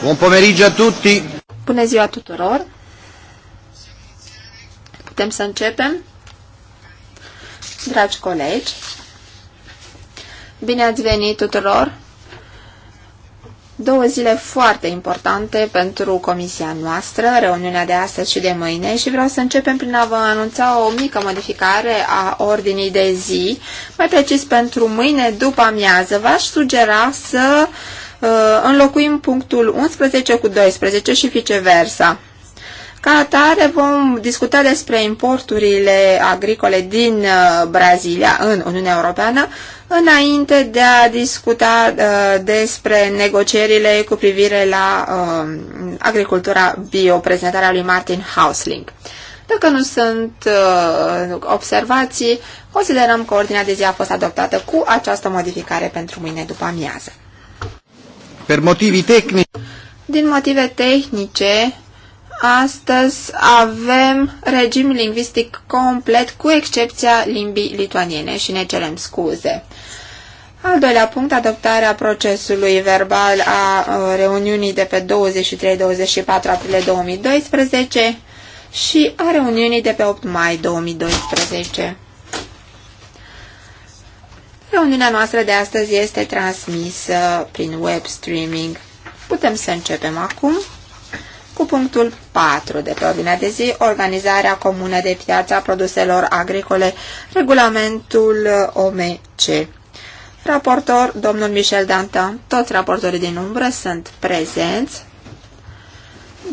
Buon pomeriggio a tutti. Bună ziua tuturor. Putem să începem? Dragi colegi, bine ați venit tuturor. Două zile foarte importante pentru comisia noastră, reuniunea de astăzi și de mâine și vreau să începem prin a vă anunța o mică modificare a ordinii de zi, mai precis pentru mâine după amiază. V-aș sugera să uh, Uh, înlocuim punctul 11 cu 12 și viceversa. Ca atare vom discuta despre importurile agricole din uh, Brazilia în Uniunea Europeană înainte de a discuta uh, despre negocierile cu privire la agricultura bio, prezentarea lui Martin Hausling. Dacă nu sunt observații, considerăm că ordinea de zi a fost adoptată cu această modificare pentru mâine după amiază. Per motivi tehnici. Din motive tehnice, astăzi avem regim lingvistic complet, cu excepția limbii lituaniene și ne cerem scuze. Al doilea punct, adoptarea procesului verbal a reuniunii de pe 23-24 aprilie 2012 și a reuniunii de pe 8 mai 2012. Reuniunea noastră de astăzi este transmisă prin web streaming. Putem să începem acum cu punctul 4 de pe ordinea de zi, organizarea comună de piața produselor agricole, regulamentul OMC. Raportor, domnul Michel Dantin, toți raportorii din umbră sunt prezenți.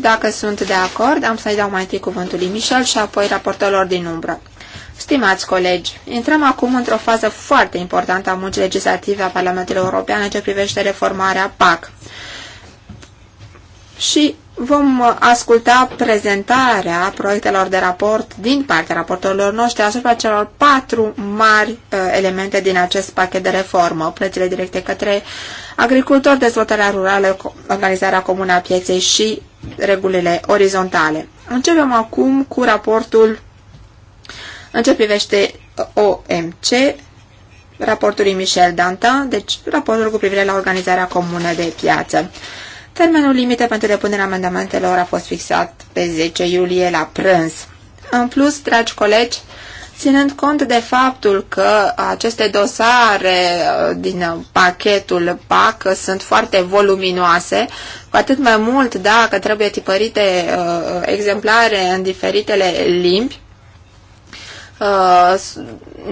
Dacă sunt de acord, am să-i dau mai întâi cuvântul lui Michel și apoi raportorilor din umbră. Stimați colegi, intrăm acum într-o fază foarte importantă a muncii legislative a Parlamentului European în ce privește reformarea PAC. Și vom uh, asculta prezentarea proiectelor de raport din partea raportorilor noștri asupra celor patru mari uh, elemente din acest pachet de reformă, plățile directe către agricultori, dezvoltarea rurală, organizarea comună a pieței și regulile orizontale. Începem acum cu raportul în ce privește OMC, lui Michel Dantin, deci raportul cu privire la organizarea comună de piață. Termenul limită pentru depunerea amendamentelor a fost fixat pe 10 iulie la prânz. În plus, dragi colegi, ținând cont de faptul că aceste dosare uh, din pachetul PAC sunt foarte voluminoase, cu atât mai mult dacă trebuie tipărite uh, exemplare în diferitele limbi, uh,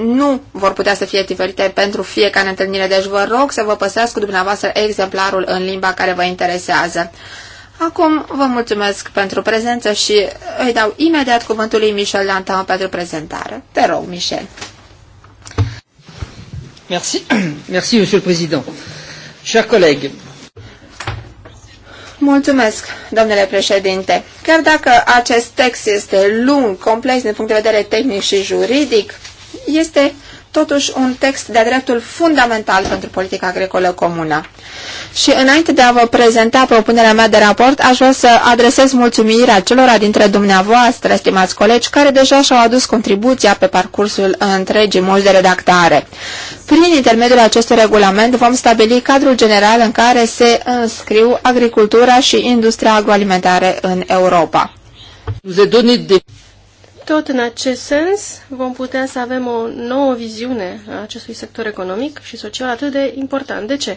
nu vor putea să fie diferite pentru fiecare întâlnire, deci vă rog să vă păsați cu dumneavoastră exemplarul în limba care vă interesează. Acum vă mulțumesc pentru prezență și îi dau imediat cuvântul lui Michel Lantan pentru prezentare. Te rog, Michel. Merci, merci, Monsieur le Président. Chers collègues, Mulțumesc, domnule președinte. Chiar dacă acest text este lung, complex din punct de vedere tehnic și juridic, este totuși un text de dreptul fundamental pentru politica agricolă comună. Și înainte de a vă prezenta propunerea mea de raport, aș vrea să adresez mulțumirea celor dintre dumneavoastră, stimați colegi, care deja și-au adus contribuția pe parcursul întregii moși de redactare. Prin intermediul acestui regulament vom stabili cadrul general în care se înscriu agricultura și industria agroalimentare în Europa. Tot în acest sens vom putea să avem o nouă viziune a acestui sector economic și social atât de important. De ce?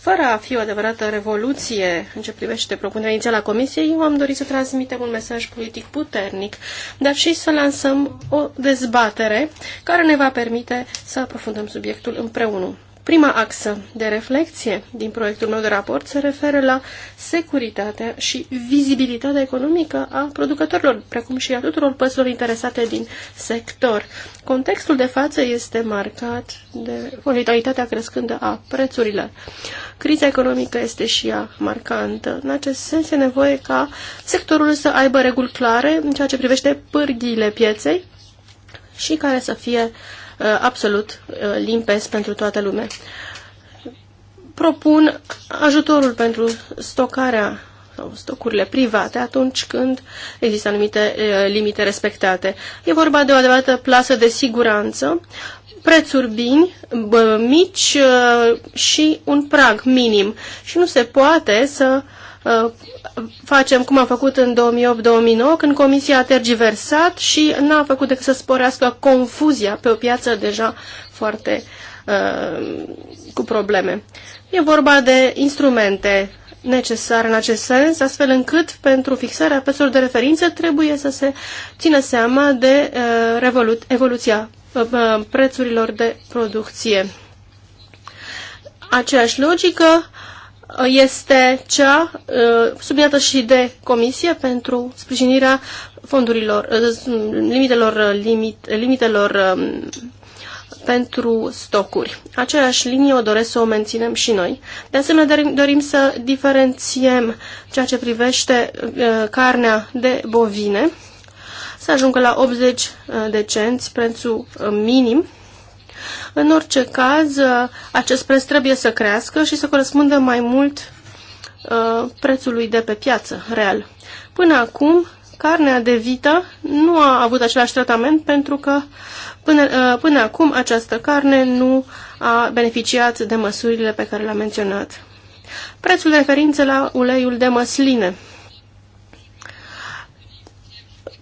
Fără a fi o adevărată revoluție în ce privește propunerea inițială a Comisiei, eu am dorit să transmitem un mesaj politic puternic, dar și să lansăm o dezbatere care ne va permite să aprofundăm subiectul împreună. Prima axă de reflexie din proiectul meu de raport se referă la securitatea și vizibilitatea economică a producătorilor, precum și a tuturor părților interesate din sector. Contextul de față este marcat de volatilitatea crescândă a prețurilor. Criza economică este și ea marcantă. În acest sens e nevoie ca sectorul să aibă reguli clare în ceea ce privește pârghiile pieței și care să fie uh, Uh, absolut uh, limpezi pentru toată lumea. Propun ajutorul pentru stocarea sau stocurile private atunci când există anumite uh, limite respectate. E vorba de o adevărată plasă de siguranță, prețuri bini, mici și un prag minim. Și nu se poate să uh, Uh, facem cum am făcut în 2008-2009, când Comisia a tergiversat și n-a făcut decât să sporească confuzia pe o piață deja foarte uh, cu probleme. E vorba de instrumente necesare în acest sens, astfel încât pentru fixarea prețurilor de referință trebuie să se țină seama de uh, revolu- evoluția uh, prețurilor de producție. Aceeași logică este cea ă, subliniată și de Comisie pentru sprijinirea fondurilor, ă, limitelor, ă, limit, limitelor pentru stocuri. Aceeași linie o doresc să o menținem și noi. De asemenea, dorim să diferențiem ceea ce privește carnea de bovine, să ajungă la 80 de cenți prețul minim în orice caz, acest preț trebuie să crească și să corespundă mai mult uh, prețului de pe piață real. Până acum, carnea de vită nu a avut același tratament pentru că până, uh, până acum această carne nu a beneficiat de măsurile pe care le-am menționat. Prețul de referință la uleiul de măsline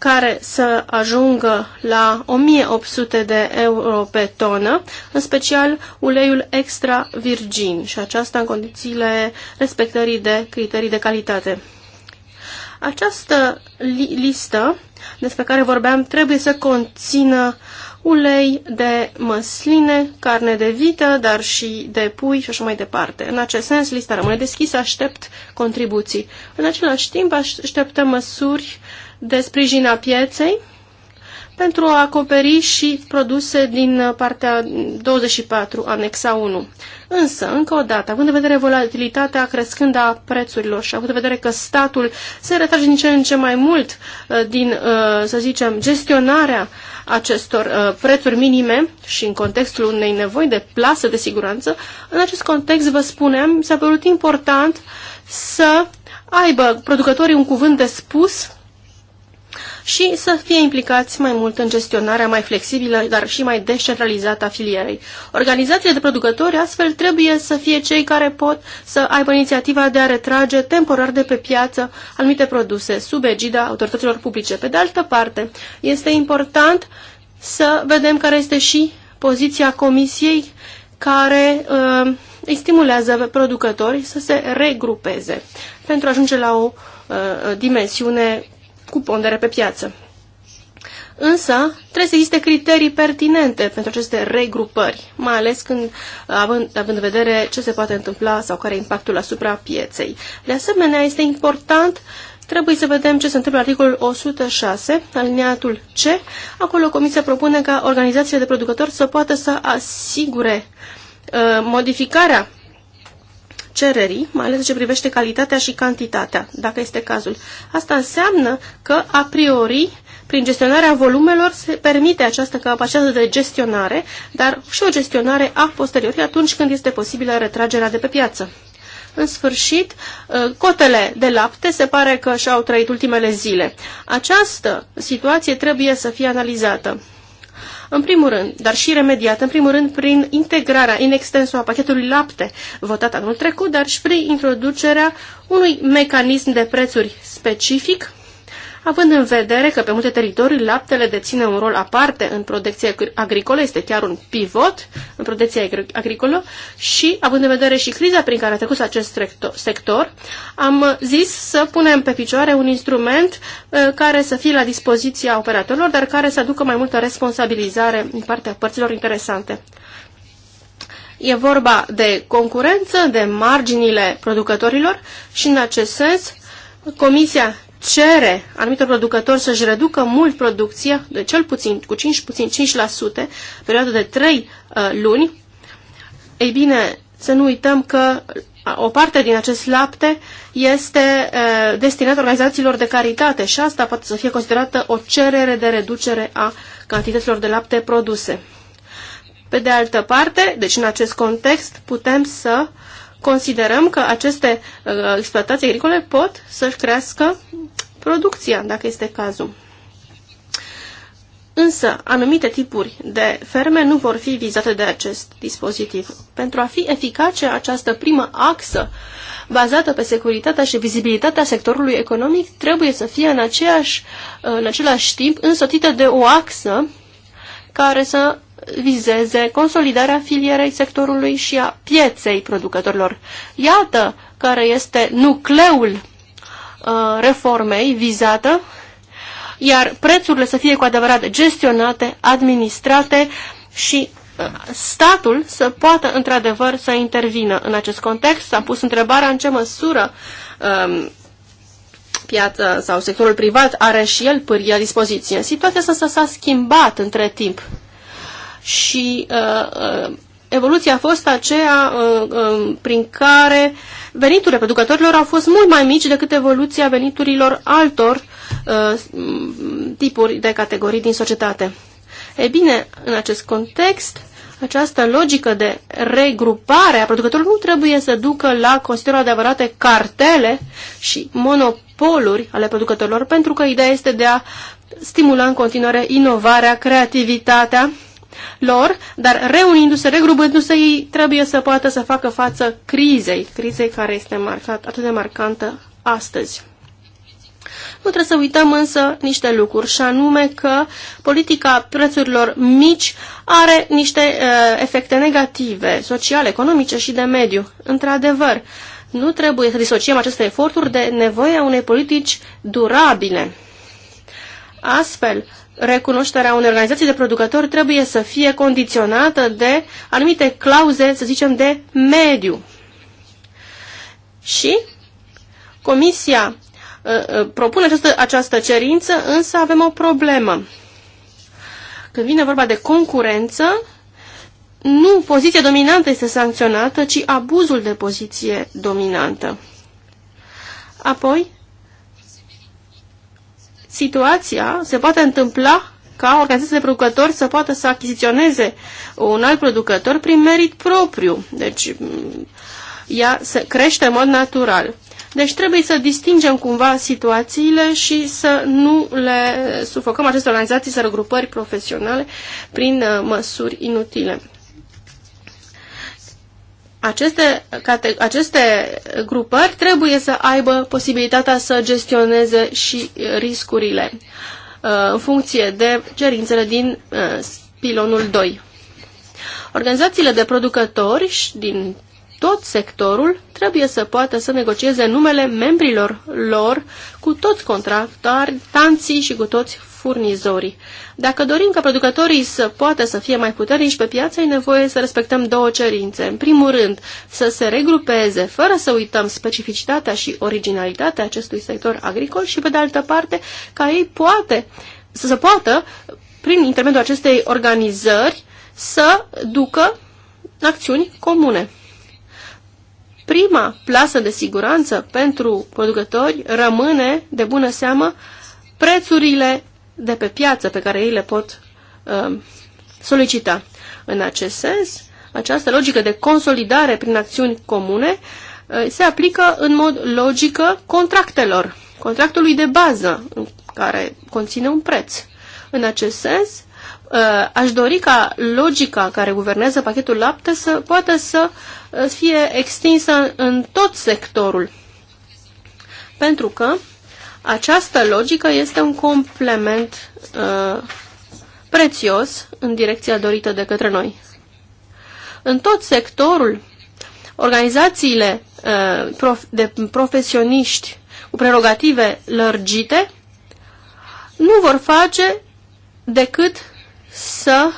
care să ajungă la 1800 de euro pe tonă, în special uleiul extra virgin și aceasta în condițiile respectării de criterii de calitate. Această li listă despre care vorbeam trebuie să conțină ulei de măsline, carne de vită, dar și de pui și așa mai departe. În acest sens, lista rămâne deschisă, aștept contribuții. În același timp, așteptăm măsuri de sprijin a pieței, pentru a acoperi și produse din uh, partea 24, anexa 1. Însă, încă o dată, având în vedere volatilitatea crescând a prețurilor și având în vedere că statul se retrage din ce în ce mai mult uh, din, uh, să zicem, gestionarea acestor prețuri minime și în contextul unei nevoi de plasă de siguranță, în acest context, vă spunem, s-a părut important să aibă producătorii un cuvânt de spus și să fie implicați mai mult în gestionarea mai flexibilă, dar și mai descentralizată a filierei. Organizațiile de producători astfel trebuie să fie cei care pot să aibă inițiativa de a retrage temporar de pe piață anumite produse sub egida autorităților publice. Pe de altă parte, este important să vedem care este și poziția comisiei care uh, îi stimulează producătorii să se regrupeze pentru a ajunge la o uh, dimensiune cu pondere pe piață. Însă, trebuie să existe criterii pertinente pentru aceste regrupări, mai ales când, având, având în vedere ce se poate întâmpla sau care e impactul asupra pieței. De asemenea, este important Trebuie să vedem ce se întâmplă articolul 106, alineatul C. Acolo Comisia propune ca organizațiile de producători să poată să asigure uh, modificarea cererii, mai ales ce privește calitatea și cantitatea, dacă este cazul. Asta înseamnă că, a priori, prin gestionarea volumelor se permite această capacitate de gestionare, dar și o gestionare a posteriori atunci când este posibilă retragerea de pe piață. În sfârșit, ă, cotele de lapte se pare că și-au trăit ultimele zile. Această situație trebuie să fie analizată. În primul rând, dar și remediat, în primul rând, prin integrarea in extenso a pachetului lapte votat anul trecut, dar și prin introducerea unui mecanism de prețuri specific având în vedere că pe multe teritorii laptele deține un rol aparte în protecția agricolă, este chiar un pivot în protecția agricolă și având în vedere și criza prin care a trecut acest sector, am zis să punem pe picioare un instrument uh, care să fie la dispoziția operatorilor, dar care să aducă mai multă responsabilizare din partea părților interesante. E vorba de concurență, de marginile producătorilor și în acest sens Comisia cere anumitor producători să-și reducă mult producția, de cel puțin cu 5, puțin 5%, perioadă de 3 uh, luni, ei bine, să nu uităm că uh, o parte din acest lapte este uh, destinat organizațiilor de caritate și asta poate să fie considerată o cerere de reducere a cantităților de lapte produse. Pe de altă parte, deci în acest context, putem să uh, considerăm că aceste uh, exploatații agricole pot să-și crească producția, dacă este cazul. Însă, anumite tipuri de ferme nu vor fi vizate de acest dispozitiv. Pentru a fi eficace această primă axă, bazată pe securitatea și vizibilitatea sectorului economic, trebuie să fie în, aceeași, uh, în același timp însotită de o axă care să vizeze consolidarea filierei sectorului și a pieței producătorilor. Iată care este nucleul uh, reformei vizată, iar prețurile să fie cu adevărat gestionate, administrate și uh, statul să poată într-adevăr să intervină în acest context. S-a pus întrebarea în ce măsură um, piața sau sectorul privat are și el pârghia dispoziție. Situația asta s-a schimbat între timp și uh, uh, evoluția a fost aceea uh, uh, prin care veniturile producătorilor au fost mult mai mici decât evoluția veniturilor altor uh, tipuri de categorii din societate. Ei bine, în acest context, această logică de regrupare a producătorilor nu trebuie să ducă la considerul adevărate cartele și monopoluri ale producătorilor, pentru că ideea este de a stimula în continuare inovarea, creativitatea, lor, dar reunindu-se, regrupându-se, ei trebuie să poată să facă față crizei, crizei care este marcat, atât de marcantă astăzi. Nu trebuie să uităm însă niște lucruri, și anume că politica prețurilor mici are niște uh, efecte negative, sociale, economice și de mediu. Într-adevăr, nu trebuie să disociem aceste eforturi de nevoia unei politici durabile. Astfel, recunoașterea unei organizații de producători trebuie să fie condiționată de anumite clauze, să zicem, de mediu. Și Comisia uh, uh, propune această, această cerință, însă avem o problemă. Când vine vorba de concurență, nu poziția dominantă este sancționată, ci abuzul de poziție dominantă. Apoi, situația se poate întâmpla ca organizația de producători să poată să achiziționeze un alt producător prin merit propriu. Deci ea se crește în mod natural. Deci trebuie să distingem cumva situațiile și să nu le sufocăm aceste organizații, să regrupări profesionale prin uh, măsuri inutile aceste, aceste grupări trebuie să aibă posibilitatea să gestioneze și uh, riscurile uh, în funcție de cerințele din uh, pilonul 2. Organizațiile de producători și din tot sectorul trebuie să poată să negocieze numele membrilor lor cu toți contractanții și cu toți furnizorii. Dacă dorim ca producătorii să poată să fie mai puternici pe piață, e nevoie să respectăm două cerințe. În primul rând, să se regrupeze fără să uităm specificitatea și originalitatea acestui sector agricol și, pe de altă parte, ca ei poate să se poată, prin intermediul acestei organizări, să ducă acțiuni comune. Prima plasă de siguranță pentru producători rămâne, de bună seamă, prețurile de pe piață pe care ei le pot uh, solicita. În acest sens, această logică de consolidare prin acțiuni comune uh, se aplică în mod logică contractelor, contractului de bază care conține un preț. În acest sens, uh, aș dori ca logica care guvernează pachetul lapte să poată să uh, fie extinsă în tot sectorul. Pentru că această logică este un complement uh, prețios în direcția dorită de către noi. În tot sectorul, organizațiile uh, prof de profesioniști cu prerogative lărgite nu vor face decât să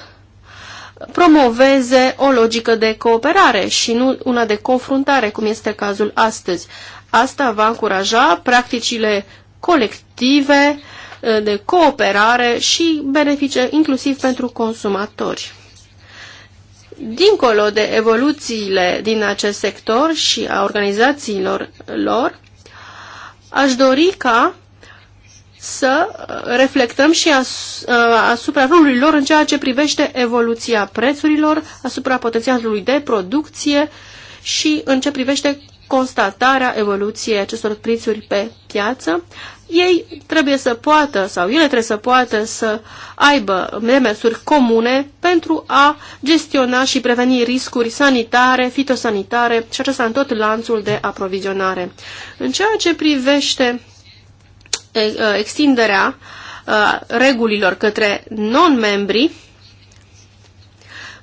promoveze o logică de cooperare și nu una de confruntare, cum este cazul astăzi. Asta va încuraja practicile colective eh, de cooperare și benefice inclusiv pentru consumatori. Dincolo de evoluțiile din acest sector și a organizațiilor lor, aș dori ca să reflectăm și eh, asupra rolului lor în ceea ce privește evoluția prețurilor, asupra potențialului de producție și în ce privește constatarea evoluției acestor prețuri pe piață, ei trebuie să poată sau ele trebuie să poată să aibă demersuri comune pentru a gestiona și preveni riscuri sanitare, fitosanitare și acesta în tot lanțul de aprovizionare. În ceea ce privește extinderea regulilor către non-membri,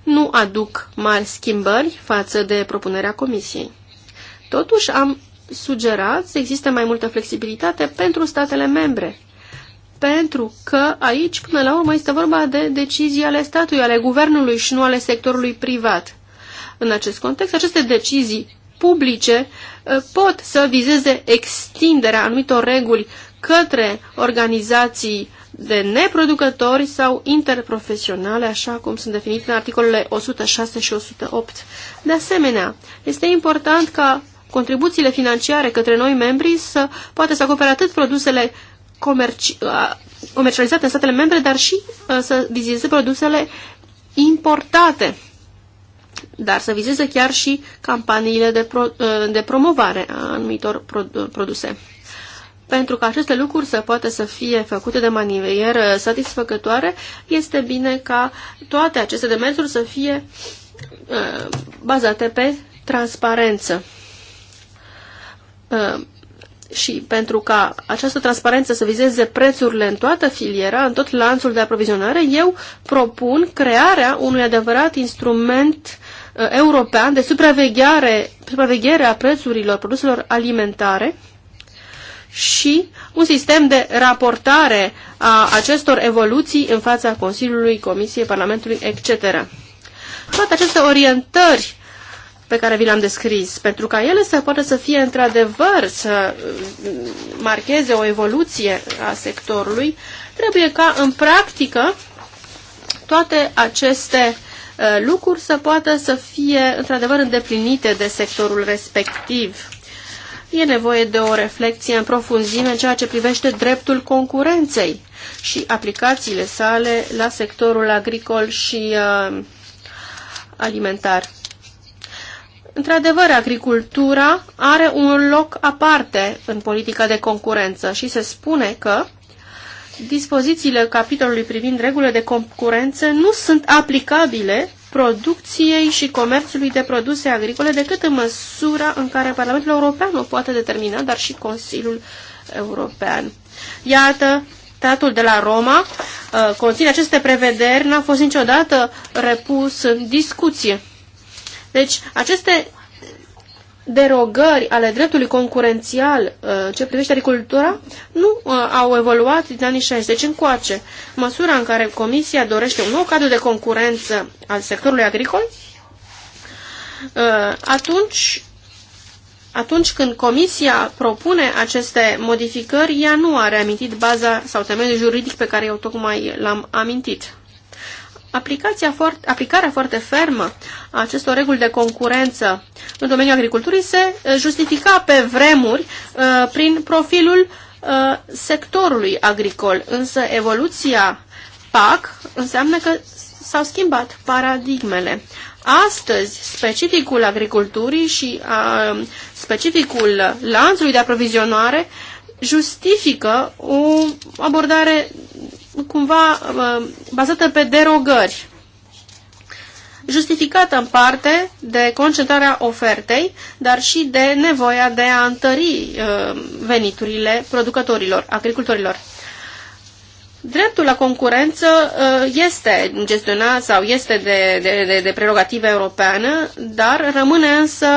nu aduc mari schimbări față de propunerea Comisiei. Totuși am sugerat să existe mai multă flexibilitate pentru statele membre. Pentru că aici, până la urmă, este vorba de decizii ale statului, ale guvernului și nu ale sectorului privat. În acest context, aceste decizii publice eh, pot să vizeze extinderea anumitor reguli către organizații de neproducători sau interprofesionale, așa cum sunt definite în articolele 106 și 108. De asemenea, este important ca contribuțiile financiare către noi membri să poate să acopere atât produsele comerci comercializate în statele membre, dar și să viziteze produsele importate, dar să vizeze chiar și campaniile de, pro, de promovare a anumitor produse. Pentru că aceste lucruri să poată să fie făcute de manieră satisfăcătoare, este bine ca toate aceste demersuri să fie uh, bazate pe transparență. Uh, și pentru ca această transparență să vizeze prețurile în toată filiera, în tot lanțul de aprovizionare, eu propun crearea unui adevărat instrument uh, european de supraveghere, supraveghere a prețurilor produselor alimentare și un sistem de raportare a acestor evoluții în fața Consiliului, Comisiei, Parlamentului, etc. Toate aceste orientări pe care vi l-am descris, pentru ca ele să poată să fie într-adevăr, să marcheze o evoluție a sectorului, trebuie ca în practică toate aceste uh, lucruri să poată să fie într-adevăr îndeplinite de sectorul respectiv. E nevoie de o reflexie în profunzime în ceea ce privește dreptul concurenței și aplicațiile sale la sectorul agricol și uh, alimentar. Într-adevăr, agricultura are un loc aparte în politica de concurență și se spune că dispozițiile capitolului privind regulile de concurență nu sunt aplicabile producției și comerțului de produse agricole decât în măsura în care Parlamentul European o poate determina, dar și Consiliul European. Iată, tratatul de la Roma uh, conține aceste prevederi, n-a fost niciodată repus în discuție. Deci, aceste derogări ale dreptului concurențial uh, ce privește agricultura nu uh, au evoluat din anii 60 deci, încoace. Măsura în care Comisia dorește un nou cadru de concurență al sectorului agricol, uh, atunci, atunci când Comisia propune aceste modificări, ea nu a reamintit baza sau temeiul juridic pe care eu tocmai l-am amintit. Aplicația foarte, aplicarea foarte fermă a acestor reguli de concurență în domeniul agriculturii se eh, justifica pe vremuri uh, prin profilul uh, sectorului agricol, însă evoluția PAC înseamnă că s-au schimbat paradigmele. Astăzi, specificul agriculturii și uh, specificul lanțului de aprovizionare justifică o abordare cumva uh, bazată pe derogări, justificată în parte de concentrarea ofertei, dar și de nevoia de a întări uh, veniturile producătorilor, agricultorilor. Dreptul la concurență uh, este gestionat sau este de, de, de, de prerogativă europeană, dar rămâne însă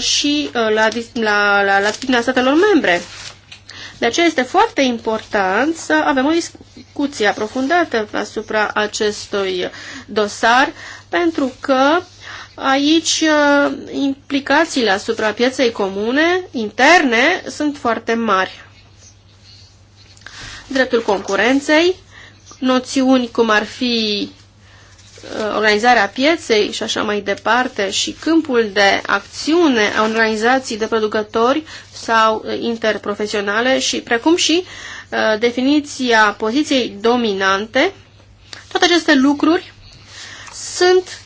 și la, la, la, la statelor membre. De aceea este foarte important să avem o discuție aprofundată asupra acestui dosar, pentru că aici uh, implicațiile asupra pieței comune, interne, sunt foarte mari. Dreptul concurenței, noțiuni cum ar fi Uh, organizarea pieței și așa mai departe și câmpul de acțiune a organizații de producători sau uh, interprofesionale și precum și uh, definiția poziției dominante, toate aceste lucruri sunt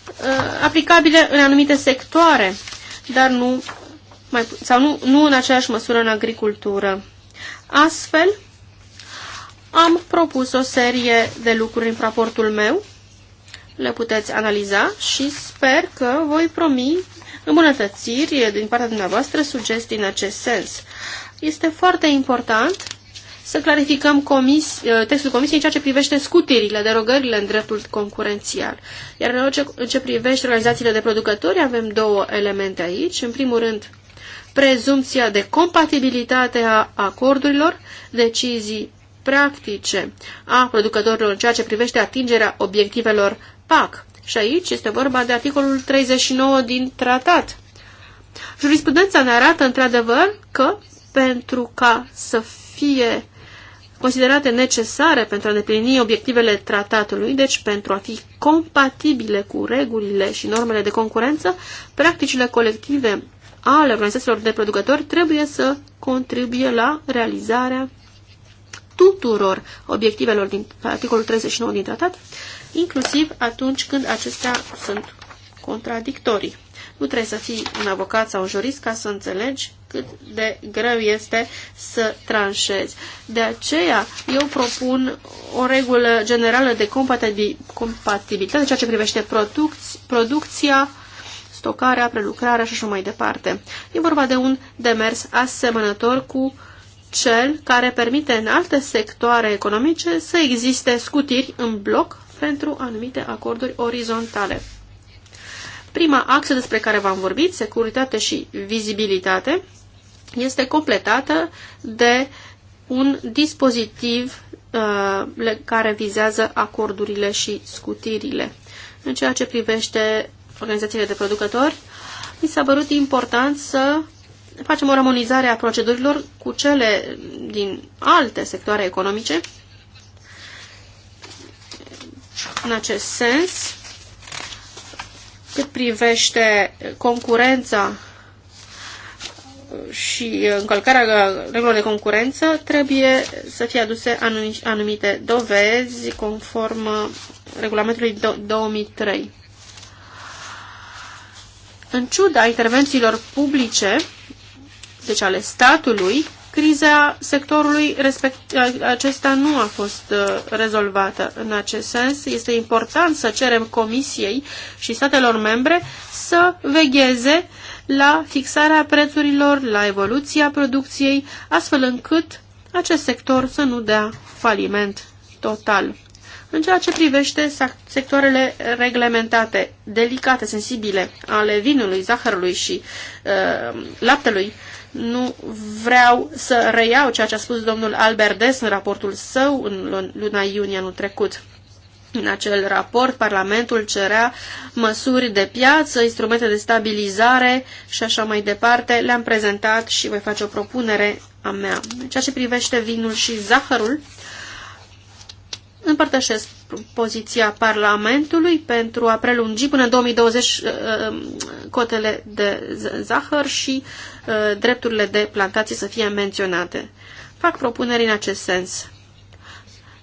aplicabile în anumite sectoare, dar nu, mai, sau nu, nu în aceeași măsură în agricultură. Astfel, am propus o serie de lucruri în raportul meu, le puteți analiza și sper că voi promi îmbunătățiri din partea dumneavoastră, sugestii în acest sens. Este foarte important să clarificăm comis, eh, textul comisiei în ceea ce privește scutirile, derogările în dreptul concurențial. Iar în ce, în ce privește organizațiile de producători, avem două elemente aici. În primul rând, prezumția de compatibilitate a acordurilor, decizii practice a producătorilor în ceea ce privește atingerea obiectivelor PAC. Și aici este vorba de articolul 39 din tratat. Jurisprudența ne arată într-adevăr că pentru ca să fie considerate necesare pentru a deplini obiectivele tratatului, deci pentru a fi compatibile cu regulile și normele de concurență, practicile colective ale organizațiilor de producători trebuie să contribuie la realizarea tuturor obiectivelor din articolul 39 din tratat inclusiv atunci când acestea sunt contradictorii. Nu trebuie să fii un avocat sau un jurist ca să înțelegi cât de greu este să tranșezi. De aceea, eu propun o regulă generală de compatibilitate, ceea ce privește produc producția, stocarea, prelucrarea și așa mai departe. E vorba de un demers asemănător cu cel care permite în alte sectoare economice să existe scutiri în bloc pentru anumite acorduri orizontale. Prima axă despre care v-am vorbit, securitate și vizibilitate, este completată de un dispozitiv uh, care vizează acordurile și scutirile. În ceea ce privește organizațiile de producători, mi s-a părut important să facem o ramonizare a procedurilor cu cele din alte sectoare economice în acest sens. Cât privește concurența și încălcarea regulilor de concurență, trebuie să fie aduse anumite dovezi conform regulamentului 2003. În ciuda intervențiilor publice, deci ale statului, criza sectorului respect, acesta nu a fost uh, rezolvată. În acest sens, este important să cerem Comisiei și statelor membre să vegheze la fixarea prețurilor, la evoluția producției, astfel încât acest sector să nu dea faliment total. În ceea ce privește sectoarele reglementate, delicate, sensibile, ale vinului, zahărului și uh, laptelui, uh, nu vreau să reiau ceea ce a spus domnul Albert Des în raportul său în luna iunie anul trecut. În acel raport, Parlamentul cerea măsuri de piață, instrumente de stabilizare și așa mai departe. Le-am prezentat și voi face o propunere a mea. În ceea ce privește vinul și zahărul, împărtășesc poziția Parlamentului pentru a prelungi până în 2020 uh, uh, cotele de zahăr și Uh, drepturile de plantație să fie menționate. Fac propuneri în acest sens.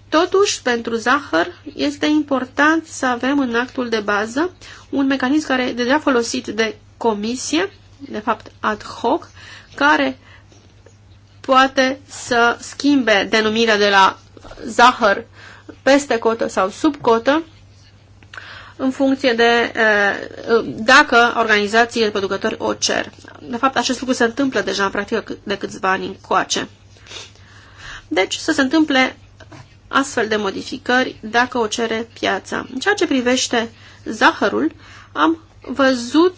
Totuși, pentru zahăr este important să avem în actul de bază un mecanism care e deja folosit de comisie, de fapt ad hoc, care poate să schimbe denumirea de la zahăr peste cotă sau sub cotă în funcție de uh, dacă organizațiile de producători o cer. De fapt, acest lucru se întâmplă deja în practică de câțiva ani încoace. Deci, să se întâmple astfel de modificări dacă o cere piața. În ceea ce privește zahărul, am văzut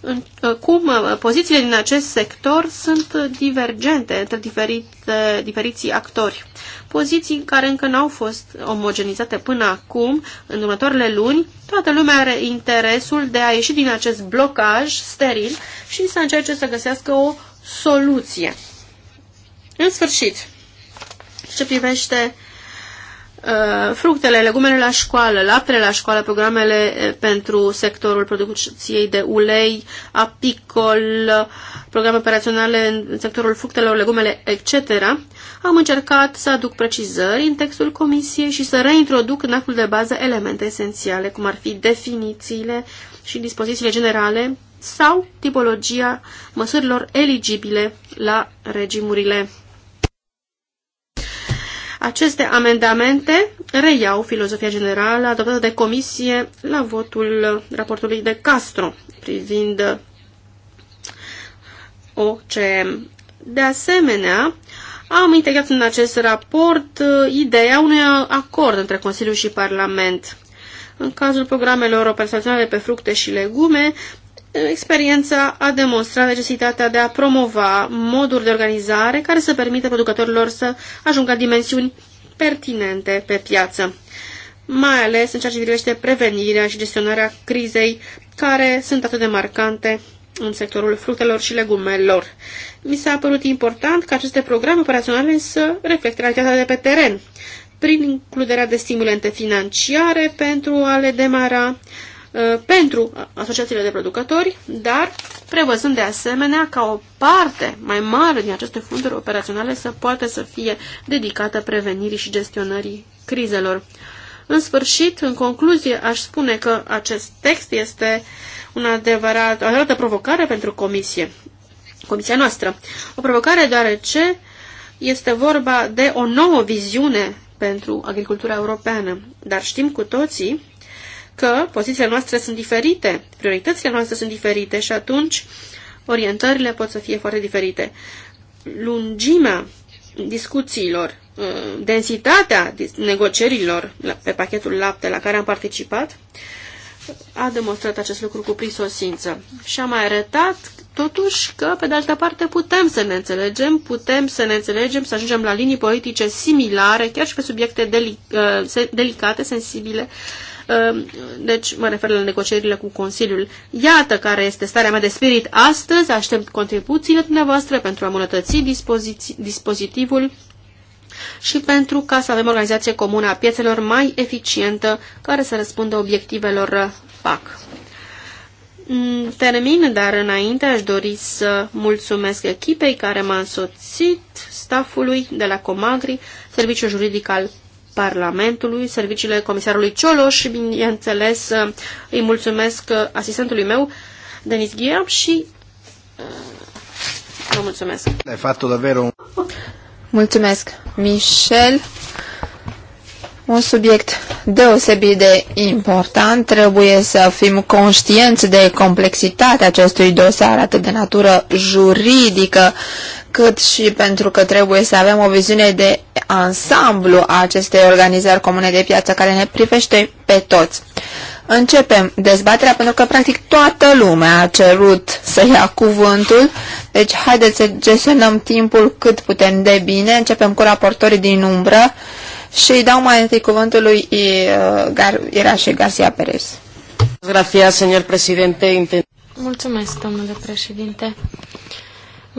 uh, cum uh, pozițiile din acest sector sunt divergente între diferite, diferiții actori poziții care încă n-au fost omogenizate până acum, în următoarele luni, toată lumea are interesul de a ieși din acest blocaj steril și să încerce să găsească o soluție. În sfârșit, ce privește Uh, fructele, legumele la școală, laptele la școală, programele uh, pentru sectorul producției de ulei, apicol, uh, programe operaționale în sectorul fructelor, legumele, etc. Am încercat să aduc precizări în textul comisiei și să reintroduc în actul de bază elemente esențiale, cum ar fi definițiile și dispozițiile generale sau tipologia măsurilor eligibile la regimurile aceste amendamente reiau filozofia generală adoptată de comisie la votul raportului de Castro privind OCM. De asemenea, am integrat în acest raport ideea unui acord între Consiliu și Parlament. În cazul programelor operaționale pe fructe și legume, experiența a demonstrat necesitatea de a promova moduri de organizare care să permită producătorilor să ajungă dimensiuni pertinente pe piață, mai ales în ceea ce privește prevenirea și gestionarea crizei care sunt atât de marcante în sectorul fructelor și legumelor. Mi s-a părut important ca aceste programe operaționale să reflecte realitatea de pe teren, prin includerea de stimulente financiare pentru a le demara, Uh, pentru asociațiile de producători, dar prevăzând de asemenea ca o parte mai mare din aceste funduri operaționale să poată să fie dedicată prevenirii și gestionării crizelor. În sfârșit, în concluzie, aș spune că acest text este un adevărat, o adevărată provocare pentru comisie, comisia noastră. O provocare deoarece este vorba de o nouă viziune pentru agricultura europeană, dar știm cu toții că pozițiile noastre sunt diferite, prioritățile noastre sunt diferite și atunci orientările pot să fie foarte diferite. Lungimea discuțiilor, uh, densitatea negocierilor pe pachetul lapte la care am participat a demonstrat acest lucru cu prisosință și a mai arătat totuși că, pe de altă parte, putem să ne înțelegem, putem să ne înțelegem, să ajungem la linii politice similare, chiar și pe subiecte uh, delicate, sensibile, uh, Ehm, deci mă refer la negocierile cu Consiliul. Iată care este starea mea de spirit astăzi, aștept contribuțiile dumneavoastră pentru a îmbunătăți dispozitivul și pentru ca să avem organizație comună a piețelor mai eficientă care să răspundă obiectivelor PAC. Mm, termin, dar înainte aș dori să mulțumesc echipei care m-a însoțit, staffului de la Comagri, serviciul juridic al Parlamentului, serviciile comisarului Cioloș și, bineînțeles, uh, îi mulțumesc uh, asistentului meu, Denis Ghiam, și uh, vă mulțumesc. Ai fatto davvero Mulțumesc, Michel. Un subiect deosebit de important. Trebuie să fim conștienți de complexitatea acestui dosar, atât de natură juridică, cât și pentru că trebuie să avem o viziune de ansamblu a acestei organizări comune de piață care ne privește pe toți. Începem dezbaterea pentru că practic toată lumea a cerut să ia cuvântul, deci haideți să gestionăm timpul cât putem de bine. Începem cu raportorii din umbră și îi dau mai întâi cuvântul lui uh, Gar și Garcia Perez. señor presidente. Mulțumesc, domnule președinte. Uh,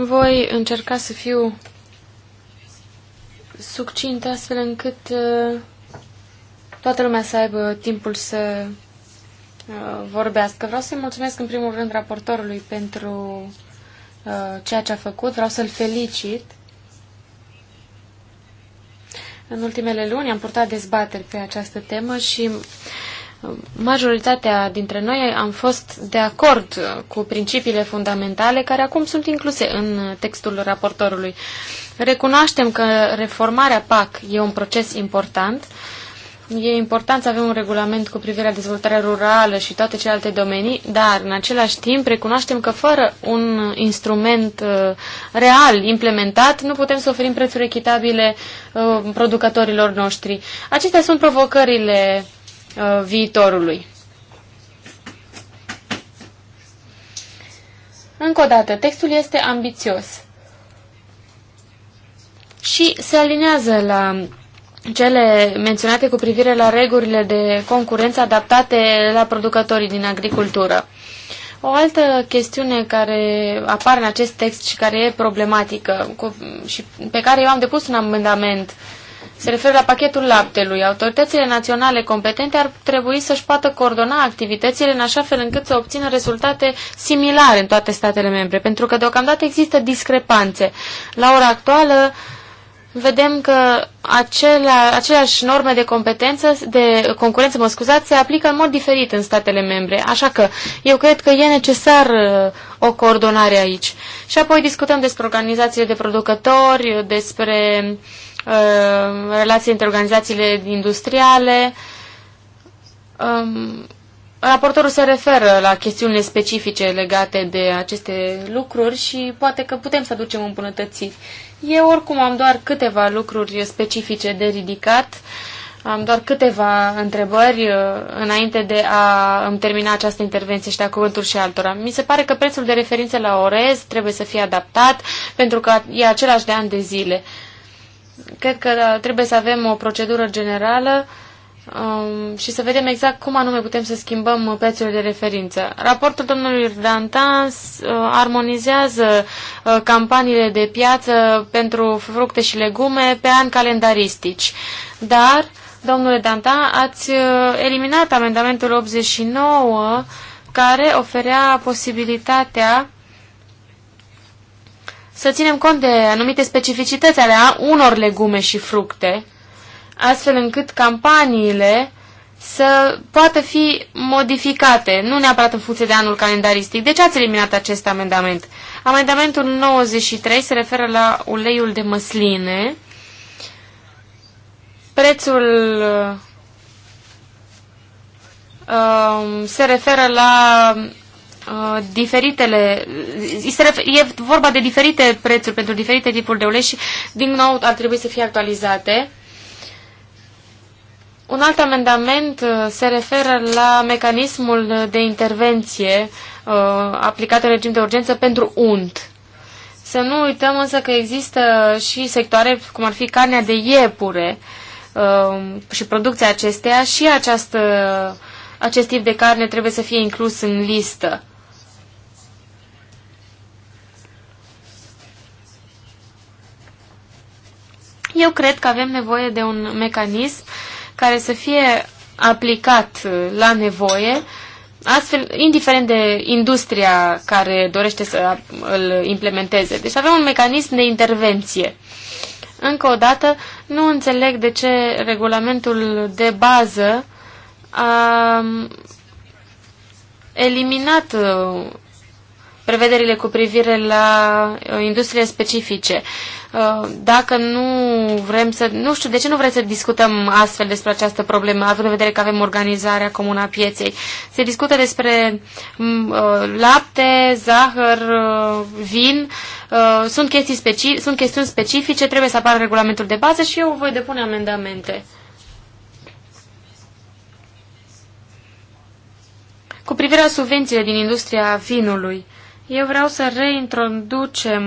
voi încerca să fiu succint astfel încât uh, toată lumea să aibă timpul să uh, vorbească. Vreau să-i mulțumesc în primul rând raportorului pentru uh, ceea ce a făcut. Vreau să-l felicit. În ultimele luni am purtat dezbateri pe această temă și majoritatea dintre noi am fost de acord cu principiile fundamentale care acum sunt incluse în textul raportorului. Recunoaștem că reformarea PAC e un proces important. E important să avem un regulament cu privire la dezvoltarea rurală și toate celelalte domenii, dar în același timp recunoaștem că fără un instrument uh, real implementat nu putem să oferim prețuri echitabile uh, producătorilor noștri. Acestea sunt provocările Uh, viitorului. Încă o dată, textul este ambițios și se alinează la cele menționate cu privire la regulile de concurență adaptate la producătorii din agricultură. O altă chestiune care apare în acest text și care e problematică cu, și pe care eu am depus un amendament se referă la pachetul laptelui. Autoritățile naționale competente ar trebui să-și poată coordona activitățile în așa fel încât să obțină rezultate similare în toate statele membre, pentru că deocamdată există discrepanțe. La ora actuală vedem că acelea, aceleași norme de competență, de concurență, mă scuzați, se aplică în mod diferit în statele membre. Așa că eu cred că e necesar uh, o coordonare aici. Și apoi discutăm despre organizațiile de producători, despre uh, Uh, relații între organizațiile industriale. Um, raportorul se referă la chestiunile specifice legate de aceste lucruri și poate că putem să aducem îmbunătățiri. Eu oricum am doar câteva lucruri specifice de ridicat, am doar câteva întrebări uh, înainte de a îmi termina această intervenție și de a cuvântul și altora. Mi se pare că prețul de referință la orez trebuie să fie adaptat pentru că e același de ani de zile cred că da, trebuie să avem o procedură generală um, și să vedem exact cum anume putem să schimbăm prețurile de referință. Raportul domnului Dantan uh, armonizează uh, campaniile de piață pentru fructe și legume pe an calendaristici, dar, domnule Dantan, ați uh, eliminat amendamentul 89 care oferea posibilitatea să ținem cont de anumite specificități ale unor legume și fructe, astfel încât campaniile să poată fi modificate, nu neapărat în funcție de anul calendaristic. De ce ați eliminat acest amendament? Amendamentul 93 se referă la uleiul de măsline. Prețul uh, se referă la Uh, diferitele, diferitele, uh, e vorba de diferite prețuri pentru diferite tipuri de ulei și din nou ar trebui să fie actualizate. Un alt amendament uh, se referă la mecanismul de intervenție uh, aplicat în regim de urgență pentru unt. Să nu uităm însă că există și sectoare cum ar fi carnea de iepure uh, și producția acesteia și această, acest tip de carne trebuie să fie inclus în listă. Eu cred că avem nevoie de un mecanism care să fie aplicat la nevoie, astfel, indiferent de industria care dorește să îl implementeze. Deci avem un mecanism de intervenție. Încă o dată, nu înțeleg de ce regulamentul de bază a um, eliminat uh, prevederile cu privire la uh, industrie specifice. Uh, Uh, dacă nu vrem să... Nu știu, de ce nu vrem să discutăm astfel despre această problemă, având în vedere că avem organizarea comună a pieței? Se discută despre mm, uh, lapte, zahăr, uh, vin, sunt, chestii speci sunt chestiuni specifice, trebuie să apară regulamentul de bază și eu voi depune amendamente. Cu privire la subvențiile din industria vinului, eu vreau să reintroducem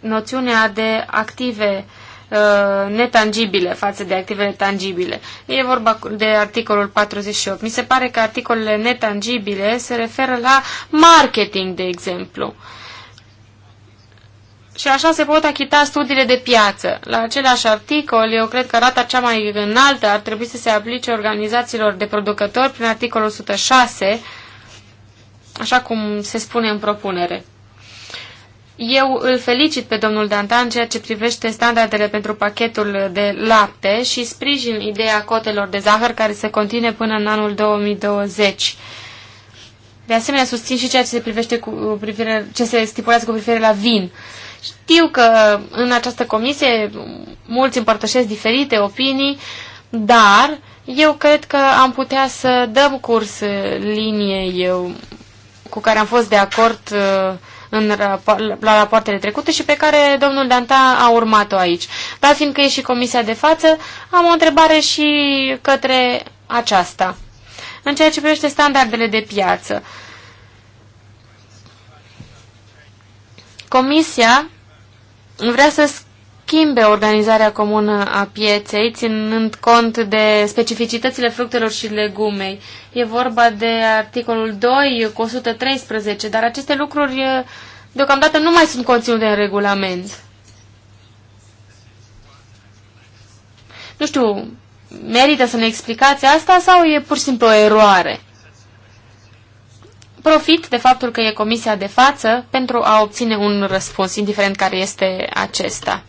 noțiunea de active uh, netangibile față de activele tangibile. E vorba de articolul 48. Mi se pare că articolele netangibile se referă la marketing, de exemplu. Și așa se pot achita studiile de piață. La același articol, eu cred că rata cea mai înaltă ar trebui să se aplice organizațiilor de producători prin articolul 106, așa cum se spune în propunere. Eu îl felicit pe domnul Dantan în ceea ce privește standardele pentru pachetul de lapte și sprijin ideea cotelor de zahăr care se continue până în anul 2020. De asemenea, susțin și ceea ce se, privește cu privire, ce se stipulează cu privire la vin. Știu că în această comisie mulți împărtășesc diferite opinii, dar eu cred că am putea să dăm curs liniei cu care am fost de acord uh, în la rapoartele trecute și pe care domnul Danta a urmat-o aici. Dar fiindcă e și comisia de față, am o întrebare și către aceasta. În ceea ce privește standardele de piață, comisia vrea să schimbe organizarea comună a pieței, ținând cont de specificitățile fructelor și legumei. E vorba de articolul 2 cu 113, dar aceste lucruri eh, deocamdată nu mai sunt conținute în regulament. Nu știu, merită să ne explicați asta sau e pur și simplu o eroare? Profit de faptul că e comisia de față pentru a obține un răspuns, indiferent care este acesta.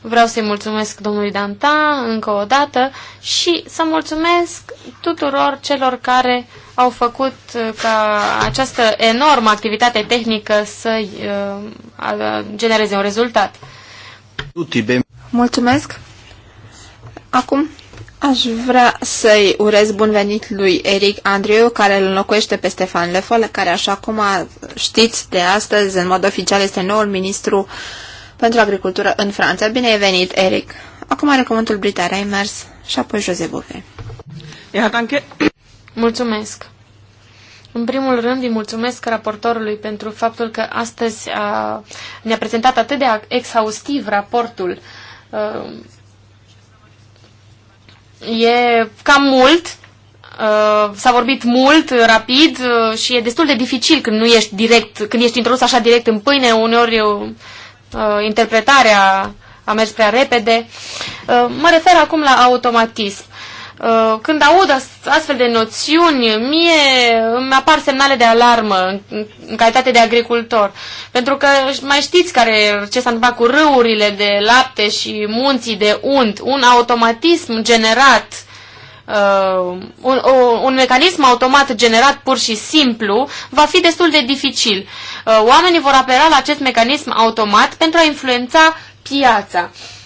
Vreau să-i mulțumesc domnului Danta încă o dată și să mulțumesc tuturor celor care au făcut uh, ca această enormă activitate tehnică să uh, genereze un rezultat. Mulțumesc! Acum Aș vrea să-i urez bun venit lui Eric Andreu, care îl înlocuiește pe Stefan Lefol, care, așa cum știți de astăzi, în mod oficial este noul ministru pentru agricultură în Franța. Bine ai venit, Eric! Acum are cuvântul Brita Reimers și apoi Jose Bove. Mulțumesc! În primul rând îi mulțumesc raportorului pentru faptul că astăzi a, ne-a prezentat atât de exhaustiv raportul uh, E cam mult, uh, s-a vorbit mult, uh, rapid uh, și e destul de dificil când nu ești direct, când ești introdus așa direct în pâine, uneori interpretarea a mers prea repede. Mă refer acum la automatism. Uh, când aud astfel de noțiuni, mie îmi apar semnale de alarmă în calitate de agricultor. Pentru că mai știți care, ce s-a întâmplat cu râurile de lapte și munții de unt. Un automatism generat, uh, un, un mecanism automat generat pur și simplu, va fi destul de dificil. Uh, oamenii vor apela la acest mecanism automat pentru a influența piața. Uh,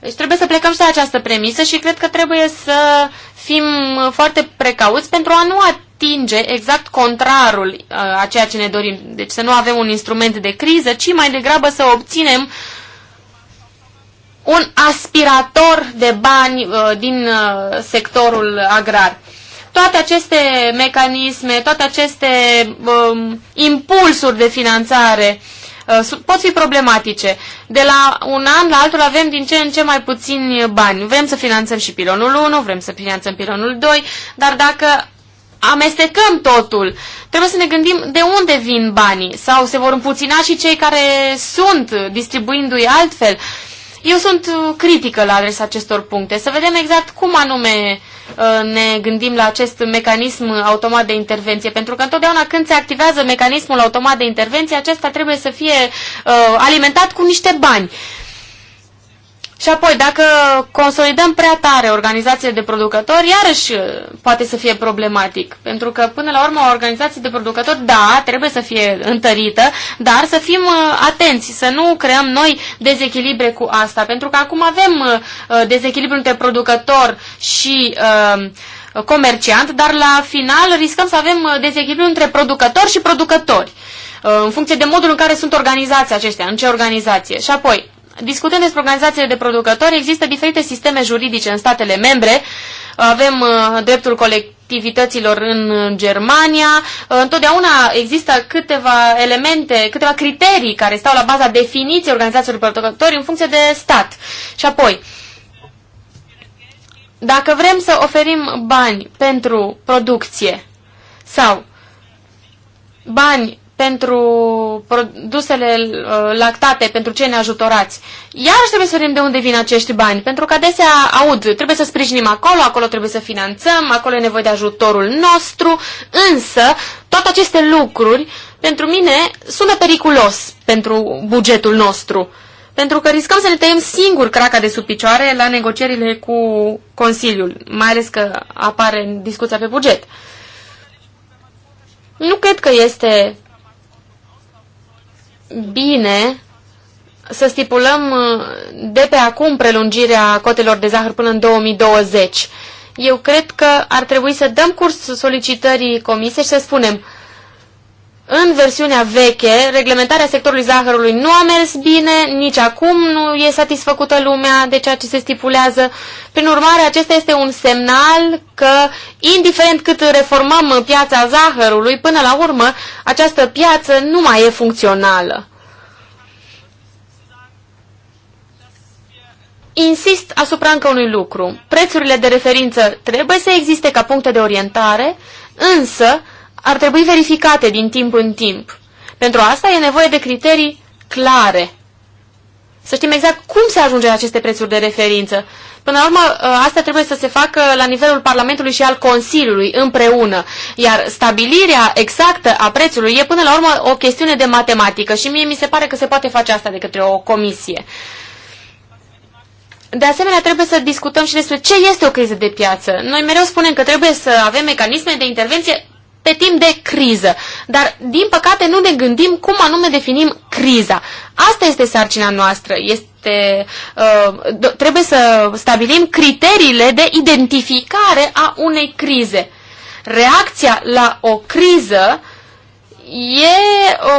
deci trebuie să plecăm și de această premisă și cred că trebuie să fim foarte precauți pentru a nu atinge exact contrarul uh, a ceea ce ne dorim. Deci să nu avem un instrument de criză, ci mai degrabă să obținem un aspirator de bani uh, din uh, sectorul agrar toate aceste mecanisme, toate aceste um, impulsuri de finanțare Uh, pot fi problematice. De la un an la altul avem din ce în ce mai puțini bani. Vrem să finanțăm și pilonul 1, vrem să finanțăm pilonul 2, dar dacă amestecăm totul, trebuie să ne gândim de unde vin banii sau se vor împuțina și cei care sunt distribuindu-i altfel. Uh, eu sunt uh, critică la adresa acestor puncte. Să vedem exact cum anume uh, ne gândim la acest mecanism automat de intervenție, pentru că întotdeauna când se activează mecanismul automat de intervenție, acesta trebuie să fie uh, alimentat cu niște bani. Și apoi, dacă consolidăm prea tare organizațiile de producători, iarăși uh, poate să fie problematic. Pentru că, până la urmă, o organizație de producători, da, trebuie să fie întărită, dar să fim uh, atenți, să nu creăm noi dezechilibre cu asta. Pentru că acum avem uh, dezechilibru între producător și comerciant, dar la final riscăm să avem dezechilibru între producători și producători, în funcție de modul în care sunt organizații aceștia, în ce organizație. Și apoi, Discutând despre organizațiile de producători, există diferite sisteme juridice în statele membre. Avem uh, dreptul colectivităților în Germania. Uh, întotdeauna există câteva elemente, câteva criterii care stau la baza definiției organizațiilor de producători în funcție de stat. Și apoi, dacă vrem să oferim bani pentru producție sau bani pentru produsele uh, lactate, pentru cei neajutorați. Iarăși trebuie să vedem de unde vin acești bani, pentru că adesea aud, trebuie să sprijinim acolo, acolo trebuie să finanțăm, acolo e nevoie de ajutorul nostru, însă toate aceste lucruri, pentru mine, sună periculos pentru bugetul nostru. Pentru că riscăm să ne tăiem singur craca de sub picioare la negocierile cu Consiliul, mai ales că apare în discuția pe buget. Nu cred că este bine să stipulăm uh, de pe acum prelungirea cotelor de zahăr până în 2020. Eu cred că ar trebui să dăm curs solicitării comisiei și să spunem în versiunea veche, reglementarea sectorului zahărului nu a mers bine, nici acum nu e satisfăcută lumea de ceea ce se stipulează. Prin urmare, acesta este un semnal că, indiferent cât reformăm piața zahărului, până la urmă, această piață nu mai e funcțională. Insist asupra încă unui lucru. Prețurile de referință trebuie să existe ca puncte de orientare, însă, ar trebui verificate din timp în timp. Pentru asta e nevoie de criterii clare. Să știm exact cum se ajunge la aceste prețuri de referință. Până la urmă, ă, asta trebuie să se facă la nivelul Parlamentului și al Consiliului împreună. Iar stabilirea exactă a prețului e până la urmă o chestiune de matematică și mie mi se pare că se poate face asta de către o comisie. De asemenea, trebuie să discutăm și despre ce este o criză de piață. Noi mereu spunem că trebuie să avem mecanisme de intervenție pe timp de criză. Dar, din păcate, nu ne gândim cum anume definim criza. Asta este sarcina noastră. Este, uh, trebuie să stabilim criteriile de identificare a unei crize. Reacția la o criză e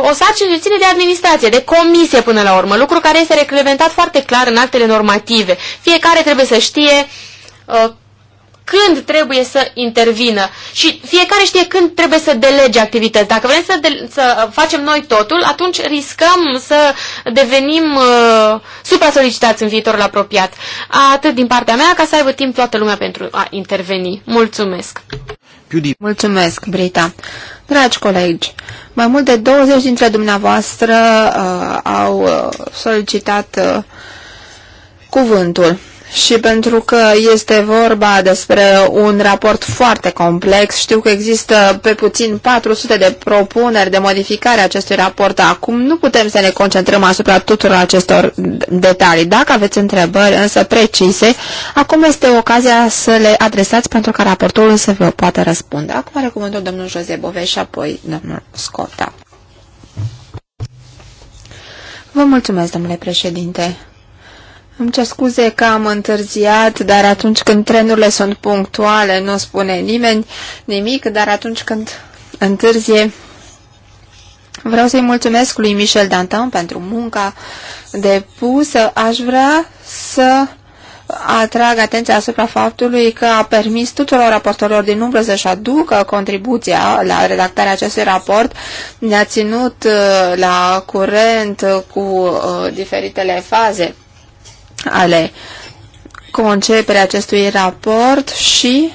o sarcină ține de administrație, de comisie până la urmă, lucru care este reglementat foarte clar în actele normative. Fiecare trebuie să știe uh, când trebuie să intervină și fiecare știe când trebuie să delege activități. Dacă vrem să, de- să facem noi totul, atunci riscăm să devenim uh, supra-solicitați în viitorul apropiat. Atât din partea mea, ca să aibă timp toată lumea pentru a interveni. Mulțumesc! Mulțumesc, Brita! Dragi colegi, mai mult de 20 dintre dumneavoastră uh, au uh, solicitat uh, cuvântul și pentru că este vorba despre un raport foarte complex, știu că există pe puțin 400 de propuneri de modificare a acestui raport acum, nu putem să ne concentrăm asupra tuturor acestor detalii. Dacă aveți întrebări însă precise, acum este ocazia să le adresați pentru ca raportorul să vă poată răspunde. Acum are cuvântul domnul Jose Bove și apoi domnul Scota. Vă mulțumesc, domnule președinte. Îmi cer scuze că am întârziat, dar atunci când trenurile sunt punctuale, nu spune nimeni nimic, dar atunci când întârzie, vreau să-i mulțumesc lui Michel Danton pentru munca depusă. Aș vrea să atrag atenția asupra faptului că a permis tuturor raportorilor din umbră să-și aducă contribuția la redactarea acestui raport. Ne-a ținut uh, la curent uh, cu uh, diferitele faze ale conceperea acestui raport și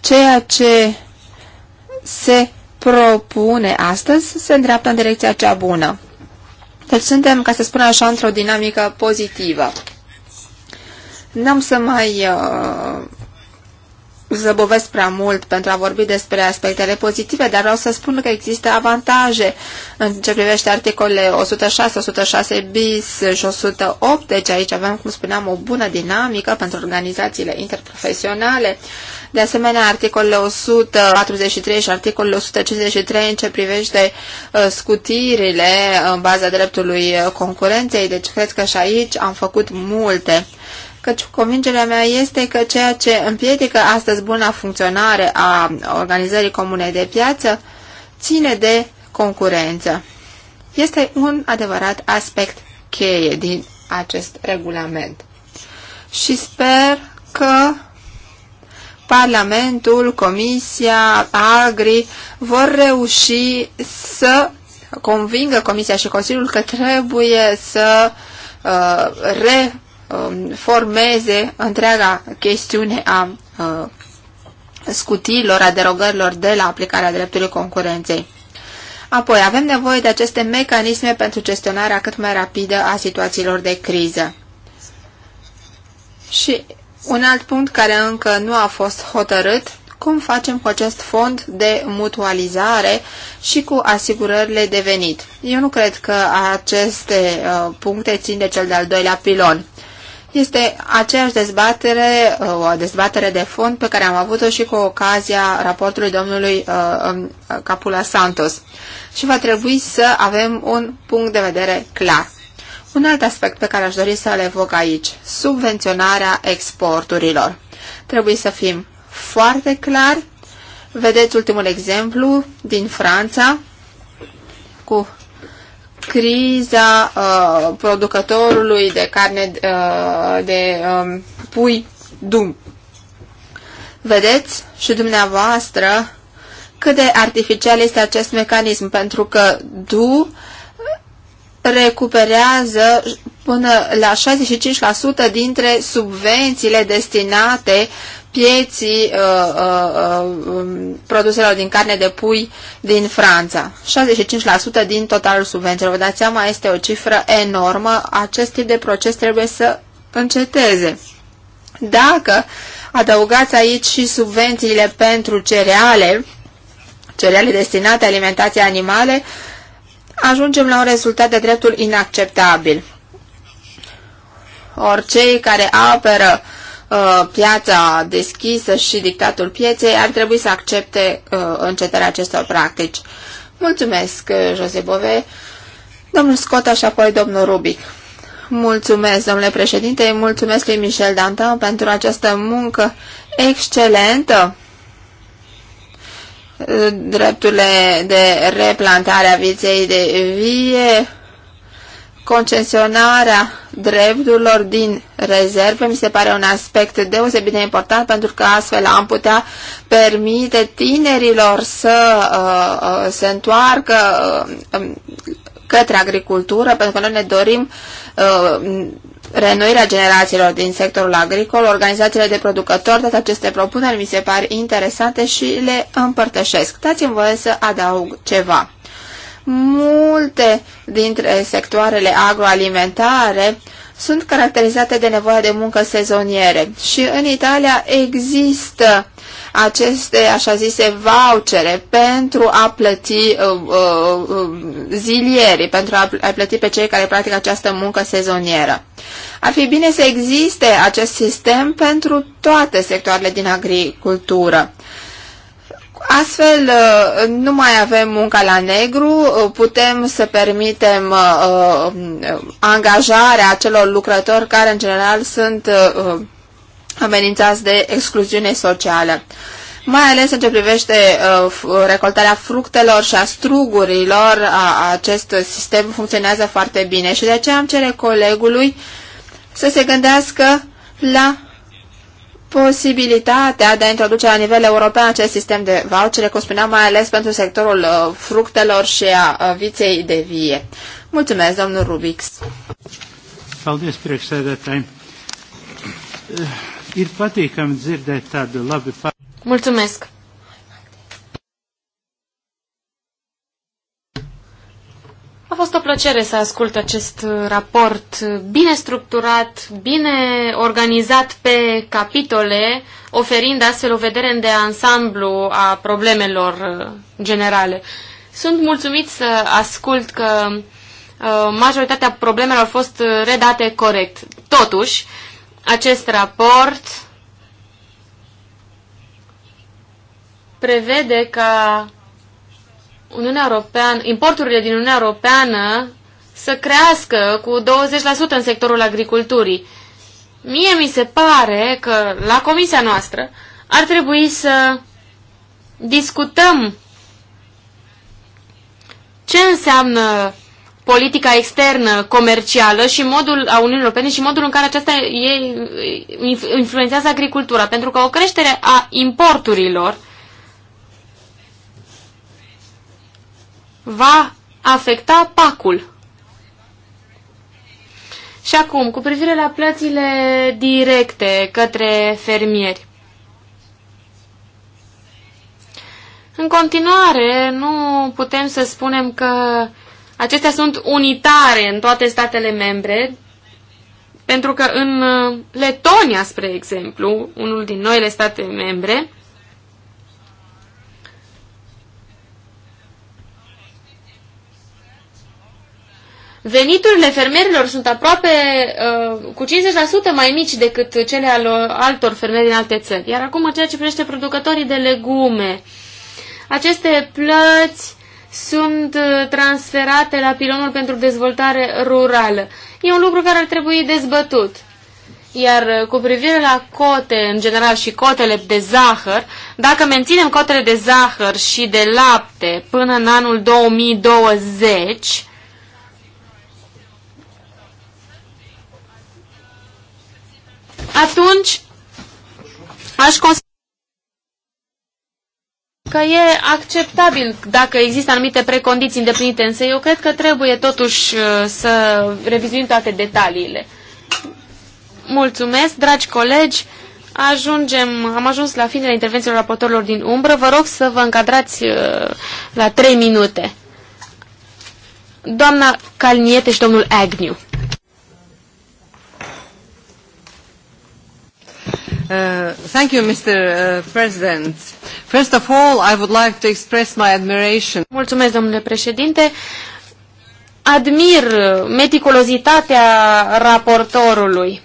ceea ce se propune astăzi se îndreaptă în direcția cea bună. Deci suntem, ca să spun așa, într-o dinamică pozitivă. N-am să mai uh, zăbovesc prea mult pentru a vorbi despre aspectele pozitive, dar vreau să spun că există avantaje în ce privește articolele 106, 106 bis și 108, deci aici avem, cum spuneam, o bună dinamică pentru organizațiile interprofesionale. De asemenea, articolele 143 și articolele 153 în ce privește uh, scutirile în baza dreptului uh, concurenței, deci cred că și aici am făcut multe căci convingerea mea este că ceea ce împiedică astăzi buna funcționare a organizării comune de piață ține de concurență. Este un adevărat aspect cheie din acest regulament. Și sper că Parlamentul, Comisia, Agri vor reuși să convingă Comisia și Consiliul că trebuie să uh, re Um, formeze întreaga chestiune a uh, scutirilor, a derogărilor de la aplicarea dreptului concurenței. Apoi, avem nevoie de aceste mecanisme pentru gestionarea cât mai rapidă a situațiilor de criză. Și un alt punct care încă nu a fost hotărât, cum facem cu acest fond de mutualizare și cu asigurările de venit. Eu nu cred că aceste uh, puncte țin de cel de-al doilea pilon. Este aceeași dezbatere, uh, o dezbatere de fond pe care am avut-o și cu ocazia raportului domnului uh, um, Capula Santos. Și va trebui să avem un punct de vedere clar. Un alt aspect pe care aș dori să-l evoc aici, subvenționarea exporturilor. Trebuie să fim foarte clari. Vedeți ultimul exemplu din Franța cu criza uh, producătorului de carne uh, de um, pui dum. Vedeți și dumneavoastră cât de artificial este acest mecanism, pentru că du recuperează până la 65% dintre subvențiile destinate pieții uh, uh, uh, produselor din carne de pui din Franța. 65% din totalul subvențiilor. Vă dați seama, este o cifră enormă. Acest tip de proces trebuie să înceteze. Dacă adăugați aici și subvențiile pentru cereale, cereale destinate alimentației animale, ajungem la un rezultat de dreptul inacceptabil. Ori cei care apără Uh, piața deschisă și dictatul pieței, ar trebui să accepte uh, încetarea acestor practici. Mulțumesc, uh, Jose Bove, domnul Scota și apoi domnul Rubic. Mulțumesc, domnule președinte, mulțumesc lui Michel Dantin pentru această muncă excelentă. Drepturile de replantare a viței de vie, Concesionarea drepturilor din rezerve mi se pare un aspect deosebit de important pentru că astfel am putea permite tinerilor să uh, uh se întoarcă uh, um, către agricultură pentru că noi ne dorim uh, Renoirea generațiilor din sectorul agricol, organizațiile de producători, toate aceste propuneri mi se par interesante și le împărtășesc. Dați-mi voie să adaug ceva. Multe dintre sectoarele agroalimentare sunt caracterizate de nevoia de muncă sezoniere și în Italia există aceste așa zise vouchere pentru a plăti uh, uh, uh zilierii, pentru a, a plăti pe cei care practică această muncă sezonieră. Ar fi bine să existe acest sistem pentru toate sectoarele din agricultură Astfel, uh, nu mai avem munca la negru, uh, putem să permitem uh, angajarea acelor lucrători care, în general, sunt amenințați de excluziune socială. Mai ales în ce privește recoltarea fructelor și a strugurilor, acest sistem funcționează foarte bine și de aceea am cere colegului să se gândească la posibilitatea de a introduce la nivel european acest sistem de vouchere, cum spuneam, mai ales pentru sectorul uh, fructelor și a viței de vie. Mulțumesc, domnul Rubix. Paldies, priekšsēdētāji. Eh, ir patīkami dzirdēt tādu labi Mulțumesc. A fost o plăcere să ascult acest uh, raport bine structurat, bine organizat pe capitole, oferind astfel o vedere de ansamblu a problemelor uh, generale. Sunt mulțumit să ascult că uh, majoritatea problemelor au fost redate corect. Totuși, acest raport prevede ca Uniunea Europeană, importurile din Uniunea Europeană să crească cu 20% în sectorul agriculturii. Mie mi se pare că la comisia noastră ar trebui să discutăm ce înseamnă politica externă comercială și modul a Uniunii Europene și modul în care aceasta influențează agricultura. Pentru că o creștere a importurilor uh, va afecta pacul. Și acum, cu privire la plățile directe către fermieri. În continuare, nu putem să spunem că acestea sunt unitare în toate statele membre, pentru că în Letonia, spre exemplu, unul din noile state membre, Veniturile fermierilor sunt aproape uh, cu 50% mai mici decât cele al altor fermieri din alte țări. Iar acum, în ceea ce privește producătorii de legume, aceste plăți sunt uh, transferate la pilonul pentru dezvoltare rurală. E un lucru care ar trebui dezbătut. Iar uh, cu privire la cote, în general, și cotele de zahăr, dacă menținem cotele de zahăr și de lapte până în anul 2020, atunci aș considera că e acceptabil dacă există anumite precondiții îndeplinite, însă eu cred că trebuie totuși uh, să revizuim toate detaliile. Mulțumesc, dragi colegi! Ajungem, am ajuns la finele intervențiilor raportorilor din umbră. Vă rog să vă încadrați uh, la trei minute. Doamna Calniete și domnul Agnew. Uh, thank you, Mr. Uh, President. First of all, I would like to express my admiration. Mulțumesc, domnule președinte. Admir meticulozitatea raportorului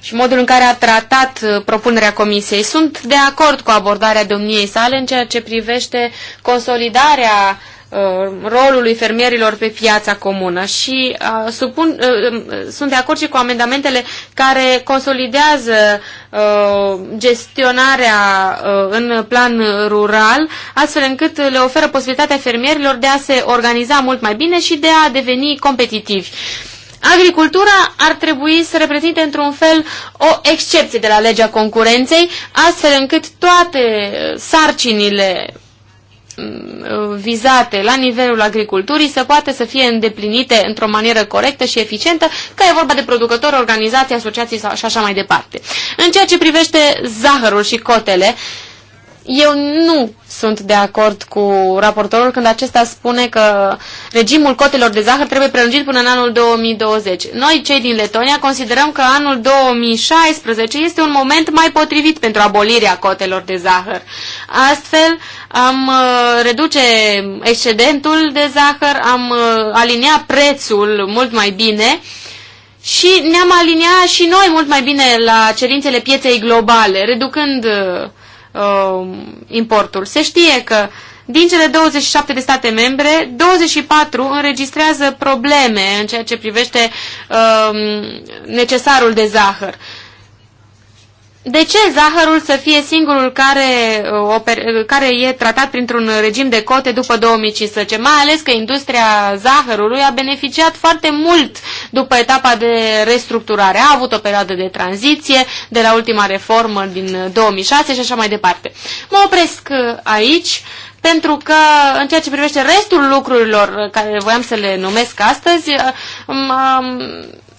și modul în care a tratat uh, propunerea comisiei. Sunt de acord cu abordarea domniei sale în ceea ce privește consolidarea Uh, rolului fermierilor pe piața comună și uh, supun, uh, um, sunt de acord și cu amendamentele care consolidează uh, gestionarea uh, în plan rural, astfel încât le oferă posibilitatea fermierilor de a se organiza mult mai bine și de a deveni competitivi. Agricultura ar trebui să reprezinte într-un fel o excepție de la legea concurenței, astfel încât toate uh, sarcinile Mm, vizate la nivelul agriculturii să poată să fie îndeplinite într-o manieră corectă și eficientă, că e vorba de producători, organizații, asociații sau, și așa mai departe. În ceea ce privește zahărul și cotele, uh, eu nu sunt de acord cu raportorul când acesta spune că regimul cotelor de zahăr trebuie prelungit până în anul 2020. Noi, cei din Letonia, considerăm că anul 2016 este un moment mai potrivit pentru abolirea cotelor de zahăr. Astfel, am uh, reduce excedentul de zahăr, am uh, alinea prețul mult mai bine și ne-am alinea și noi mult mai bine la cerințele pieței globale, reducând uh, uh, importul. Se știe că din cele 27 de state membre, 24 înregistrează probleme în ceea ce privește uh, necesarul de zahăr de ce zahărul să fie singurul care, uh, uh, care e tratat printr-un regim de cote după 2015, mai ales că industria zahărului a beneficiat foarte mult după etapa de restructurare. A avut o perioadă de tranziție de la ultima reformă din 2006 și așa mai departe. Mă opresc uh, aici pentru că în ceea ce privește restul lucrurilor care voiam să le numesc astăzi,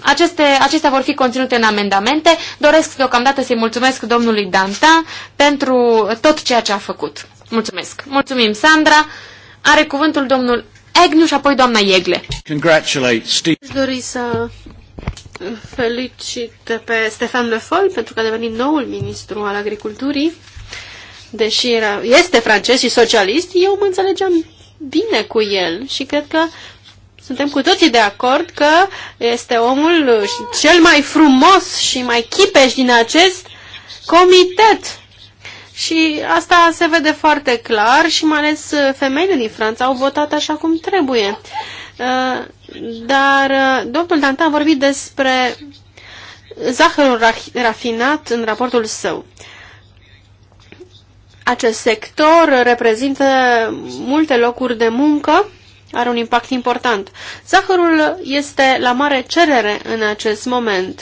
aceste, acestea vor fi conținute în amendamente. Doresc deocamdată să-i mulțumesc domnului Danta pentru tot ceea ce a făcut. Mulțumesc. Mulțumim, Sandra. Are cuvântul domnul Egnu și apoi doamna Iegle. Congratulate, Aș dori să felicit pe Stefan Le Foll pentru că a devenit noul ministru al agriculturii. Deși era, este francez și socialist, eu mă înțelegeam bine cu el și cred că suntem cu toții de acord că este omul cel mai frumos și mai chipeș din acest comitet. Și asta se vede foarte clar și mai ales femeile din Franța au votat așa cum trebuie. Uh, dar uh, domnul Dantan a vorbit despre zahărul rafinat în raportul său. Acest sector reprezintă multe locuri de muncă are un impact important. Zahărul este la mare cerere în acest moment.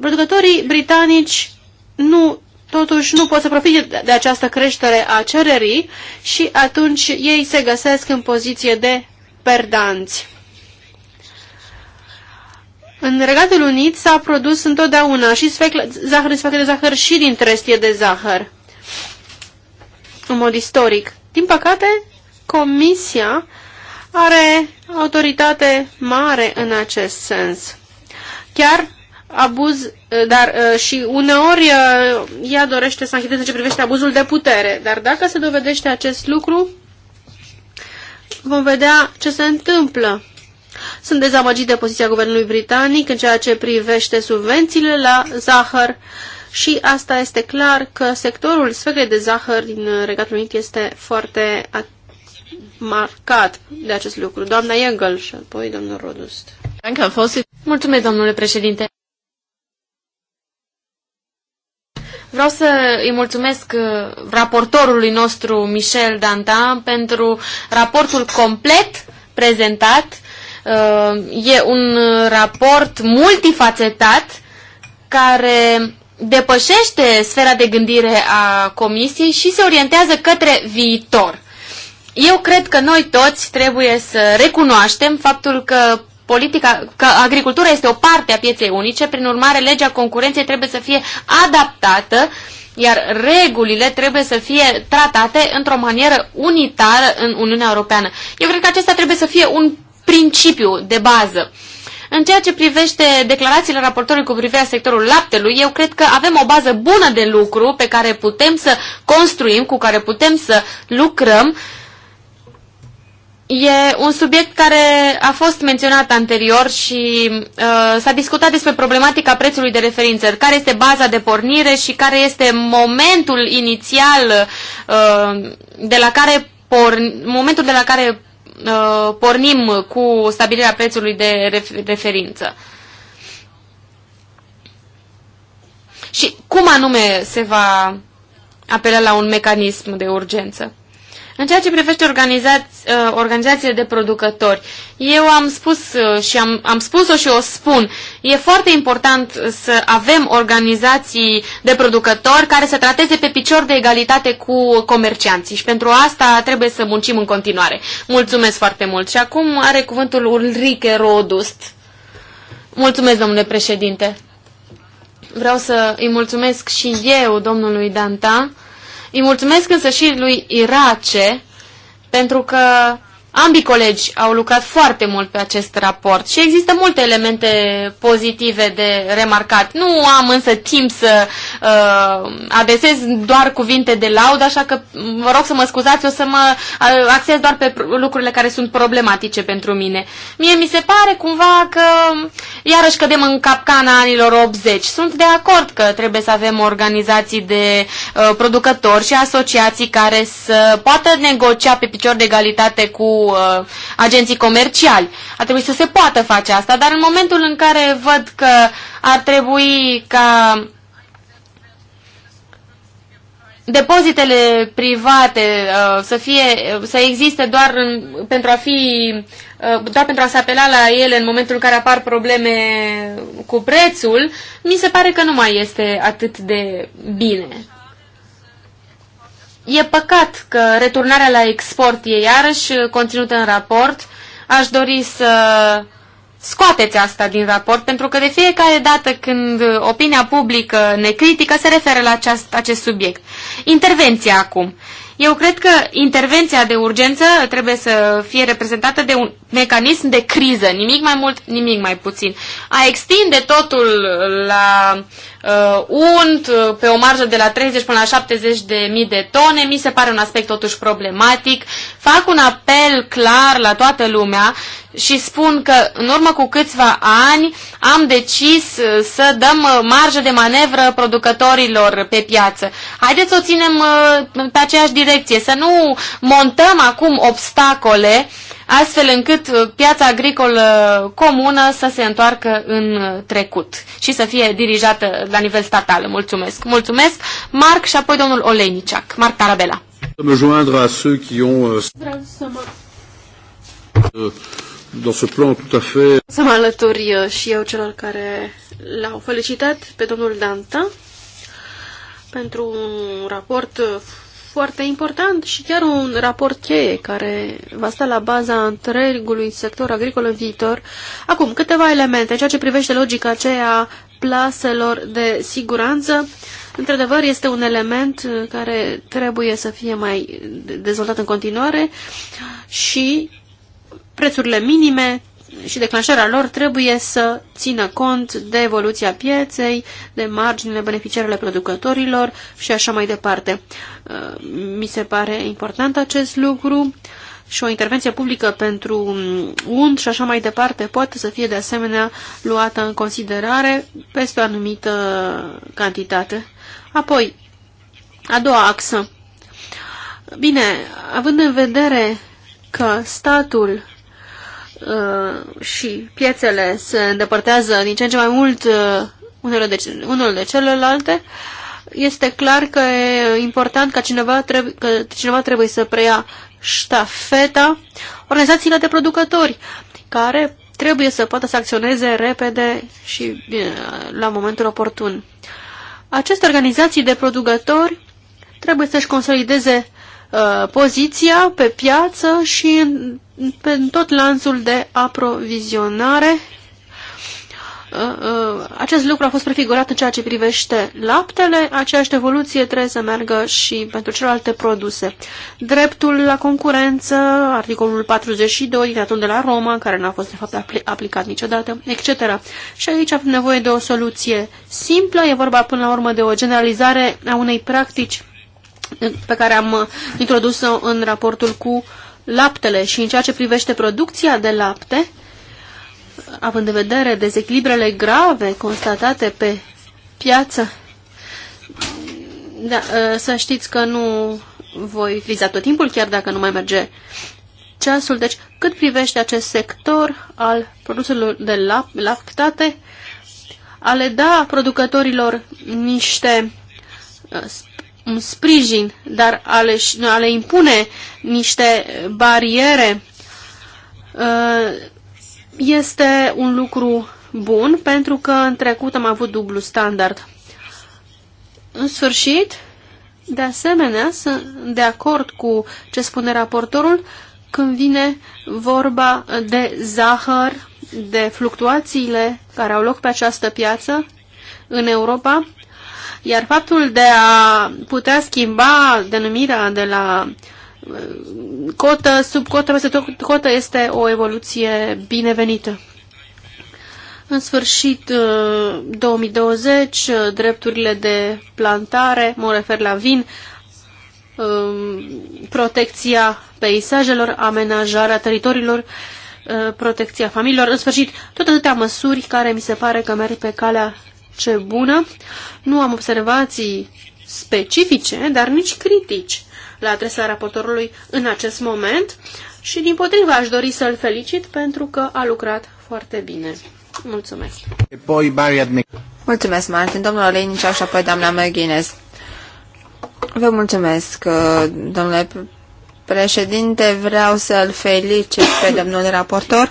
Producătorii britanici nu, totuși nu pot să profite de această creștere a cererii și atunci ei se găsesc în poziție de perdanți. În Regatul Unit s-a produs întotdeauna și sfecle, zahăr din sfeclă de zahăr și din trestie de zahăr, în mod istoric. Din păcate, Comisia are autoritate mare în acest sens. Chiar abuz, dar uh, și uneori uh, ea dorește să închideze ce privește abuzul de putere, dar dacă se dovedește acest lucru, vom vedea ce se întâmplă. Sunt dezamăgit de poziția guvernului britanic în ceea ce privește subvențiile la zahăr și asta este clar că sectorul sfeclei de zahăr din Regatul Unit este foarte marcat de acest lucru. Doamna Engel și apoi domnul Rodust. Mulțumesc, domnule președinte. Vreau să îi mulțumesc uh, raportorului nostru, Michel Dantin, pentru raportul complet prezentat. Uh, e un raport multifacetat care depășește sfera de gândire a comisiei și se orientează către viitor. Eu cred că noi toți trebuie să recunoaștem faptul că politica, că agricultura este o parte a pieței unice, prin urmare legea concurenței trebuie să fie adaptată, iar regulile trebuie să fie tratate într-o manieră unitară în Uniunea Europeană. Eu cred că acesta trebuie să fie un principiu de bază. În ceea ce privește declarațiile raportorului cu privire la sectorul laptelui, eu cred că avem o bază bună de lucru pe care putem să construim, cu care putem să lucrăm uh, E un subiect care a fost menționat anterior și uh, s-a discutat despre problematica prețului de referință, care este baza de pornire și care este momentul inițial uh, de la care porn momentul de la care uh, pornim cu stabilirea prețului de ref referință. Și cum anume se va apela la un mecanism de urgență? În ceea ce privește organizați, uh, organizațiile de producători, eu am spus uh, și am, am spus-o și o spun, e foarte important să avem organizații de producători care să trateze pe picior de egalitate cu comercianții și pentru asta trebuie să muncim în continuare. Mulțumesc foarte mult și acum are cuvântul Ulrike Rodust. Mulțumesc, domnule președinte. Vreau să îi mulțumesc și eu domnului Danta îi mulțumesc însă și lui Irace, pentru că Ambii colegi au lucrat foarte mult pe acest raport și există multe elemente pozitive de remarcat. Nu am însă timp să uh, adesez doar cuvinte de laud, așa că mm, vă rog să mă scuzați, o să mă uh, axez doar pe lucrurile care sunt problematice pentru mine. Mie mi se pare cumva că iarăși cădem în capcana anilor 80. Sunt de acord că trebuie să avem organizații de uh, producători și asociații care să poată negocia pe picior de egalitate cu uh, agenții comerciali. A trebui să se poată face asta, dar în momentul în care văd că ar trebui ca depozitele private uh, să, fie, uh, să existe doar în, pentru a fi da, doar pentru a se apela la ele în momentul în care apar probleme cu prețul, mi se pare că nu mai este atât de bine. E păcat că returnarea la export e iarăși conținută în raport. Aș dori să scoateți asta din raport, pentru că de fiecare dată când opinia publică ne critică, se referă la aceast, acest subiect. Intervenția acum. Eu cred că intervenția de urgență trebuie să fie reprezentată de un mecanism de criză, nimic mai mult, nimic mai puțin. A extinde totul la uh, unt uh, pe o marjă de la 30 până la 70 de mii de tone, mi se pare un aspect totuși problematic. Fac un apel clar la toată lumea și spun că în urmă cu câțiva ani am decis uh, să dăm uh, marjă de manevră producătorilor pe piață. Haideți să o ținem pe aceeași direcție, să nu montăm acum obstacole uh, astfel încât uh, piața agricolă uh, comună să se întoarcă în uh, trecut și să fie dirijată la nivel statal. Mulțumesc! Mulțumesc, Marc și apoi domnul Oleniciac. Marc Tarabela. Euh, Vreau să mă euh, ce plan tout à fait... Să mă alătur și eu celor care l-au felicitat pe domnul Danta pentru un raport foarte important și chiar un raport cheie care va sta la baza întregului sector agricol în viitor. Acum, câteva elemente ceea ce privește logica aceea plaselor de siguranță. Într-adevăr, este un element uh, care trebuie să fie mai dezvoltat în continuare și prețurile minime, și declanșarea lor trebuie să țină cont de evoluția pieței, de marginile, beneficiarele producătorilor și așa mai departe. Uh, mi se pare important acest lucru și o intervenție publică pentru unt și așa mai departe poate să fie de asemenea luată în considerare peste o anumită cantitate. Apoi, a doua axă. Bine, având în vedere că statul Uh, și piețele se îndepărtează din ce în ce mai mult uh, unele de, unul de celelalte, este clar că e important ca cineva, trebuie, că cineva trebuie să preia ștafeta organizațiile de producători, care trebuie să poată să acționeze repede și la momentul oportun. Aceste organizații de producători trebuie să-și consolideze uh, poziția pe piață și în pe tot lanțul de aprovizionare. Uh, uh, acest lucru a fost prefigurat în ceea ce privește laptele, aceeași evoluție trebuie să meargă și pentru celelalte produse. Dreptul la concurență, articolul 42 din atunci de la Roma, care n-a fost de fapt apl aplicat niciodată, etc. Și aici avem nevoie de o soluție simplă, e vorba până la urmă de o generalizare a unei practici pe care am introdus-o în raportul cu uh, laptele și în ceea ce privește producția de lapte, având în vedere dezechilibrele grave constatate pe piață, da, ă, să știți că nu voi friza tot timpul, chiar dacă nu mai merge ceasul. Deci, cât privește acest sector al produselor de lap lactate, a le da producătorilor niște ă, un sprijin, dar a le, a le impune niște bariere uh, este un lucru bun, pentru că în trecut am avut dublu standard. În sfârșit, de asemenea, sunt de acord cu ce spune raportorul când vine vorba de zahăr, de fluctuațiile care au loc pe această piață în Europa iar faptul de a putea schimba denumirea de la uh, cotă, sub cotă, peste tot cotă este o evoluție binevenită. În sfârșit, 2020, uh, uh, drepturile de plantare, mă refer la vin, um, protecția peisajelor, amenajarea teritoriilor, protecția familiilor, în sfârșit, tot atâtea măsuri care mi se pare că merg pe calea ce bună. Nu am observații specifice, dar nici critici la adresa raportorului în acest moment și din potriva aș dori să-l felicit pentru că a lucrat foarte bine. Mulțumesc. Mulțumesc, Martin. Domnul Olenici, și apoi doamna Măghinez. Vă mulțumesc, uh, domnule președinte. Vreau să-l felicit pe domnul raportor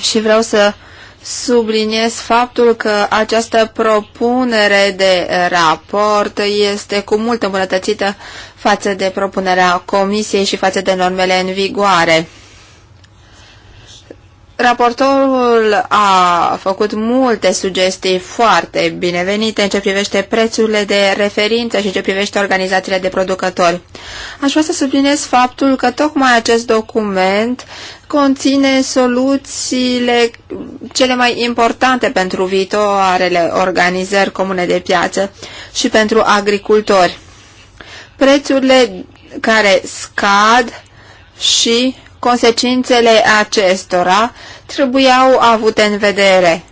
și vreau să subliniez faptul că această propunere de raport este cu mult îmbunătățită față de propunerea Comisiei și față de normele în vigoare. Raportorul a făcut multe sugestii foarte binevenite în ce privește prețurile de referință și în ce privește organizațiile de producători. Aș vrea să subliniez faptul că tocmai acest document conține soluțiile cele mai importante pentru viitoarele organizări comune de piață și pentru agricultori. Prețurile care scad și consecințele acestora trebuiau avute în vedere.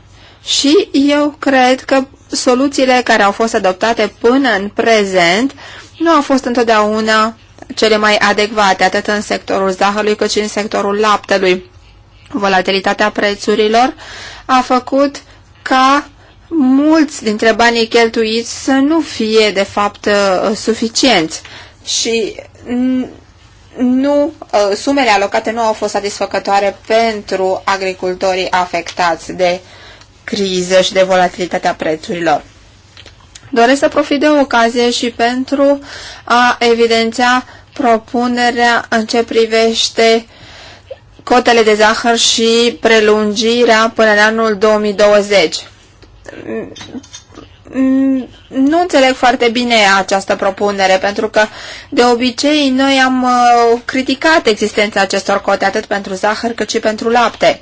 Și eu cred că soluțiile care au fost adoptate până în prezent nu au fost întotdeauna cele mai adecvate, atât în sectorul zahărului cât și în sectorul laptelui. Volatilitatea prețurilor a făcut ca mulți dintre banii cheltuiți să nu fie, de fapt, suficienți și nu, uh, sumele alocate nu au fost satisfăcătoare pentru agricultorii afectați de criză și de volatilitatea prețurilor. Doresc să profit de ocazie și pentru a evidenția propunerea în ce privește cotele de zahăr și prelungirea până în anul 2020. Mm, nu înțeleg foarte bine această propunere, pentru că de obicei noi am uh, criticat existența acestor cote atât pentru zahăr cât și pentru lapte.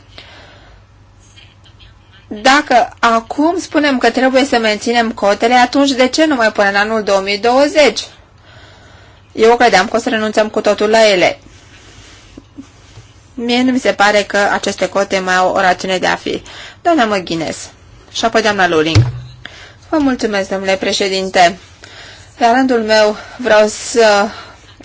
Dacă acum spunem că trebuie să menținem cotele, atunci de ce mai până în anul 2020? Eu credeam că o să renunțăm cu totul la ele. Mie nu mi se pare că aceste cote mai au o rațiune de a fi. Doamna Măghines și apoi doamna Luling. Vă mulțumesc, domnule președinte. La rândul meu vreau să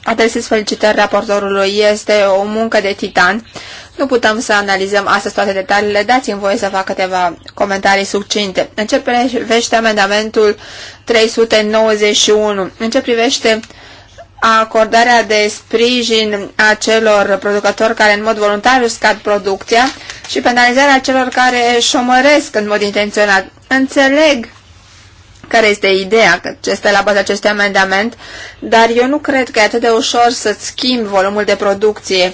adresez felicitări raportorului. Este o muncă de titan. Nu putem să analizăm astăzi toate detaliile. Dați-mi voie să fac câteva comentarii succinte. În ce privește amendamentul 391? În ce privește acordarea de sprijin acelor producători care în mod voluntar își scad producția și penalizarea celor care șomăresc în mod intenționat. Înțeleg care este ideea ce stă la baza acestui amendament, dar eu nu cred că e atât de ușor să-ți schimbi volumul de producție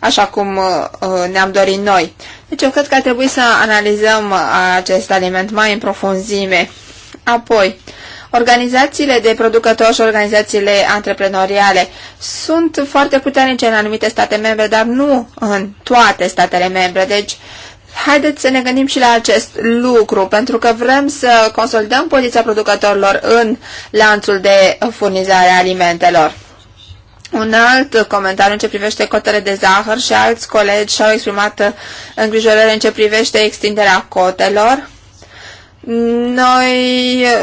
așa cum uh, uh, ne-am dorit noi. Deci eu cred că ar trebui să analizăm uh, acest aliment mai în profunzime. Apoi, organizațiile de producători și organizațiile antreprenoriale sunt foarte puternice în anumite state membre, dar nu în toate statele membre. Deci, uh, Haideți să ne gândim și la acest lucru, pentru că vrem să consolidăm poziția producătorilor în lanțul de furnizare a alimentelor. Un alt comentariu în ce privește cotele de zahăr și alți colegi și-au exprimat îngrijorări în ce privește extinderea cotelor. Noi,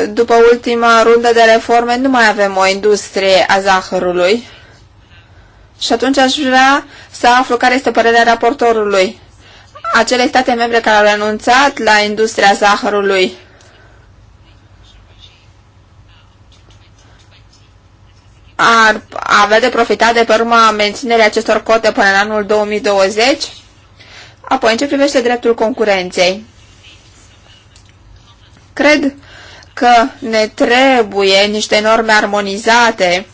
după ultima rundă de reforme, nu mai avem o industrie a zahărului. Și atunci aș vrea să aflu care este părerea raportorului acele state membre care au renunțat la industria zahărului ar avea de profitat de pe urma menținerea acestor cote până în anul 2020? Apoi, în ce privește dreptul concurenței? Cred că ne trebuie niște norme armonizate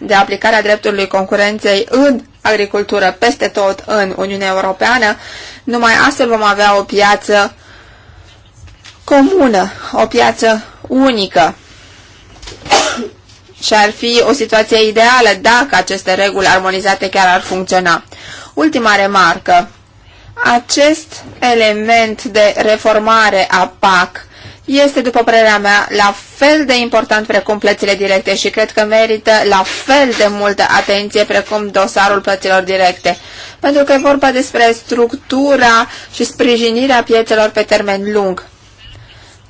de aplicarea dreptului concurenței în agricultură peste tot în Uniunea Europeană, numai astfel vom avea o piață comună, o piață unică. Și ar fi o situație ideală dacă aceste reguli armonizate chiar ar funcționa. Ultima remarcă. Acest element de reformare a PAC este, după părerea mea, la fel de important precum plățile directe și cred că merită la fel de multă atenție precum dosarul plăților directe, pentru că e vorba despre structura și sprijinirea piețelor pe termen lung.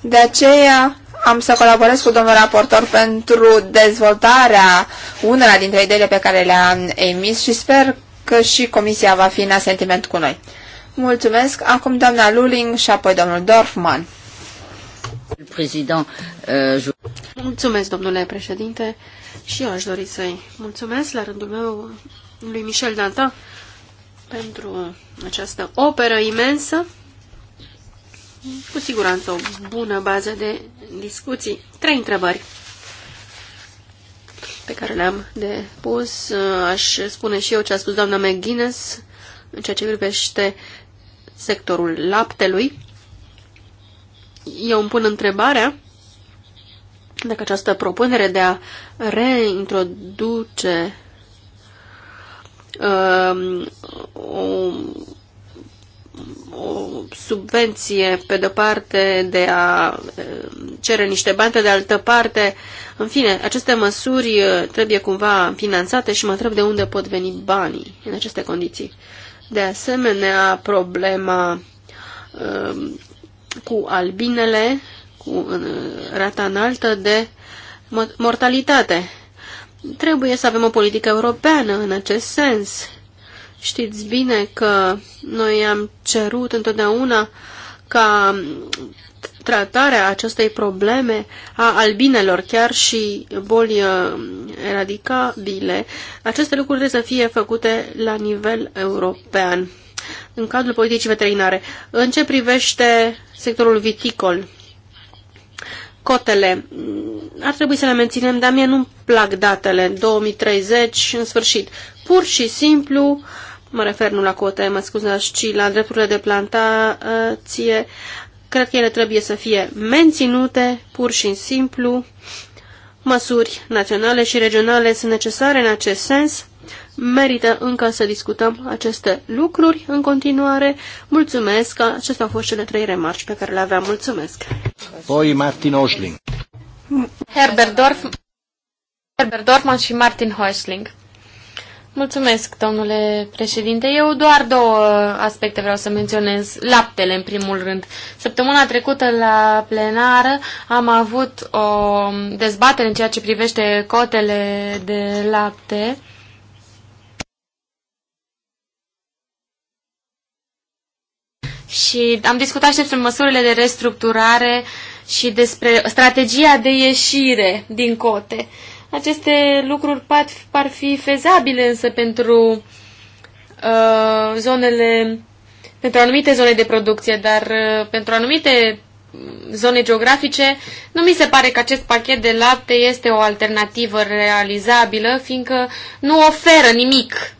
De aceea am să colaborez cu domnul raportor pentru dezvoltarea unora dintre ideile pe care le-am emis și sper că și comisia va fi în asentiment cu noi. Mulțumesc, acum doamna Luling și apoi domnul Dorfman. Euh, mulțumesc, domnule președinte, și eu aș dori să-i mulțumesc la rândul meu lui Michel Dantin pentru această operă imensă, cu siguranță o bună bază de discuții. Trei întrebări pe care le-am de pus. Aș spune și eu ce a spus doamna McGuinness în ceea ce privește sectorul laptelui eu îmi pun întrebarea dacă această propunere de a reintroduce uh, o, o subvenție pe de-o parte de a um, cere niște bani pe de altă parte. În fine, aceste măsuri uh, trebuie cumva finanțate și mă întreb de unde pot veni banii în aceste condiții. De asemenea, problema um, cu albinele, cu rata înaltă de mortalitate. Trebuie să avem o politică europeană în acest sens. Știți bine că noi am cerut întotdeauna ca tratarea acestei probleme a albinelor, chiar și boli uh, eradicabile, aceste lucruri trebuie să fie făcute la nivel european în cadrul politicii veterinare. În ce privește sectorul viticol, cotele, ar trebui să le menținem, dar mie nu-mi plac datele, 2030, în sfârșit. Pur și simplu, mă refer nu la cote, mă scuzați, ci la drepturile de plantație, cred că ele trebuie să fie menținute, pur și simplu, măsuri naționale și regionale sunt necesare în acest sens Merită încă să discutăm aceste lucruri în continuare. Mulțumesc, acestea au fost cele trei remarci pe care le aveam. Mulțumesc! Poi Martin Oșling. Herbert Dorf, Herbert Dorfman și Martin Hoisling. Mulțumesc, domnule președinte. Eu doar două aspecte vreau să menționez. Laptele, în primul rând. Săptămâna trecută la plenară am avut o dezbatere în ceea ce privește cotele de lapte. și am discutat și despre măsurile de restructurare și despre strategia de ieșire din cote. Aceste lucruri par, par fi fezabile însă pentru uh, zonele, pentru anumite zone de producție, dar uh, pentru anumite mm, zone geografice, nu mi se pare că acest pachet de lapte este o alternativă realizabilă, fiindcă nu oferă nimic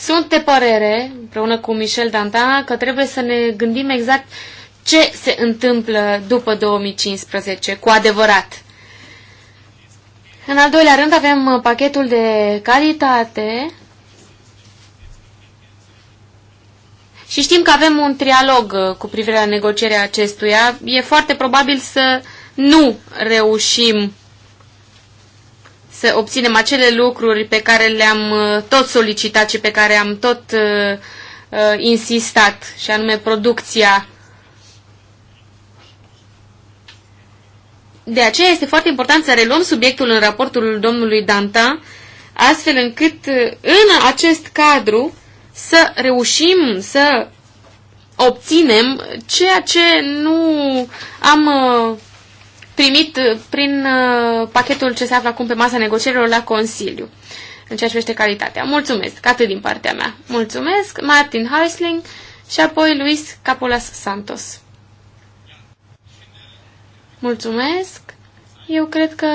Sunt de părere, împreună cu Michel Dantana, că trebuie să ne gândim exact ce se întâmplă după 2015, cu adevărat. În al doilea rând avem uh, pachetul de calitate și știm că avem un trialog uh, cu privire la negocierea acestuia. E foarte probabil să nu reușim să obținem acele lucruri pe care le-am uh, tot solicitat și pe care am tot uh, uh, insistat, și anume producția. De aceea este foarte important să reluăm subiectul în raportul domnului Danta, astfel încât uh, în acest cadru să reușim să obținem ceea ce nu am primit uh, prin uh, pachetul ce se află acum pe masa negocierilor la Consiliu în ceea ce privește calitatea. Mulțumesc, atât din partea mea. Mulțumesc, Martin Heisling și apoi Luis Capolas Santos. Mulțumesc. Eu cred că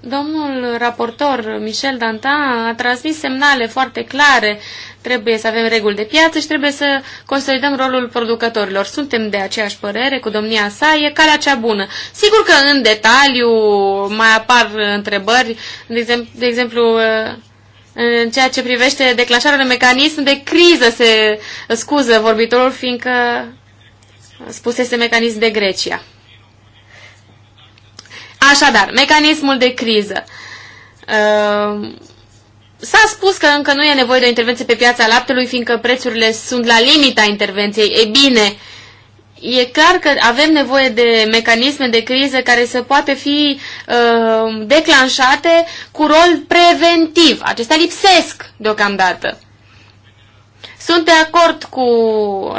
domnul raportor Michel Dantin a transmis semnale foarte clare trebuie să avem reguli de piață și trebuie să consolidăm rolul producătorilor. Suntem de aceeași părere cu domnia sa, e calea cea bună. Sigur că în detaliu mai apar întrebări, de exemplu, de exemplu uh, în ceea ce privește declanșarea de mecanism de criză se scuză vorbitorul, fiindcă spusese mecanism de Grecia. Așadar, mecanismul de criză. Uh, S-a spus că încă nu e nevoie de o intervenție pe piața laptelui, fiindcă prețurile sunt la limita intervenției. E bine, e clar că avem nevoie de mecanisme de criză care să poate fi uh, declanșate cu rol preventiv. Acestea lipsesc deocamdată. Sunt de acord cu